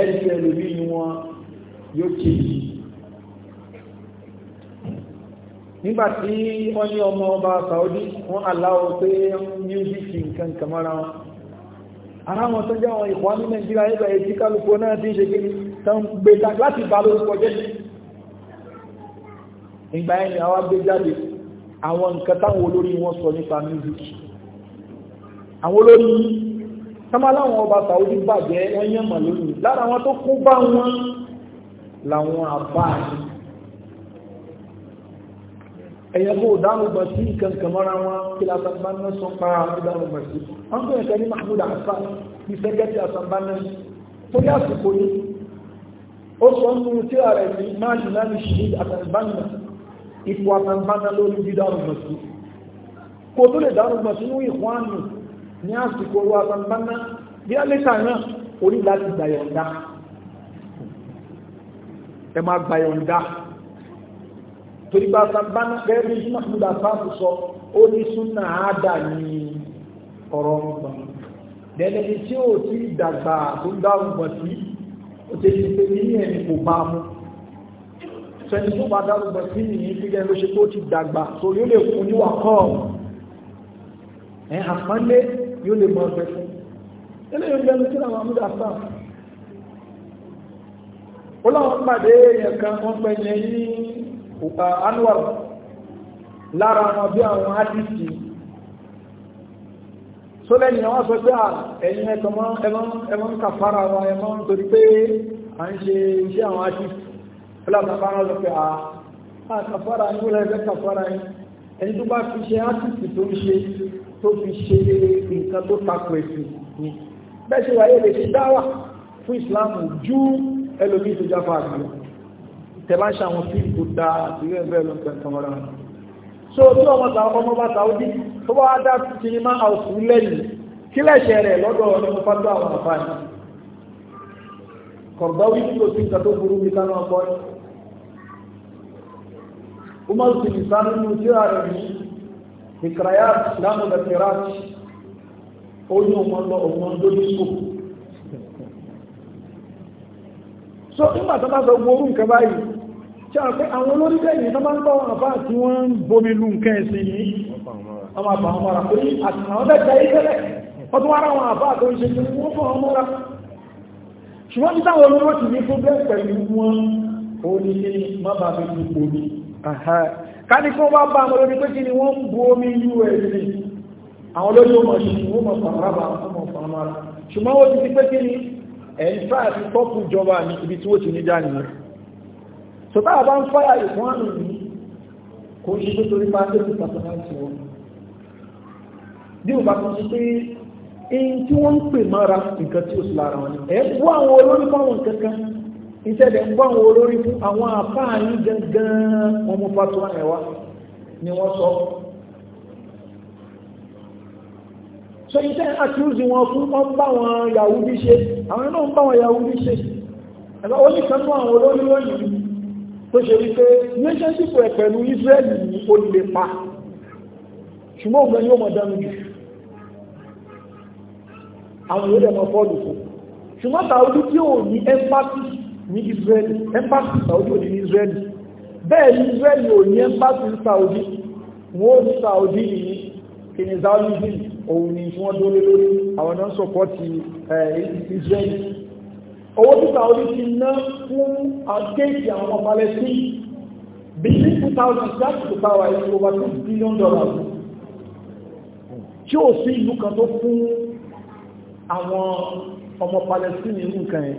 ẹni ẹlòmí ni wọn yóò ṣe yìí nígbà tí wọ́n ní ọmọ ọba Saudi wọ́n aláwọ̀ pé music nǹkan kàmọ́ra wọn ara wọn tó jáwọn ìkọ̀ ní nàìjíríà ẹgbẹ̀ ètí kálùkù náà ti ń ṣe kiri tán gbẹta láti bá lórúkọ jẹ́ ìgbà ẹni àwọn gbé jáde àwọn nǹkan táwọn olórí wọn sọ nípa music àwọn olórí sámáláwọn ọba sàúdí bàjẹ́ wọ́n yẹ̀mọ̀ lónìí lára wọn tó kú bá wọn làwọn àbáà ẹ̀yẹn kó dánúgbà sí ìkẹ̀kẹ̀ mọ́ra wọn kí lásánbánná sọ pa dánúgbà sí wọ́n tó ẹ̀kẹ́ ní mahmoud hassan ní sẹ́gẹ́tì lásánbánná tó yá àsìkò ní ó sọ ń mú tí ààrẹ ní máàlì náà ní ṣe àtàlbánná ipò àtàlbánná lórí bí dánúgbà sí kò tó lè dánúgbà sí ní ìkwánu ní àsìkò ru àtàlbánná bí alẹ́ta náà orí láti gbàyọ̀ǹda ẹ máa gbàyọ̀ǹda torí bá sábàánà gẹ́gẹ́ bí mahmood afáàfù sọ ó ní súnà àádà ní ọ̀rọ̀ ọ̀gbọ̀n dẹ́lẹ́ni tí ó ti dàgbà tó ń dá ọ̀gbọ̀n sí ó ti ṣe pé ní ẹni kò bá mú sẹni tó bá dá ọ̀gbọ̀n sí nìyí fi gẹ́gẹ́ ló ṣe pé ó ti dàgbà tó yóò lè fún níwà kọ́ ẹ̀ àpọ́nlé yóò lè mọ ọgbẹ́ fún eléyìí ń bẹnu tí àwọn mahmood afáàfù ó láwọn pàdé èèyàn Anwar lára wọn bí àwọn artiste Só lẹ́yìn àwọn sọ pé à ẹ̀yìn ẹmọ ń kàfàrà wa ẹmọ ń torí pé à ń ṣe iṣẹ́ àwọn artiste fúlàmàbá wọn a pé à à kàfàrà yìí wọ́n lẹ́gbẹ́ kàfàrà yìí ẹni tó bá fi ṣe artiste tó ń ṣe tó fi ṣe nǹkan tó takò ẹ̀sìn ni bẹ́ẹ̀ ṣe wáyé tẹ́bá ṣe àwọn fíìmù tó dá ìwé ẹgbẹ́ ló ń pẹ̀ tọmọra so tí ọmọ sàwọn ọmọ bá sàwọ́dí tó bá wá dá sinimá house lẹ́yìn kí lẹ́ṣẹ̀ rẹ̀ lọ́dọ̀ ọ̀nà mo fàdó àwọn àfáàní kọ̀rọ̀dáwí tí kò sí nǹkan tó burú mi lánàá ọkọ ẹ̀ ó máa ń sinmi sánú nínú tíra rẹ̀ ní ìkàràyà lánàá lẹ́kẹ̀rẹ́ ó ní ọmọ lọ ọmọ lórí ìbò so nígbà tó bá sọ gbogbo orú nǹkan báyìí ṣe à pé àwọn olórí bẹ́ẹ̀ni tó máa ń tọ́wọ́ àbá tí wọ́n ń bomi lu nǹkan ẹ̀sìn yìí àwọn àbá wọn mọ́ra pé àtàwọn bẹ́ẹ̀ jẹ́ ìtẹ́lẹ̀ wọ́n tún wára àwọn àbá tó ń ṣe tí wọ́n fọ́ wọn mọ́ra ṣùgbọ́n tí táwọn olóró ti ní tó bẹ́ẹ̀ pẹ̀lú wọn ó ní ní má ni wọ́n ń ni ẹ̀ ń fà àti tọ́kù so táwa bá ń fáyà ìfún àmì yìí kò ń ṣe tó torí bá dé nípa tó láti wọn bí o bá tó ṣe pé eyín tí wọ́n ń pè mọ́ra nǹkan tí o sì lára wọn ni ẹ̀ ń bọ́ àwọn olórí fún àwọn nǹkan kan ìṣẹ̀lẹ̀ ń bọ́ àwọn olórí fún àwọn àfáàní gangan wọn mú ẹ̀wá ni wọ́n sọ so iṣẹ́ àtúnṣe wọn fún wọn bá wọn Yahudi ṣe àwọn náà ń bá wọn Yahudi ṣe ẹ̀ka ó ní kan tó àwọn olórí lónìí tó ṣe rí pé relationship rẹ̀ pẹ̀lú Israel ní ó lè pa ṣùgbọ́n òun ni ó mọ̀ dánú jù àwọn yóò dẹ̀ mọ fọ́ọ̀lù fún ṣùgbọ́n Saudi tí ò ní empathy ní Israel empathy Saudi ò ní ní Israel bẹ́ẹ̀ ní Israel ò ní empathy Saudi wọ́n ó ní Saudi nìyí kìnìún Saudi òun ni tí wọ́n dúró lórí àwọn náà sọ̀pọ̀ ti eh, Israel owó tí Saudi ti ná fún àgéèkì àwọn Palestine between two thousand six to power is over two billion dollars tí ó sí ìlú kan tó fún àwọn ọmọ Palestine ní nǹkan yẹn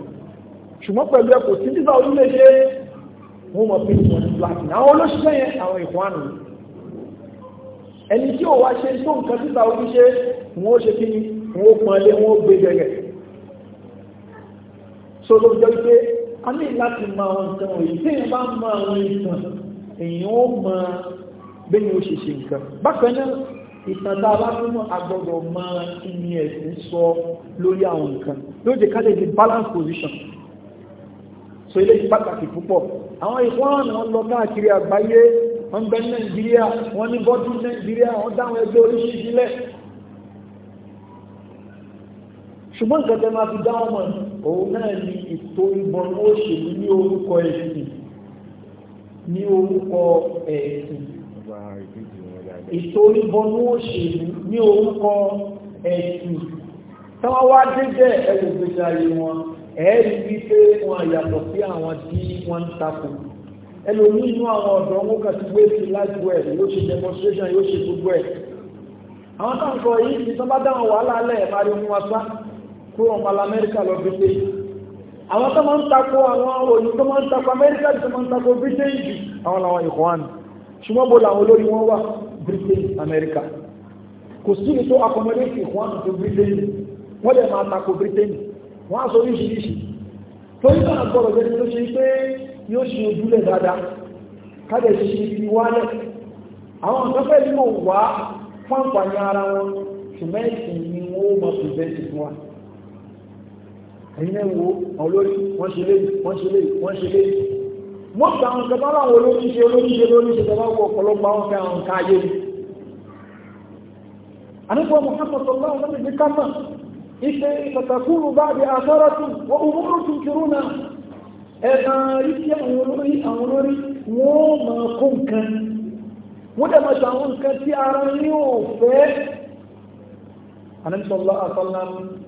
ṣùgbọ́n pẹ̀lú ẹ̀kọ́ tí nígbà orílẹ̀-èdè wọ́n mọ̀ pé wọ́n ní black ní àwọn olóṣìṣẹ́ yẹn àwọn ìkwánu ẹni tí ó wá ṣe tó nǹkan títà oríṣẹ́ wọ́n ó ṣe kí ni wọ́n ó pọn lé wọ́n gbé gẹ̀gẹ̀ so ló jọ pé a ní láti mọ àwọn nǹkan wọ̀nyí tí èèyàn bá mọ àwọn ìtàn èèyàn ó mọ bẹ́ẹ̀ ó ṣe ṣe nǹkan bákan náà ìtàn agbọ́dọ̀ mọ ìní ẹ̀sìn sọ lórí àwọn nǹkan ló jẹ́ ká di balance position so ilé yìí pàtàkì púpọ̀ àwọn ìfọ́nrán wọn lọ káàkiri àgbáyé wọn bẹ Nàìjíríà wọn ní bọ́dún Nàìjíríà wọn dáwọn ẹgbẹ́ oríṣiríṣi lẹ̀ ṣùgbọ́n nǹkan tẹ́ máa fi dá ọmọ òun náà ni ètò ìbọn ó ṣèlú ní orúkọ ẹ̀sìn ní orúkọ ẹ̀sìn ètò ìbọn ó ṣèlú ní orúkọ ẹ̀sìn táwọn wá dédé ẹ̀wò gbèsè ayé wọn ẹ̀ẹ́rì wípé wọn yàtọ̀ sí àwọn tí wọ́n ń takò ẹlòmí àwọn ọ̀dọ́ wọn kà sí wéèsì láti wẹ̀ yóò ṣe demonstration yóò ṣe gbogbo ẹ̀ àwọn táwọn sọ yìí ti tán dáhùn wàhálà alẹ́ máa rí ohun wa sá kúrò ọmọlá amẹ́ríkà lọ fi ṣe àwọn tó máa ń takò àwọn òyìn tó máa ń takò amẹ́ríkà tó máa ń takò britain jù àwọn làwọn ìkọ́wán ṣùgbọ́n bó làwọn olórí wọn wà britain amẹ́ríkà kò sí ní tó accommodate ìkọ́wán tó britain wọ́n dẹ̀ máa takò britain wọ́n á sọ oríṣiríṣi torí náà gbọ́dọ̀ jẹ́ tó ṣe pé yóò ṣe ojúlẹ̀ dáadáa kájẹ̀ ṣe ìwálẹ̀ àwọn nǹkan fẹ́ nínú wà fáǹfààní ara wọn ṣùgbọ́n ìsìn ni wọ́n máa pèsè fún wa ẹ̀yin ẹ̀wò olórí wọ́n ṣe léyìí wọ́n ṣe léyìí wọ́n ṣe léyìí mo gba àwọn kẹfà láwọn olóríṣẹ́ olóríṣẹ́ olóríṣẹ́ tọ́lá wọ ọ̀pọ̀lọpọ̀ àwọn fẹ́ àwọn káyé ni àníkọ́ Muhammad sọ̀rọ̀ àwọn ọmọdé ká mọ̀ ife pàtàkùrù bá di àṣọ́rọ̀ tún wọ́n òwúrò tún kiri náà ẹ̀ka iṣẹ́ àwọn olórí àwọn olórí wọ́n máa kó nǹkan wọ́n dẹ̀ máa ṣàwọn nǹkan tí ara ní òfẹ́ àníkọ́ sọ̀rọ̀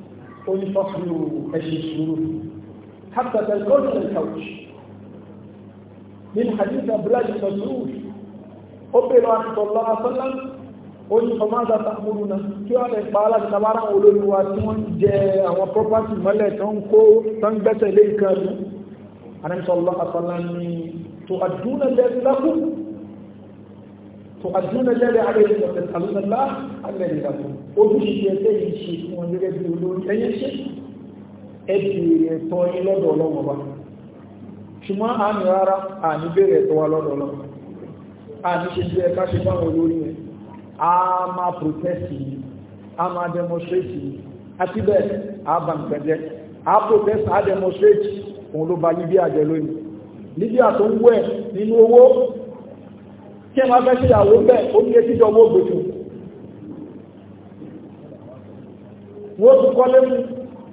ó ní fọ́sùlù ẹ̀ṣẹ̀ sùúrù حتى تلقون الكوش من حديث أبلاج المسعود أبي صلى الله عليه وسلم ó ní fọmáàdà sàmúlùnà kí wọn lè pa aláṣàbára olóluwa tí wọn jẹ àwọn property mọ́lẹ̀ tó ń kó tó ń gbẹ́sẹ̀ lé تؤدون الذي عليكم وتسألون الله الذي لكم ojúṣe ẹgbẹ́ yìí ṣe fún wọn gẹ́gẹ́ bí olórí ẹyẹ ṣe ẹbí ẹ̀tọ́ yín lọ́dọ̀ ọlọ́wọ́ wa ṣùgbọ́n àmì rárá àmì bèèrè ẹ̀tọ́ wa lọ́dọ̀ ọlọ́wọ́ àmì ṣe bí ẹ̀ká ṣe fáwọn olórí rẹ̀ a máa protest yìí a máa demonstrate yìí àti bẹ́ẹ̀ a bá nǹkan a protest a demonstrate òun jẹ lónìí Libya tó ń wẹ̀ nínú owó kí ẹ máa fẹ́ ṣèyàwó bẹ́ẹ̀ ó ní etí ọmọ ògbòjò wọ́n ti kọ́lé fún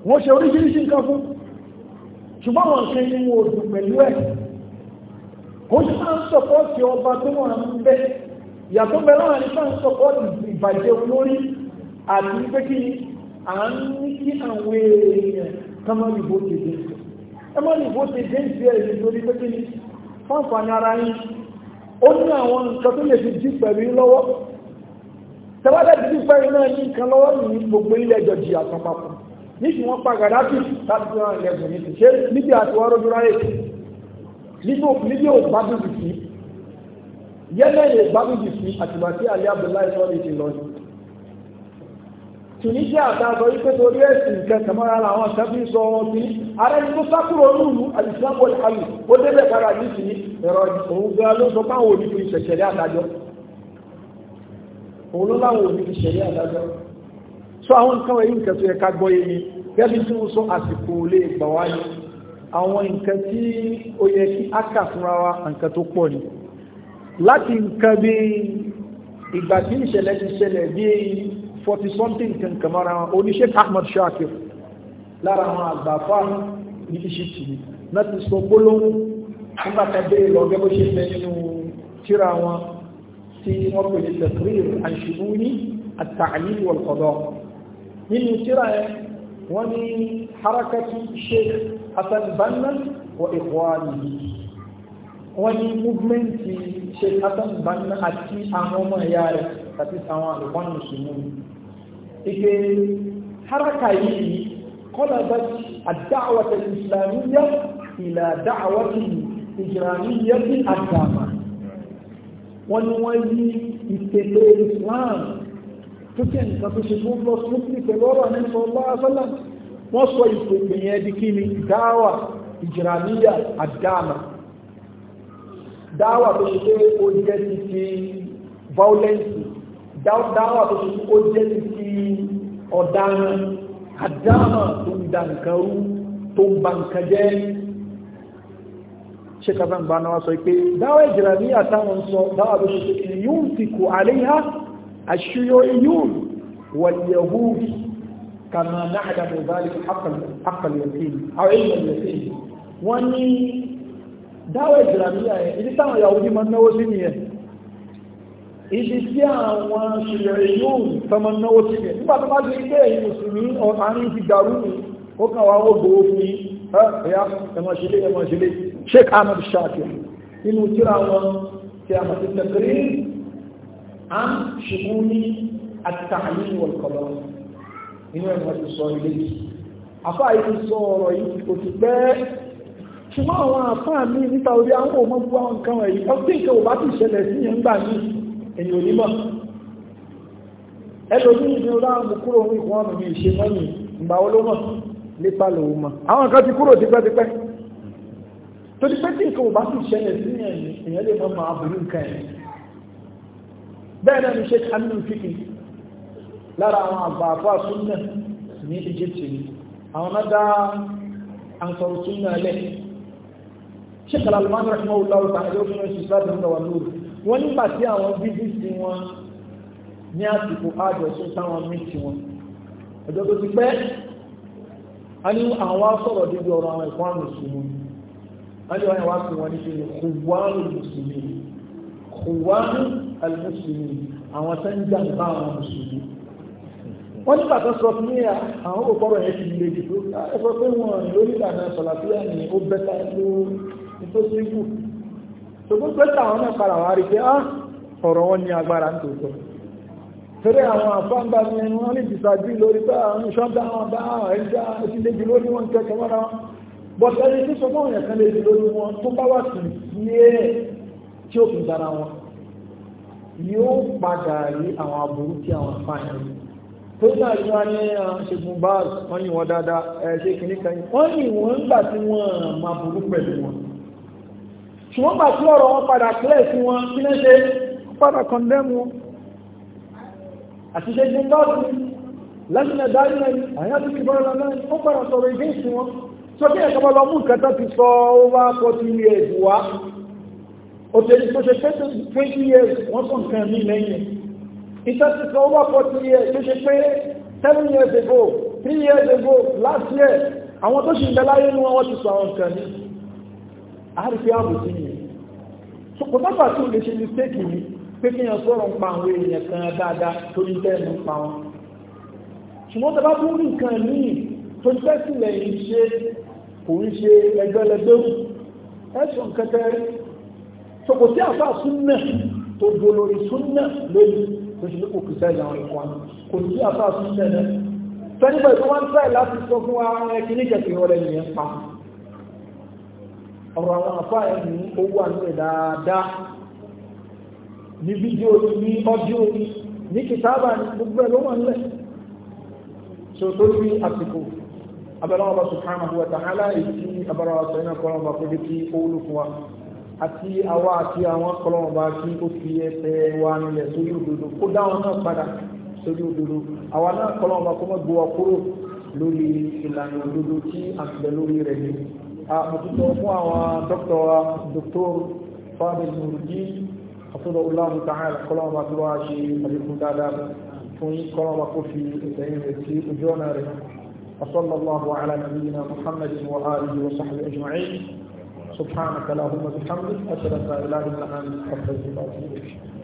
wọ́n ṣe oríṣiríṣi nǹkan fún ṣùgbọ́n wọn ṣe ní wọn òdù pẹ̀lú ẹ̀ kò sí máa ń sọpọ́ọ̀tì ọba tó wà ń bẹ́ yàtọ̀ bẹ láàrin máa ń sọpọ́ọ̀tì ìbàjẹ́ olórí àti pé kí à ń ní kí àwọn èèyàn kan máa tèdè ẹ máa nìbò tèdè ń fi ẹ̀yìn pé kí ni fáǹfààní ara yín ó ní àwọn nǹkan tó lè fi jí pẹ̀lú lọ́wọ́ tẹ́wọ́lẹ̀ jíjí pẹ̀lú náà ní nǹkan lọ́wọ́ ní gbogbo ilé ẹjọ́ jìyà tán papọ̀ níṣì wọ́n pa gàdáfì láti fi hàn lẹ́gùn ní ṣe níbi àti wọ́n rọ́dún ráyè níbi ò gbádùn jù sí yẹ́lẹ̀ lè gbádùn jù sí àtìgbà alẹ́ abdullahi sọ́ọ́ tunisia àtàbọ̀ yí pé torí ẹ̀sìn kẹsàmọ́ra àwọn ìṣẹ́bí sọ wọn sí ara ẹni tó sákúrò lùlù àìsíláàbò àlù ó débẹ̀ padà yìí sí ẹ̀rọ òun gan ló sọ fáwọn òdìbò ìṣẹ̀ṣẹ̀lẹ̀ àdájọ́ òun ló láwọn òdìbò ìṣẹ̀lẹ̀ àdájọ́ sọ àwọn nǹkan wọ̀nyí nǹkan tó yẹ ká gbọ́ yẹn ni gẹ́bí tí mo sọ àsìkò lè gbà wá ní àwọn nǹkan tí ó yẹ kí á kà fúnra wa nǹkan tó pọ̀ ni láti nǹkan bí ìgbà tí ìṣẹ̀lẹ̀ ti ṣẹlẹ̀ bí forty something kan kamara wọn oníṣẹ́ Ahmad Shakir lára àwọn àgbàfà ní Egypt ni láti sọ gbólóhùn nígbà tá a béèrè lọ gẹ́gẹ́ bó ṣe fẹ́ nínú tíra wọn tí wọ́n pè ní taqrir àṣìbúni at-ta'lim wal-qada nínú tíra yẹn wọ́n ní harakati Sheikh Hassan Banna wa ikhwanihi wọ́n ní Sheikh Hassan Banna àti àwọn ọmọ ẹ̀yà rẹ̀ àti àwọn ike haraka yìí kọ́lọ̀bá àdáwàtà ìsìlámíyà ìlà dáwàtà ìjìràníyà sí àdàmà wọ́n ni wọ́n yí ìpele islam tó kí nǹkan tó ṣe fún lọ fún pípẹ́ lọ́rọ̀ ní sọ lọ́wọ́sọ́lá wọ́n sọ ìpele yẹn di kí ni dáwà ìjìràníyà àdàmà dáwà tó ṣe pé ó jẹ́ ti ti violence dáwà tó ṣe pé ó jẹ́ ti ti ọ̀daràn àdáàmà tó ń da nǹkan rú tó ń ba nǹkan jẹ́ ṣe kàfà ń bá náà sọ pé dáwà ìjìrà ní àtàwọn sọ dáwà bó ṣe ṣe kìí ti kò àríhá àṣíyọ yóò wàlẹ̀húrí kàmà náà dàbò báyìí àkàlẹ̀sìn àwọn ìlẹ̀sìn wọ́n ní dáwà ìjìrà ní àyẹ̀ ìdí táwọn yahudi ibi tí àwọn ṣìlẹ̀rẹ̀ yóò tọmọ náwó ti rẹ̀ nígbà tó bá ṣe ilé ẹ̀yìn mùsùlùmí àárín ti dàrú ní ó kàn wá ogbò fún yí ẹ̀yà ẹmọ̀ṣẹ́lé ẹmọ̀ṣẹ́lé Sheikh Ahmed Shakir nínú tíra wọn tí a mọ̀ sí tẹ̀kẹ́rẹ́ à ń ṣùgbọ́n ní àtàlẹ́ ìwọ̀lkọ̀lọ́ inú ẹ̀mọ́ ti sọ ilé yìí afá yìí sọ èyàn onímọ̀ ẹlòmí ìdí ọlọ́run mú kúrò ní ìwọ̀n mi ṣe mọ́yìn ìgbà olómọ̀ nípa lòun mọ̀ àwọn kan ti kúrò tipẹ́tipẹ́ tó ti pẹ́ tí nǹkan ò bá sì ṣẹlẹ̀ sí èèyàn lè mọ́ máa burú nǹkan ẹ̀ bẹ́ẹ̀ náà ni ṣe kánú fífi lára kàlàlùmọ́ ní rahimahullah ta'ala ló fún ẹ̀sùn sáà wọ́n nígbà tí àwọn bíbí sí wọn ní àsìkò àjọṣe táwọn méjì wọn ọjọ́ tó ti pẹ́ a ní àwọn sọ̀rọ̀ débi ọ̀rọ̀ àwọn ẹ̀kọ́ àmì ìṣòro wọ́n ní wọ́n wá sí wọn níbi kùwárù mùsùlùmí kùwárù alùmùsùlùmí àwọn tó ń jà nípa àwọn mùsùlùmí wọ́n nígbà tó sọ fún yà àwọn òkúrọ̀ yẹn ti lè dìbò ah, ẹ sọ pé wọn lórí ìlànà sọ̀làfíà ni ó bẹ́ta ló ní tó ṣe é ṣùgbọ́n pẹ́sà àwọn náà padà wá rí pé á ah, ọ̀rọ̀ wọn ní agbára ń tòótọ́ torí àwọn àfáǹbá ní ẹnu wọn lè dìsàdí lórí pé ah, àwọn ìṣọ́dá wọn bá ẹja ti lè jù lórí wọn kẹ́kẹ́ mọ́ra wọn bọ́tẹ́ ní sísọ mọ́ òyìn kan lè jù lórí wọn tó bá wà sí yé tí ó fi dára wọn yóò padà ṣùgbọ́n gbà tí ọ̀rọ̀ wọn padà kílẹ̀ sí wọn kí ní ṣe padà kọndẹ́mù àti ṣe jẹ́ lọ́sí lẹ́sìnà dárílẹ̀ àyà tó ti bọ́rọ̀ náà ó padà sọ̀rọ̀ ìgbé sí wọn tó kí ẹ̀kọ́ years wá ó ti ẹni tó years wọ́n sọ nǹkan mí lẹ́yìn ìṣẹ́ ti sọ over forty years tó ṣe pé seven years ago three years ago last year àwọn tó ṣì ń bẹ láyé ní wọn wọ́n ti sọ àrífẹ́ àbòsí yìí so kò dábàá tí o lè ṣe mistake yìí pé kí èèyàn sọ̀rọ̀ ń pa àwọn èèyàn kan dáadáa tó ní bẹ́ẹ̀ ń pa wọn ṣùgbọ́n tó bá tún rí nǹkan míì tó ń tẹ́sílẹ̀ yìí ṣe kò ń ṣe ẹgbẹ́lẹgbẹ́ ẹ̀sùn kẹtẹrẹ so kò sí àfa súnmẹ̀ tó do lórí súnmẹ̀ lórí tó ṣe kò kìí sẹ́yìn àwọn ẹ̀kọ́ kò sí àfa súnmẹ̀ náà tẹ́lifẹ̀ tó wá ń tẹ̀ láti sọ fún wa ẹ̀kíní kẹ̀kẹ́ nìyẹn pa ọ̀rọ̀ àwọn àfá ẹ̀mí owó àníwẹ̀ dáadáa ní fídíò ní ọdíò ní kìtàbà ní gbogbo ẹ̀ ló wà nílẹ̀ so tó rí àsìkò abẹ́lọ́wọ́ bá subhanahu wa ta'ala ìtí abẹ́lọ́wọ́ sọ iná kọ́lọ́ bá kó kí owó fún wa àti àwa àti àwọn kọ́lọ́ bá kí ó fi ẹsẹ̀ wa nílẹ̀ sórí òdodo kó dáwọn náà padà sórí òdodo lórí ìlànà òdodo tí àtìlẹ́ lórí rẹ̀ nìyí àmọ̀tútù fún àwọn dókítà wa dr fadil nurji àtúndọ̀ ọlọ́run ta'ala kọlọ́wọ́ bá tó wá ṣe àlékún dáadáa fún yí kọlọ́wọ́ bá kó fi ẹ̀yìn rẹ̀ sí ojú ọ̀nà rẹ̀ وصلى الله على نبينا محمد وآله وصحبه أجمعين سبحانك اللهم وبحمدك أشهد أن لا إله إلا أنت أستغفرك وأتوب إليك